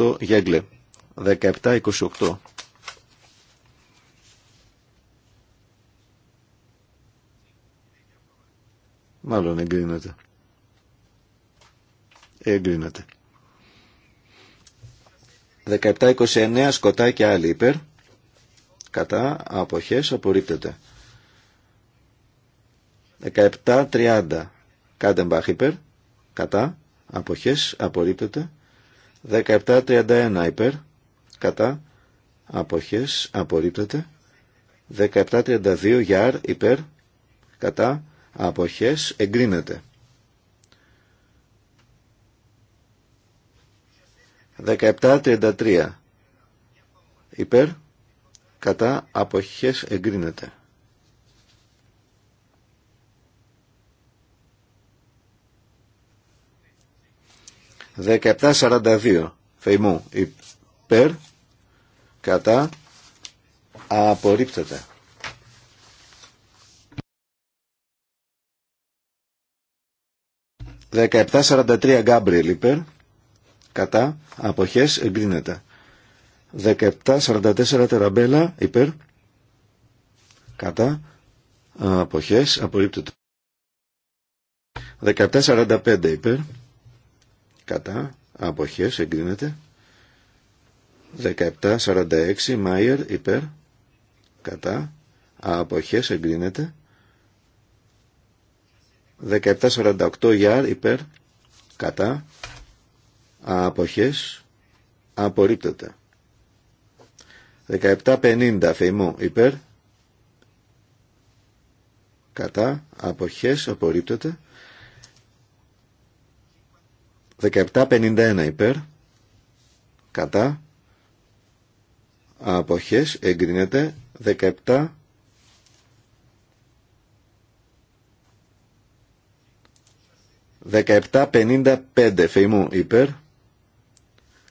17-28 γέγλε. 17-28. Μάλλον εγκρίνεται. Εγκρίνεται. 17-29 σκοτά και άλλοι υπέρ. Κατά αποχές απορρίπτεται. 17-30 κάντεμπαχ υπέρ. Κατά αποχές απορρίπτεται. 17-31 υπέρ. Κατά αποχές απορρίπτεται. 17-32 γιάρ υπέρ. Κατά αποχές εγκρίνεται. 17.33 υπέρ κατά αποχές εγκρίνεται. 17.42 φεϊμού υπέρ κατά απορρίπτεται. 1743 Γκάμπριελ υπέρ. Κατά. Αποχές εγκρίνεται. 1744 Τεραμπέλα υπέρ. Κατά. Αποχές απορρίπτεται. 1745 υπέρ. Κατά. Αποχές εγκρίνεται. 1746 Μάιερ υπέρ. Κατά. Αποχές εγκρίνεται. 1748 γιάρ υπέρ κατά αποχές απορρίπτεται 1750 φεϊμού υπέρ κατά αποχές απορρίπτεται 1751 υπέρ κατά αποχές εγκρίνεται 17 17.55 φεϊμού υπέρ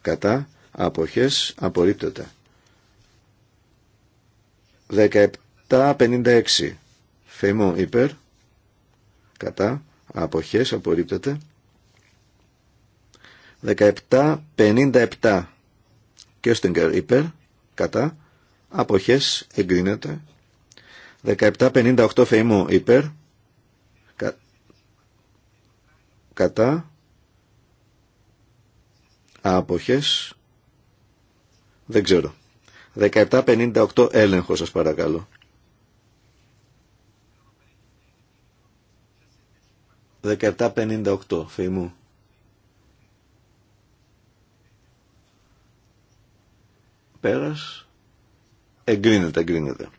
κατά αποχές απορρίπτεται 17.56 φεϊμού υπέρ κατά αποχές απορρίπτεται 17.57 και υπέρ κατά αποχές εγκρίνεται 17.58 φεϊμού υπέρ κατά άποχες δεν ξέρω 1758 έλεγχο σας παρακαλώ 1758 μου. πέρας εγκρίνεται εγκρίνεται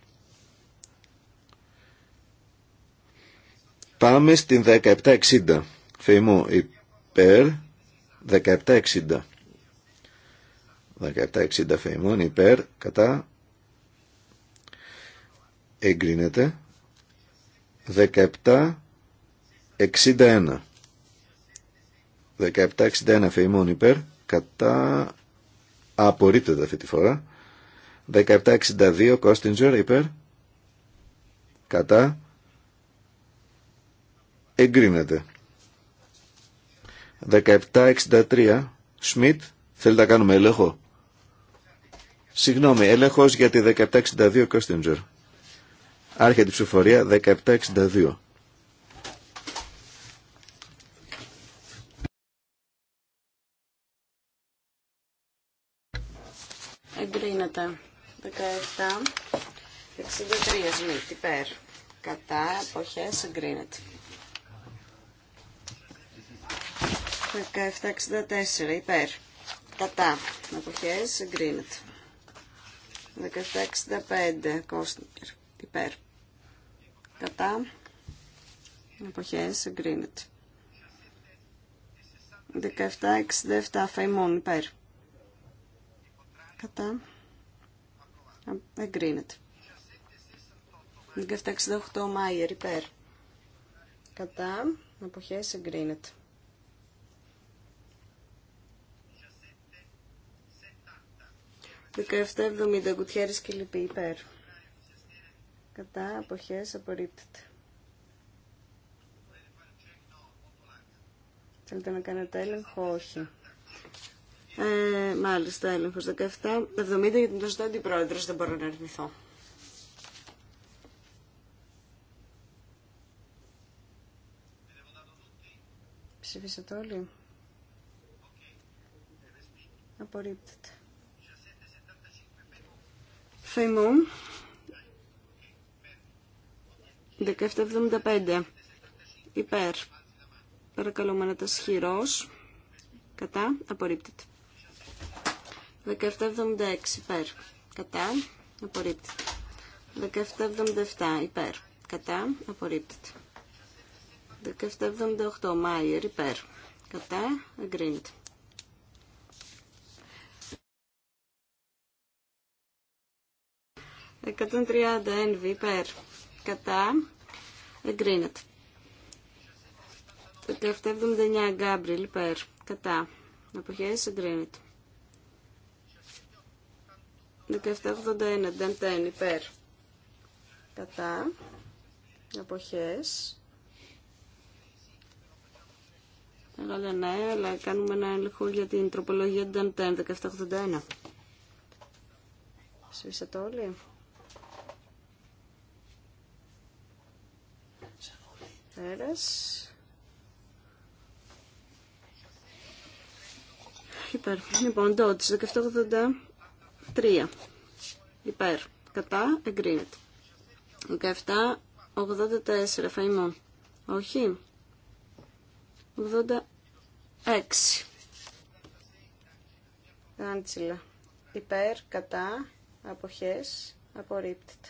Πάμε στην 1760. Φεϊμό υπέρ 1760. 1760 φεϊμών υπέρ κατά εγκρίνεται 1761 1761 φεϊμόν υπέρ κατά απορρίπτεται αυτή τη φορά 1762 Κόστιντζερ υπέρ κατά εγκρίνεται 1763. Σμιτ, θέλετε να κάνουμε έλεγχο. Συγγνώμη, έλεγχο για τη 1762 Κόστιντζερ. Άρχεται την ψηφορία 1762. Εγκρίνεται 17, 63 σμιτ, υπέρ. Κατά, εποχές, εγκρίνεται. 1764 υπέρ. Κατά. Αποχές εγκρίνεται. 1765 Κόστιγκερ υπέρ. Κατά. Αποχές εγκρίνεται. 1767 Φαϊμόν υπέρ. Κατά. Εγκρίνεται. 1768 Μάιερ υπέρ. Κατά. Αποχές εγκρίνεται. 1770 Γκουτιέρης και λοιπή υπέρ. Κατά αποχές απορρίπτεται. Θέλετε να κάνετε έλεγχο, όχι. Ε, μάλιστα, έλεγχο 17.70 70 γιατί μου το ζητάει αντιπρόεδρο, δεν μπορώ να αρνηθώ. το όλοι. Απορρίπτεται. Φεϊμούν 1775 υπέρ παρακαλώ μανατας χειρός κατά απορρίπτεται 1776 υπέρ κατά απορρίπτεται 1777 υπέρ κατά απορρίπτεται 1778 Μάιερ υπέρ κατά εγκρίνεται 130 NV υπέρ κατά εγκρίνεται. 1779 Γκάμπριλ υπέρ κατά αποχές εγκρίνεται. 1781 Νταντέν υπέρ κατά αποχές αλλά ναι, αλλά κάνουμε ένα έλεγχο για την τροπολογία Νταντέν 1781. Σβήσατε όλοι. Πέρας. Υπέρ. Λοιπόν, το 1783. Υπέρ. Κατά. Εγκρίνεται. 1784. Φαϊμό. Όχι. 86. Άντσιλα. Υπέρ. Κατά. Αποχές. Απορρίπτεται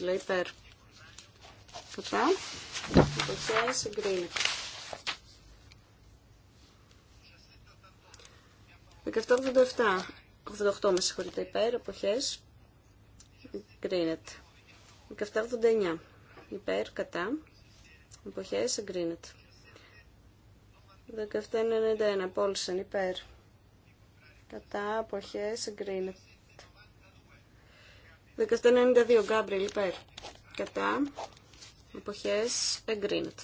λέει υπέρ. Κατά. Εποχές εγκρίνεται. 1787. 88 με συγχωρείτε υπέρ. Εποχές εγκρίνεται. 1789. Υπέρ. Κατά. Εποχές εγκρίνεται. 1791. Πόλσεν υπέρ. Κατά. Εποχές εγκρίνεται. 1792 Γκάμπριλ, υπέρ. Κατά. Εποχές εγκρίνεται.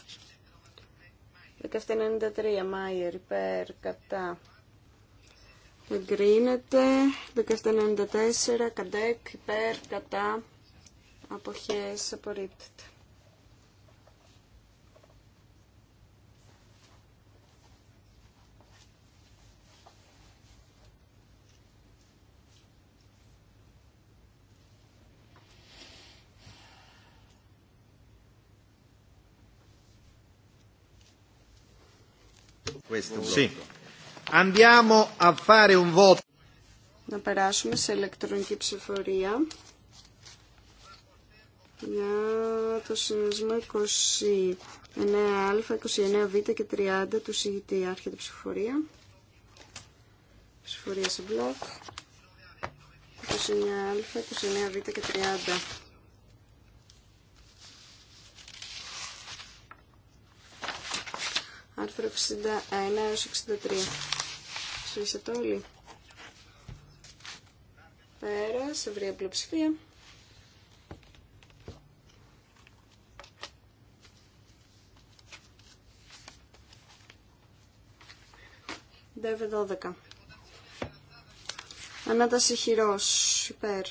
1793 Μάιερ υπέρ. Κατά. Εγκρίνεται. 1794 Καντέκ υπέρ. Κατά. εποχές, απορρίπτεται. questo blocco. Andiamo a fare un voto. Να περάσουμε σε ηλεκτρονική ψηφορία για το συνδεσμό 29α, 29β και 30 του CGT. Άρχεται ψηφορία. Ψηφορία σε μπλοκ. 29α, 29β και 30. Άρθρο 61 έως 63. το όλοι. σε ευρία πλειοψηφία. ΔΕΒΕ 12. Ανάταση χειρός, υπέρ.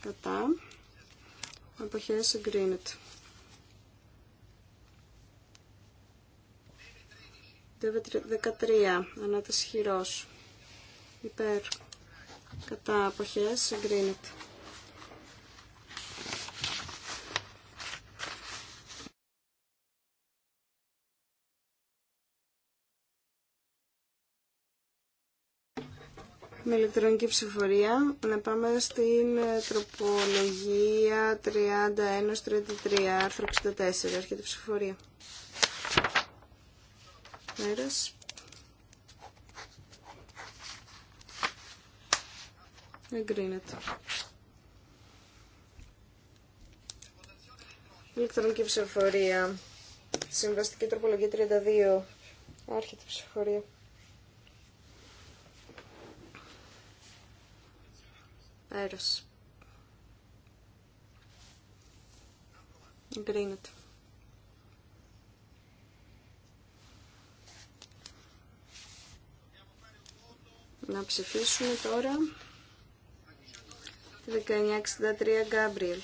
Κατά. Αποχέ εγκρίνεται. ΔΕΒΕ 13. Ανάταση χειρός. Υπέρ. Κατά αποχές. Εγκρίνεται. με ηλεκτρονική ψηφορία να πάμε στην ε, τροπολογία 31-33, άρθρο 64, αρχή ψηφορία. Πέρας. Εγκρίνεται. Ηλεκτρονική ψηφοφορία. Συμβαστική τροπολογία 32. Άρχεται η ψηφοφορία. Αέρος. Εγκρίνεται. Να ψηφίσουμε τώρα τη 1963 Γκάμπριελ.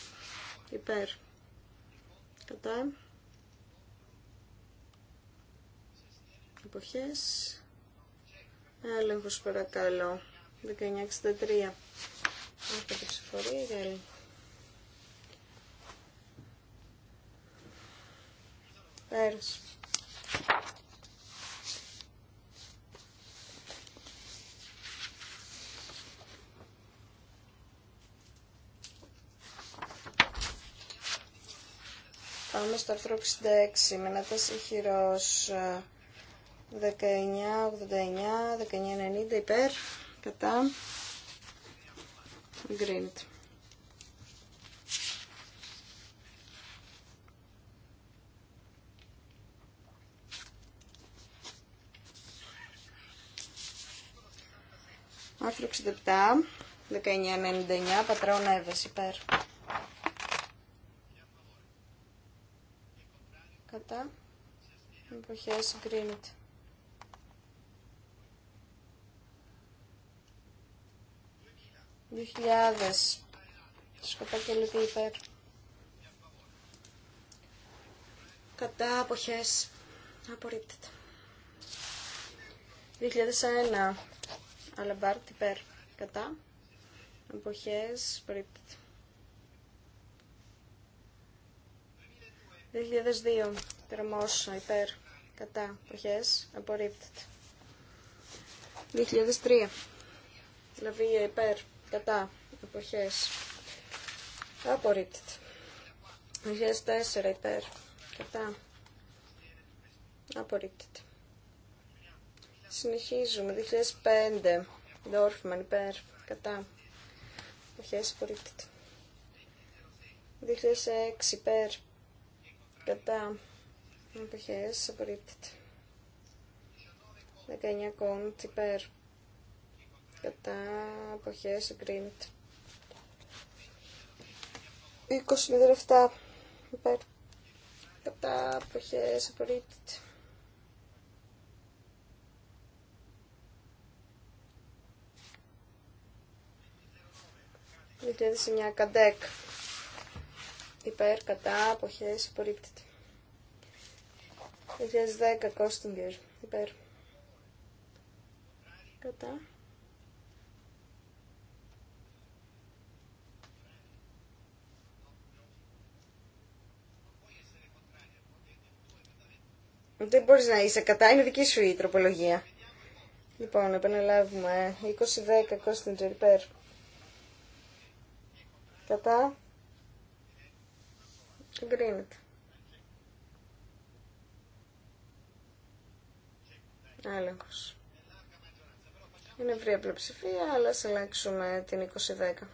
Υπέρ. Κατά. Εποχές. Έλεγχος παρακαλώ. 1963. Έχω το ψηφορία για έλεγχο. Πέρασε. Πάμε στο άρθρο 66. Μενάτας χειρός 19, 89, 1990 υπέρ, κατά, γκρίντ. Άρθρο 67, 1999, πατρόν έβαση υπέρ. κατά εποχές συγκρίνεται. Δύο χιλιάδες σκοπά και λίγο υπέρ. Κατά αποχές απορρίπτεται. 2001 Αλαμπάρτ υπέρ. Κατά αποχές απορρίπτεται. 2002. Τραμός υπέρ κατά αποχές απορρίπτεται. 2003. Λαβία υπέρ κατά αποχές απορρίπτεται. 2004 υπέρ κατά απορρίπτεται. Συνεχίζουμε. 2005. Δόρφημαν. υπέρ κατά αποχές απορρίπτεται. 2006 υπέρ κατά αποχές απορρίπτεται 19 κόντ υπέρ κατά αποχές εγκρίνεται 20.07 υπέρ κατά αποχές απορρίπτεται Δείτε 9 καντέκ υπέρ, κατά, αποχές, απορρίπτεται. 2010, Κόστιγκερ, υπέρ, κατά. Δεν μπορείς να είσαι κατά, είναι δική σου η τροπολογία. Λοιπόν, επαναλάβουμε. 20-10 Κόστιντζερ υπέρ. Κατά. Εγκρίνεται. Έλεγχος. Είναι ευρία πλειοψηφία, αλλά ας αλλάξουμε την 2010.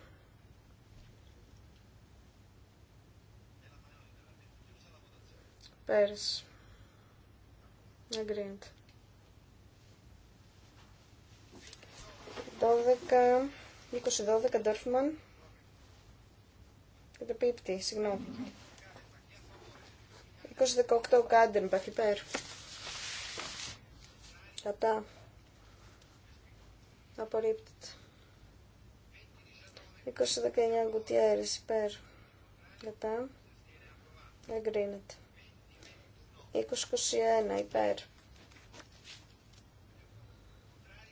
Πέρυσι. Εγκρίνεται. 12, 2012, δώδεκα, Ντόρφμαν. πίπτη, συγγνώμη με Κάντεμπαχ υπέρ. Κατά. Απορρίπτεται. 2019 Γκουτιέρες υπέρ. Κατά. Εγκρίνεται. 21 υπέρ.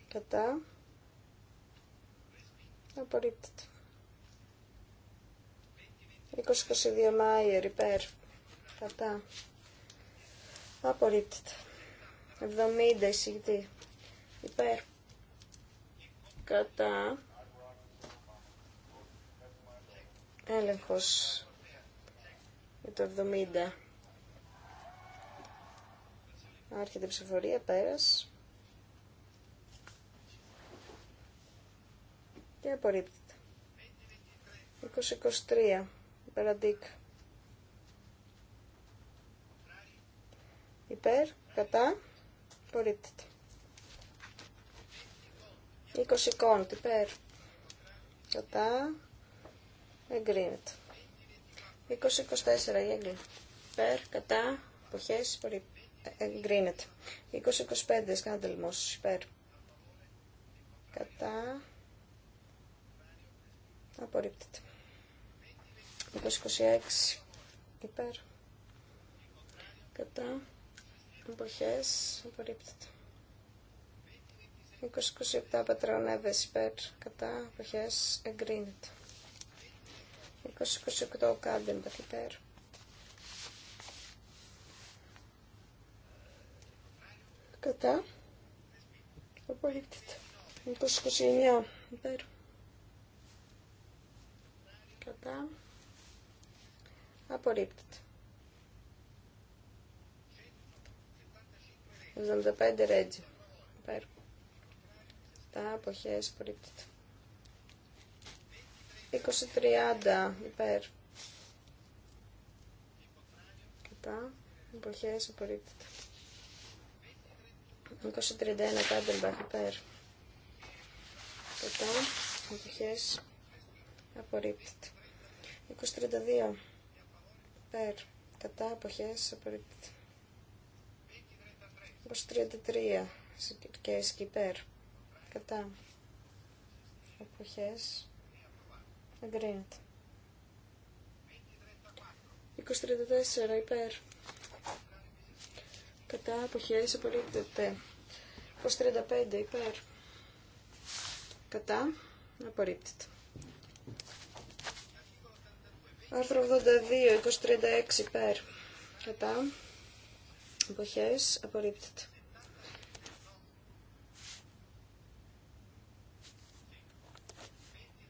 Κατά. Απορρίπτεται. 22 Μάιερ υπέρ αυτά. απορρίπτεται 70 εισηγητή υπέρ κατά έλεγχος για το 70 άρχεται η ψηφορία πέρας και απορρίπτεται 20-23 υπέρ, κατά, απορρίπτεται. 20 κόντ υπέρ, κατά, εγκρίνεται. 20-24 εγκλη υπέρ, κατά, εποχές, εγκρίνεται. 20-25 σκάντελμος υπέρ, κατά, απορρίπτεται. 20-26 υπέρ, κατά, εποχές απορρίπτεται. 20-27 πατρονέδες υπέρ κατά εποχές εγκρίνεται. 20-28 κάντεμπατ υπέρ. Κατά απορρίπτεται. 20-29 υπέρ. Κατά απορρίπτεται. 75 Ρέτζι. Υπέρ. Αυτά αποχές απορρίπτεται. 20-30 υπέρ. κατα αποχε αποχές απορρίπτεται. 20-31 Κάντελμπαχ υπέρ. Κατά αποχε απορριπτεται απορρίπτεται. 20-32 υπέρ. Κατά αποχές απορρίπτω. 233 και σκυπέρ κατά Εποχέ. εγκρίνεται 2034 υπέρ κατά Εποχέ. απορρίπτεται 2035 υπέρ κατά απορρίπτεται άρθρο 82 236 υπέρ κατά εποχές απορρίπτεται.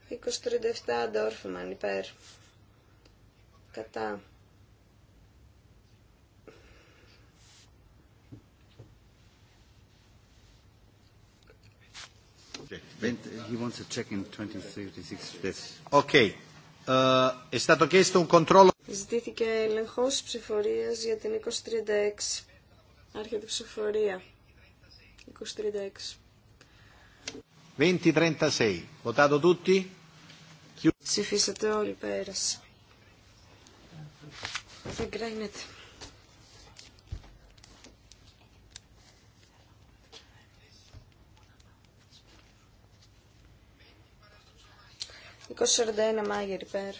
Είκος τριντεφτά Ντόρφμαν υπέρ. Κατά. He wants a check in 2036. Yes. Okay. Uh, è stato chiesto un controllo. Ζητήθηκε έλεγχος ψηφορίας για την 2036. Άρχεται η ψηφορία. 2036. Ψηφίσατε όλοι πέρασε. Δεν Είκοσι σαράντα ένα μάγερ υπέρ.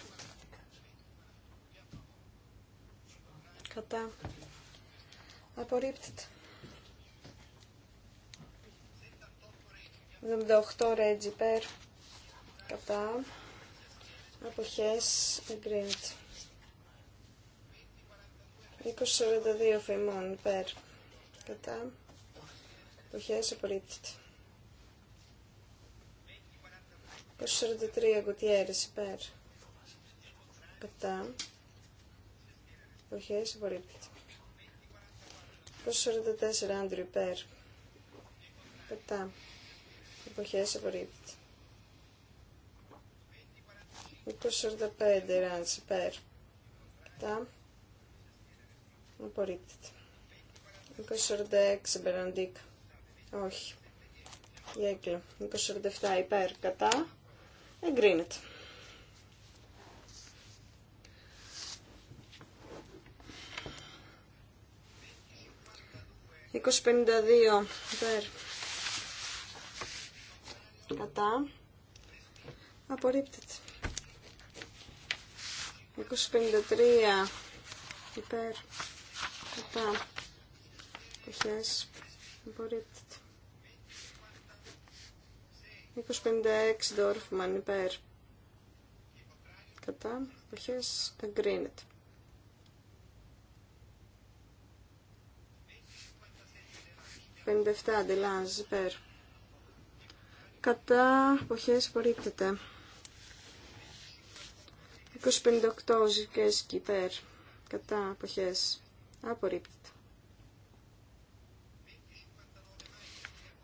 Απορρίπτεται. 78 ρέτζι περ. Κατά. Αποχές εγκρίνεται. 20-42 φημών πέρ, Κατά. Αποχές απορρίπτεται. Gutierrez Per Κατά. Αποχές Πόσο 244 άντρου υπέρ. Κατά. Αποχές Μήπω 245 ράντ υπέρ. Κατά. Απορρίπτεται. 246 μπεραντίκ. Όχι. Γέκλο. 247 υπέρ. Κατά. Εγκρίνεται. 2052 υπέρ κατά απορρίπτεται 2053 υπέρ κατά εποχές απορρίπτεται 2056 δόρφμαν, υπέρ κατά εποχές εγκρίνεται 57 αντιλάζ υπέρ. Κατά εποχές απορρίπτεται. 258 και υπέρ. Κατά εποχές απορρίπτεται.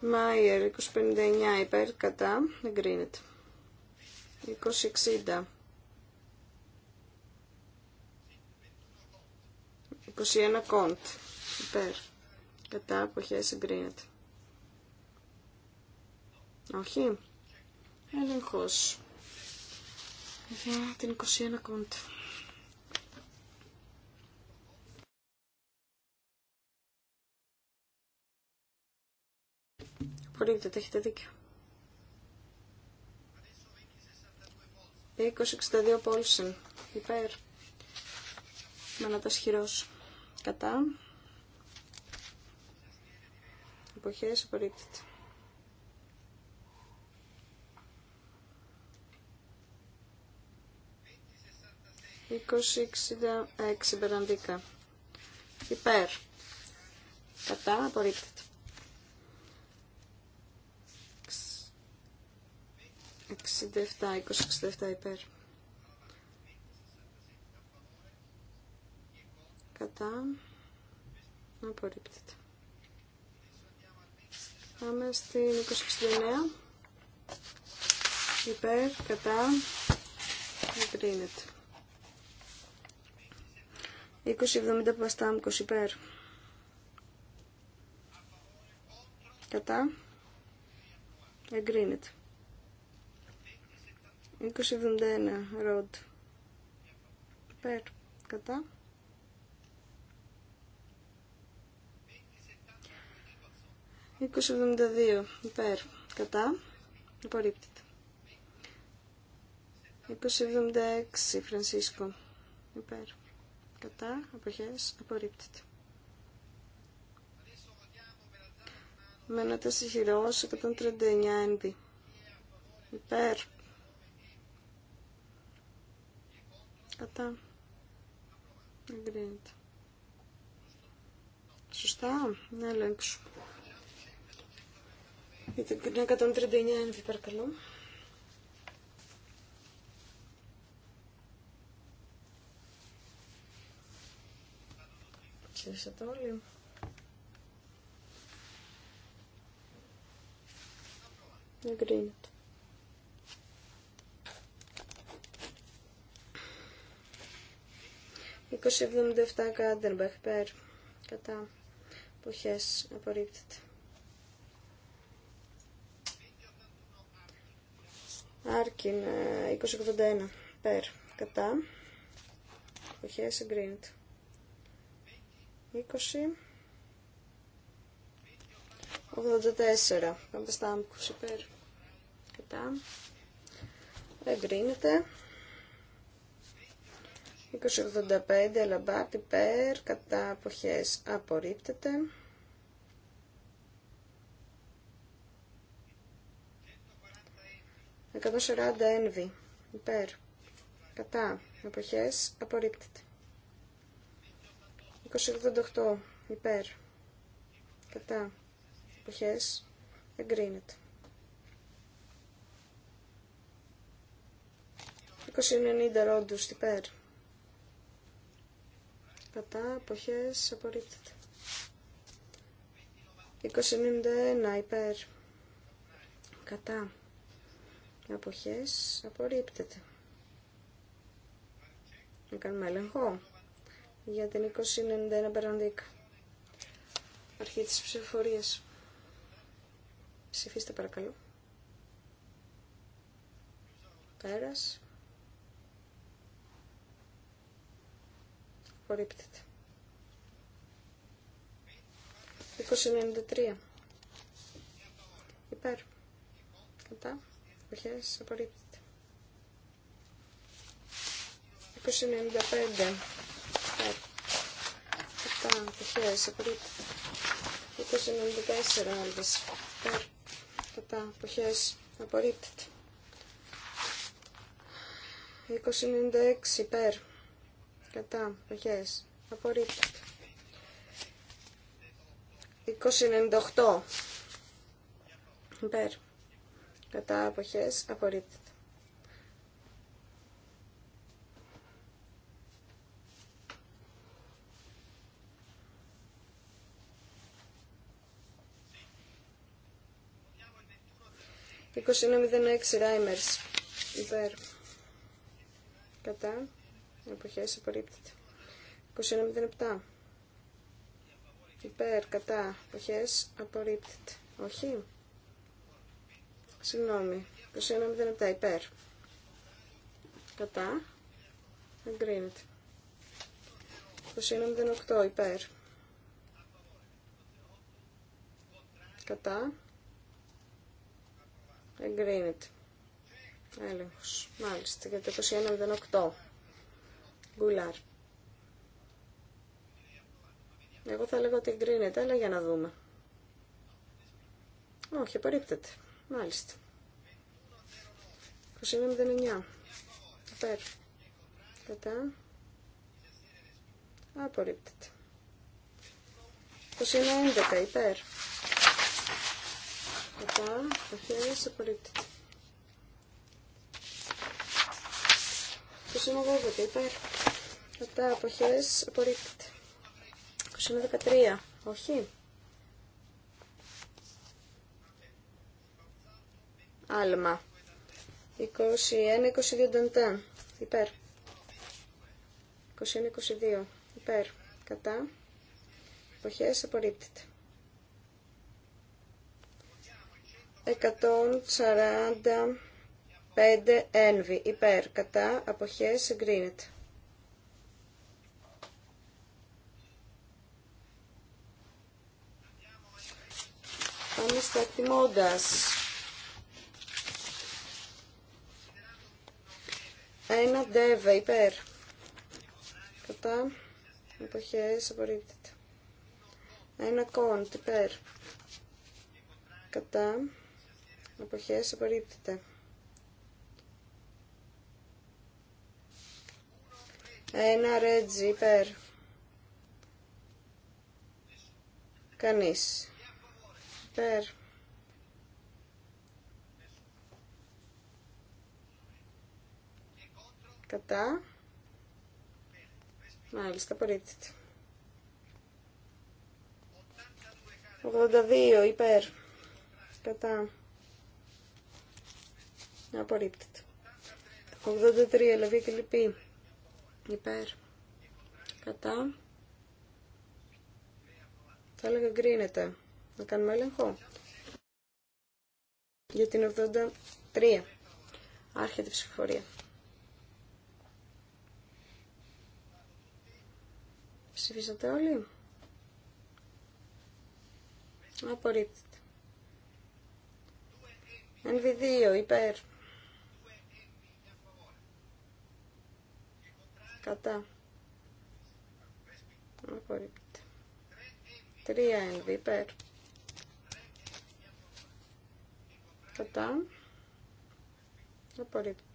Μάιερ 259 υπέρ. Κατά εγκρίνεται. 260. 21 κοντ υπέρ κατά αποχές εγκρίνεται. Όχι. Ελεγχο. Για την 21 κόντ. Απορρίπτεται, έχετε δίκιο. 20-62 Πόλσεν. Υπέρ. Με να τα σχηρώσω. Κατά εποχές απορρίπτεται. Είκοσι έξι Υπέρ. Κατά απορρίπτεται. 67, εφτά, υπέρ. Κατά. Απορρίπτεται. Πάμε στην 269. Υπέρ, κατά, 2070, Παστάμκο, υπερ υπέρ. Κατά. 2071, Ροντ. Υπέρ. Κατά. 2072 υπέρ κατά απορρίπτεται 2076 Φρανσίσκο υπέρ κατά αποχές απορρίπτεται με ένα χειρός 139 ένδυ υπέρ κατά εγκρίνεται σωστά να ελέγξουμε για την 139 NV παρακαλώ. Ψήφισατε όλοι. Εγκρίνεται. Είκοσι εβδομήντα εφτά Κάντερμπαχ, υπέρ, κατά, εποχές, απορρίπτεται. Άρκιν 2081 ε, περ κατά εποχές εγκρίνεται 20 84 Παμπεστάμκους υπέρ κατά εγκρίνεται 2085 Αλαμπάτ υπέρ κατά εποχές απορρίπτεται 140 ένβη. Υπέρ. Κατά. Αποχές. Απορρίπτεται. 288. Υπέρ. Κατά. Αποχές. Εγκρίνεται. 290 ρόντους. Υπέρ. Κατά. Αποχές. Απορρίπτεται. 291. Υπέρ. Κατά αποχές απορρίπτεται. Να κάνουμε έλεγχο για την 2091 Μπεραντίκ. Αρχή της ψηφοφορίας. Ψηφίστε παρακαλώ. Πέρας. Απορρίπτεται. 2093. Υπέρ. Κατά αποχές απορρίπτεται. 295 κατά αποχές απορρίπτεται. 294 άλβες κατά αποχές απορρίπτεται. 296 πέρ. κατά αποχές απορρίπτεται. 298 πέρ κατά αποχές απορρίπτεται. 2106 Ράιμερς υπέρ κατά αποχές απορρίπτεται. 21.07 υπέρ κατά αποχές απορρίπτεται. Όχι. Συγγνώμη. 21.07 υπέρ. Κατά. Εγκρίνεται. 21.08 υπέρ. Κατά. Εγκρίνεται. Έλεγχος. Μάλιστα. Για το 21.08. Γκουλάρ. Εγώ θα λέγω ότι εγκρίνεται, αλλά για να δούμε. Όχι, απορρίπτεται. Μάλιστα. 21.09. Υπέρ. Κατά. Απορρίπτεται. 21.11. Υπέρ. Κατά. Αποχές. Απορρίπτεται. 21.12. Υπέρ. Κατά. Αποχές. Απορρίπτεται. 21.13. Όχι. άλμα. 21-22 νταντά. Υπέρ. 21-22. Υπέρ. Κατά. Εποχές απορρίπτεται. 145 ένβη. Υπέρ. Κατά. απόχέ εγκρίνεται. Πάμε στα εκτιμώντας. Ένα ντεβε υπέρ. Κατά. Εποχές απορρίπτεται. Ένα κοντ υπέρ. Κατά. Εποχές απορρίπτεται. Ένα ρέτζι υπέρ. Κανείς. Υπέρ. Κατά. Μάλιστα, απορρίπτεται. 82 υπέρ. Κατά. Απορρίπτεται. 83 λαβή και λυπή. Υπέρ. Κατά. Θα έλεγα γκρίνεται. Να κάνουμε έλεγχο. Για την 83. Άρχεται η ψηφοφορία. Ψηφίσατε όλοι. Απορρίπτεται. NV2 υπέρ. Κατά. Απορρίπτεται. 3 NV υπέρ. Κατά. Απορρίπτεται.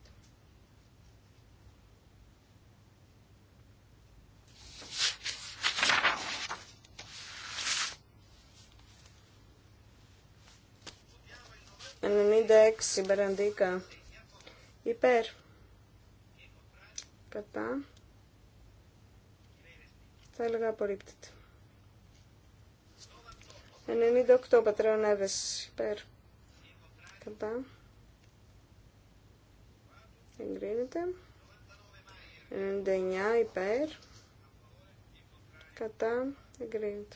96 Μπεραντίκα υπέρ κατά θα έλεγα απορρίπτεται 98 Πατρέων υπέρ κατά εγκρίνεται 99 υπέρ κατά εγκρίνεται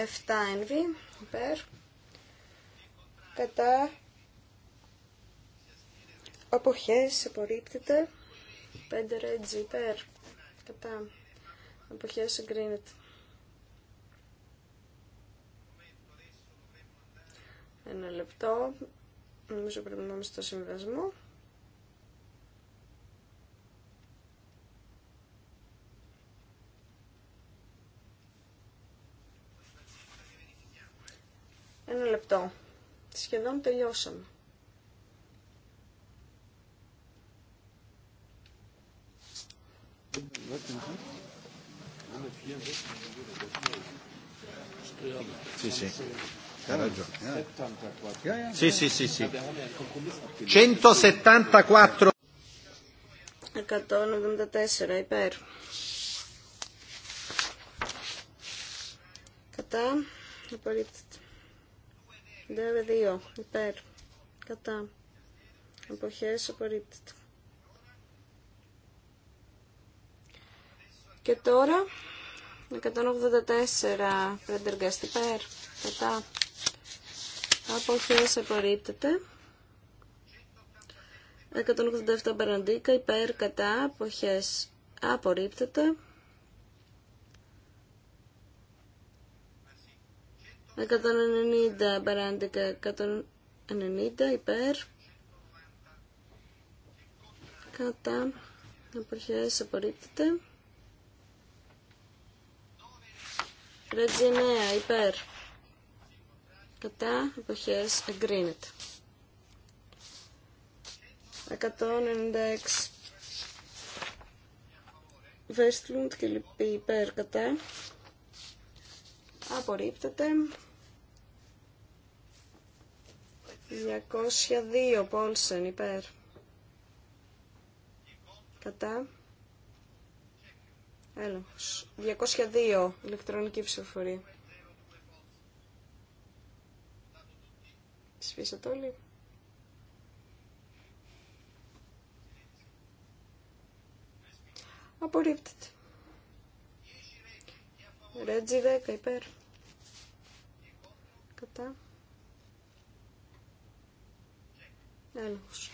7 envy, υπέρ, κατά, αποχές, απορρίπτεται, 5 reds, υπέρ, κατά, αποχές, εγκρίνεται. Ένα λεπτό, νομίζω πρέπει να είμαστε στο συμβασμό. Ένα λεπτό. Σχεδόν τελειώσαμε. Sì, sì. Eh. Sì, sì, sì, sì. 174. 174 υπέρ. Κατά. Απορρίπτεται. 2, υπέρ κατά αποχές απορρίπτεται. Και τώρα 184 πρεντεργαστή υπέρ κατά αποχές απορρίπτεται. 187 μπαραντίκα υπέρ κατά αποχές απορρίπτεται. 190 παρα 190 υπέρ κατά εποχέ απορρίπτεται Ρέτζι 9 υπέρ κατά εποχές εγκρίνεται 196 Βέστλουντ και λοιπή υπέρ κατά απορρίπτεται 202 Πόλσεν υπέρ. Κατά. Έλεγχος. 202 ηλεκτρονική ψηφοφορία. Ψηφίσατε όλοι. Απορρίπτεται. Ρέτζι 10 υπέρ. Κατά. Έλεγχος.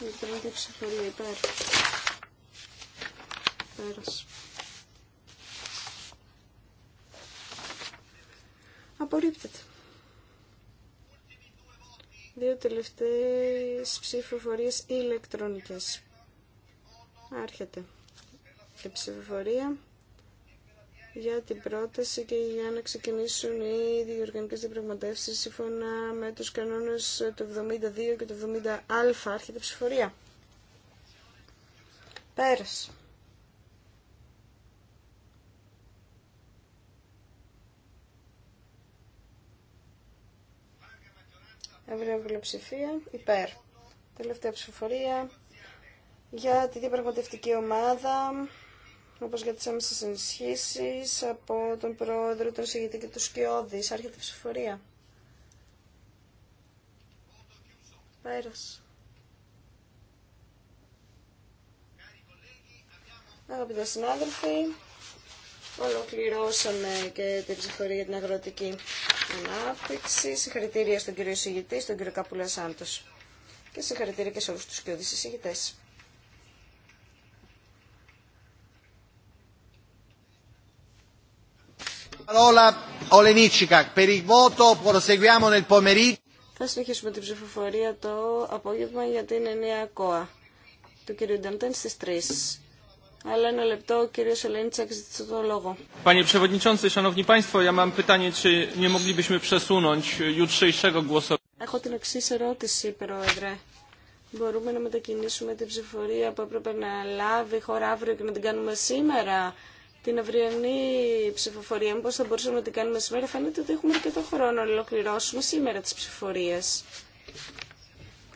Ηλεκτρονική ψηφορία υπέρ. Πέρας. Απορρίπτεται. Δύο τελευταίες ψηφοφορίες ηλεκτρονικές. Άρχεται Και ψηφοφορία για την πρόταση και για να ξεκινήσουν οι διοργανικές διαπραγματεύσεις σύμφωνα με τους κανόνες του 72 και του 70α. Άρχεται ψηφορία. Πέρασε. Ευρεία ψηφία, υπέρ. Τελευταία ψηφοφορία για τη διαπραγματευτική ομάδα όπως για τις άμεσες ενισχύσεις από τον πρόεδρο, τον συγγητή και του Σκιώδης. Άρχεται η ψηφορία. Πέρας. Αγαπητοί συνάδελφοι, ολοκληρώσαμε και την ψηφορία για την αγροτική ανάπτυξη. Συγχαρητήρια στον κύριο εισηγητή, στον κύριο Καπούλα Και συγχαρητήρια και σε όλους τους κοιόδης εισηγητές. Θα συνεχίσουμε την ψηφοφορία το απόγευμα για την ενιαία ΚΟΑ του κ. Νταντέν στις 3. Αλλά ένα λεπτό, ο κύριος Ολένιτσακ ζήτησε το λόγο. Panie Przewodniczący, Szanowni Państwo, ja mam pytanie, czy nie moglibyśmy przesunąć e, jutrzejszego głosowania. Έχω την εξή ερώτηση, Πρόεδρε. Μπορούμε να μετακινήσουμε την ψηφορία που έπρεπε να λάβει η χώρα αύριο και να την κάνουμε σήμερα την αυριανή ψηφοφορία, πώ θα μπορούσαμε να την κάνουμε σήμερα, φαίνεται ότι έχουμε αρκετό χρόνο να ολοκληρώσουμε σήμερα τι ψηφοφορίε.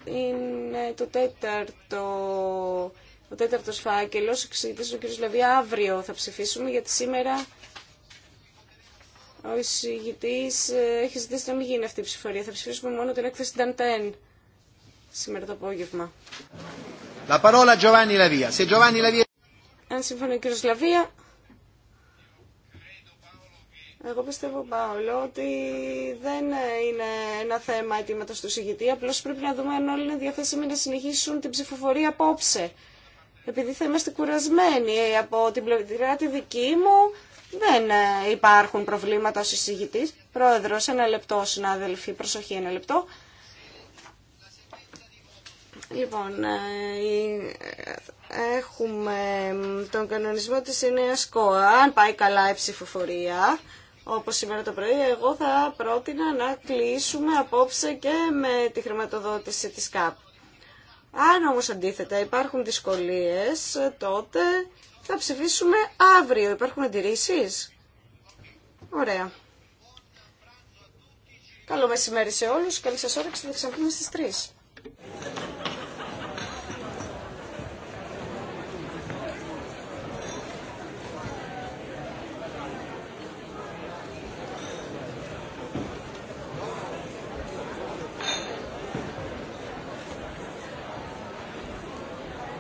Είναι το τέταρτο, ο τέταρτος φάκελος, εξηγητής ο κ. Λαβία, αύριο θα ψηφίσουμε, γιατί σήμερα ο εισηγητής ε, έχει ζητήσει να μην γίνει αυτή η ψηφορία. Θα ψηφίσουμε μόνο την έκθεση Νταντέν σήμερα το απόγευμα. La parola Giovanni Lavia. Giovanni Αν συμφωνεί ο κ. Λαβία, εγώ πιστεύω, Παόλο, ότι δεν είναι ένα θέμα αιτήματο του συγητή. Απλώ πρέπει να δούμε αν όλοι είναι διαθέσιμοι να συνεχίσουν την ψηφοφορία απόψε. Επειδή θα είμαστε κουρασμένοι από την πλευρά τη δική μου, δεν υπάρχουν προβλήματα ως εισηγητής. Πρόεδρος, ένα λεπτό, συνάδελφοι, προσοχή, ένα λεπτό. Λοιπόν, ε, έχουμε τον κανονισμό της νέας ΚΟΑ, αν πάει καλά η ψηφοφορία, όπως σήμερα το πρωί, εγώ θα πρότεινα να κλείσουμε απόψε και με τη χρηματοδότηση της ΚΑΠ. Αν όμως αντίθετα υπάρχουν δυσκολίες, τότε θα ψηφίσουμε αύριο. Υπάρχουν αντιρρήσεις? Ωραία. Καλό μεσημέρι σε όλους. Καλή σας όρεξη. Θα ξαναπούμε στις 3.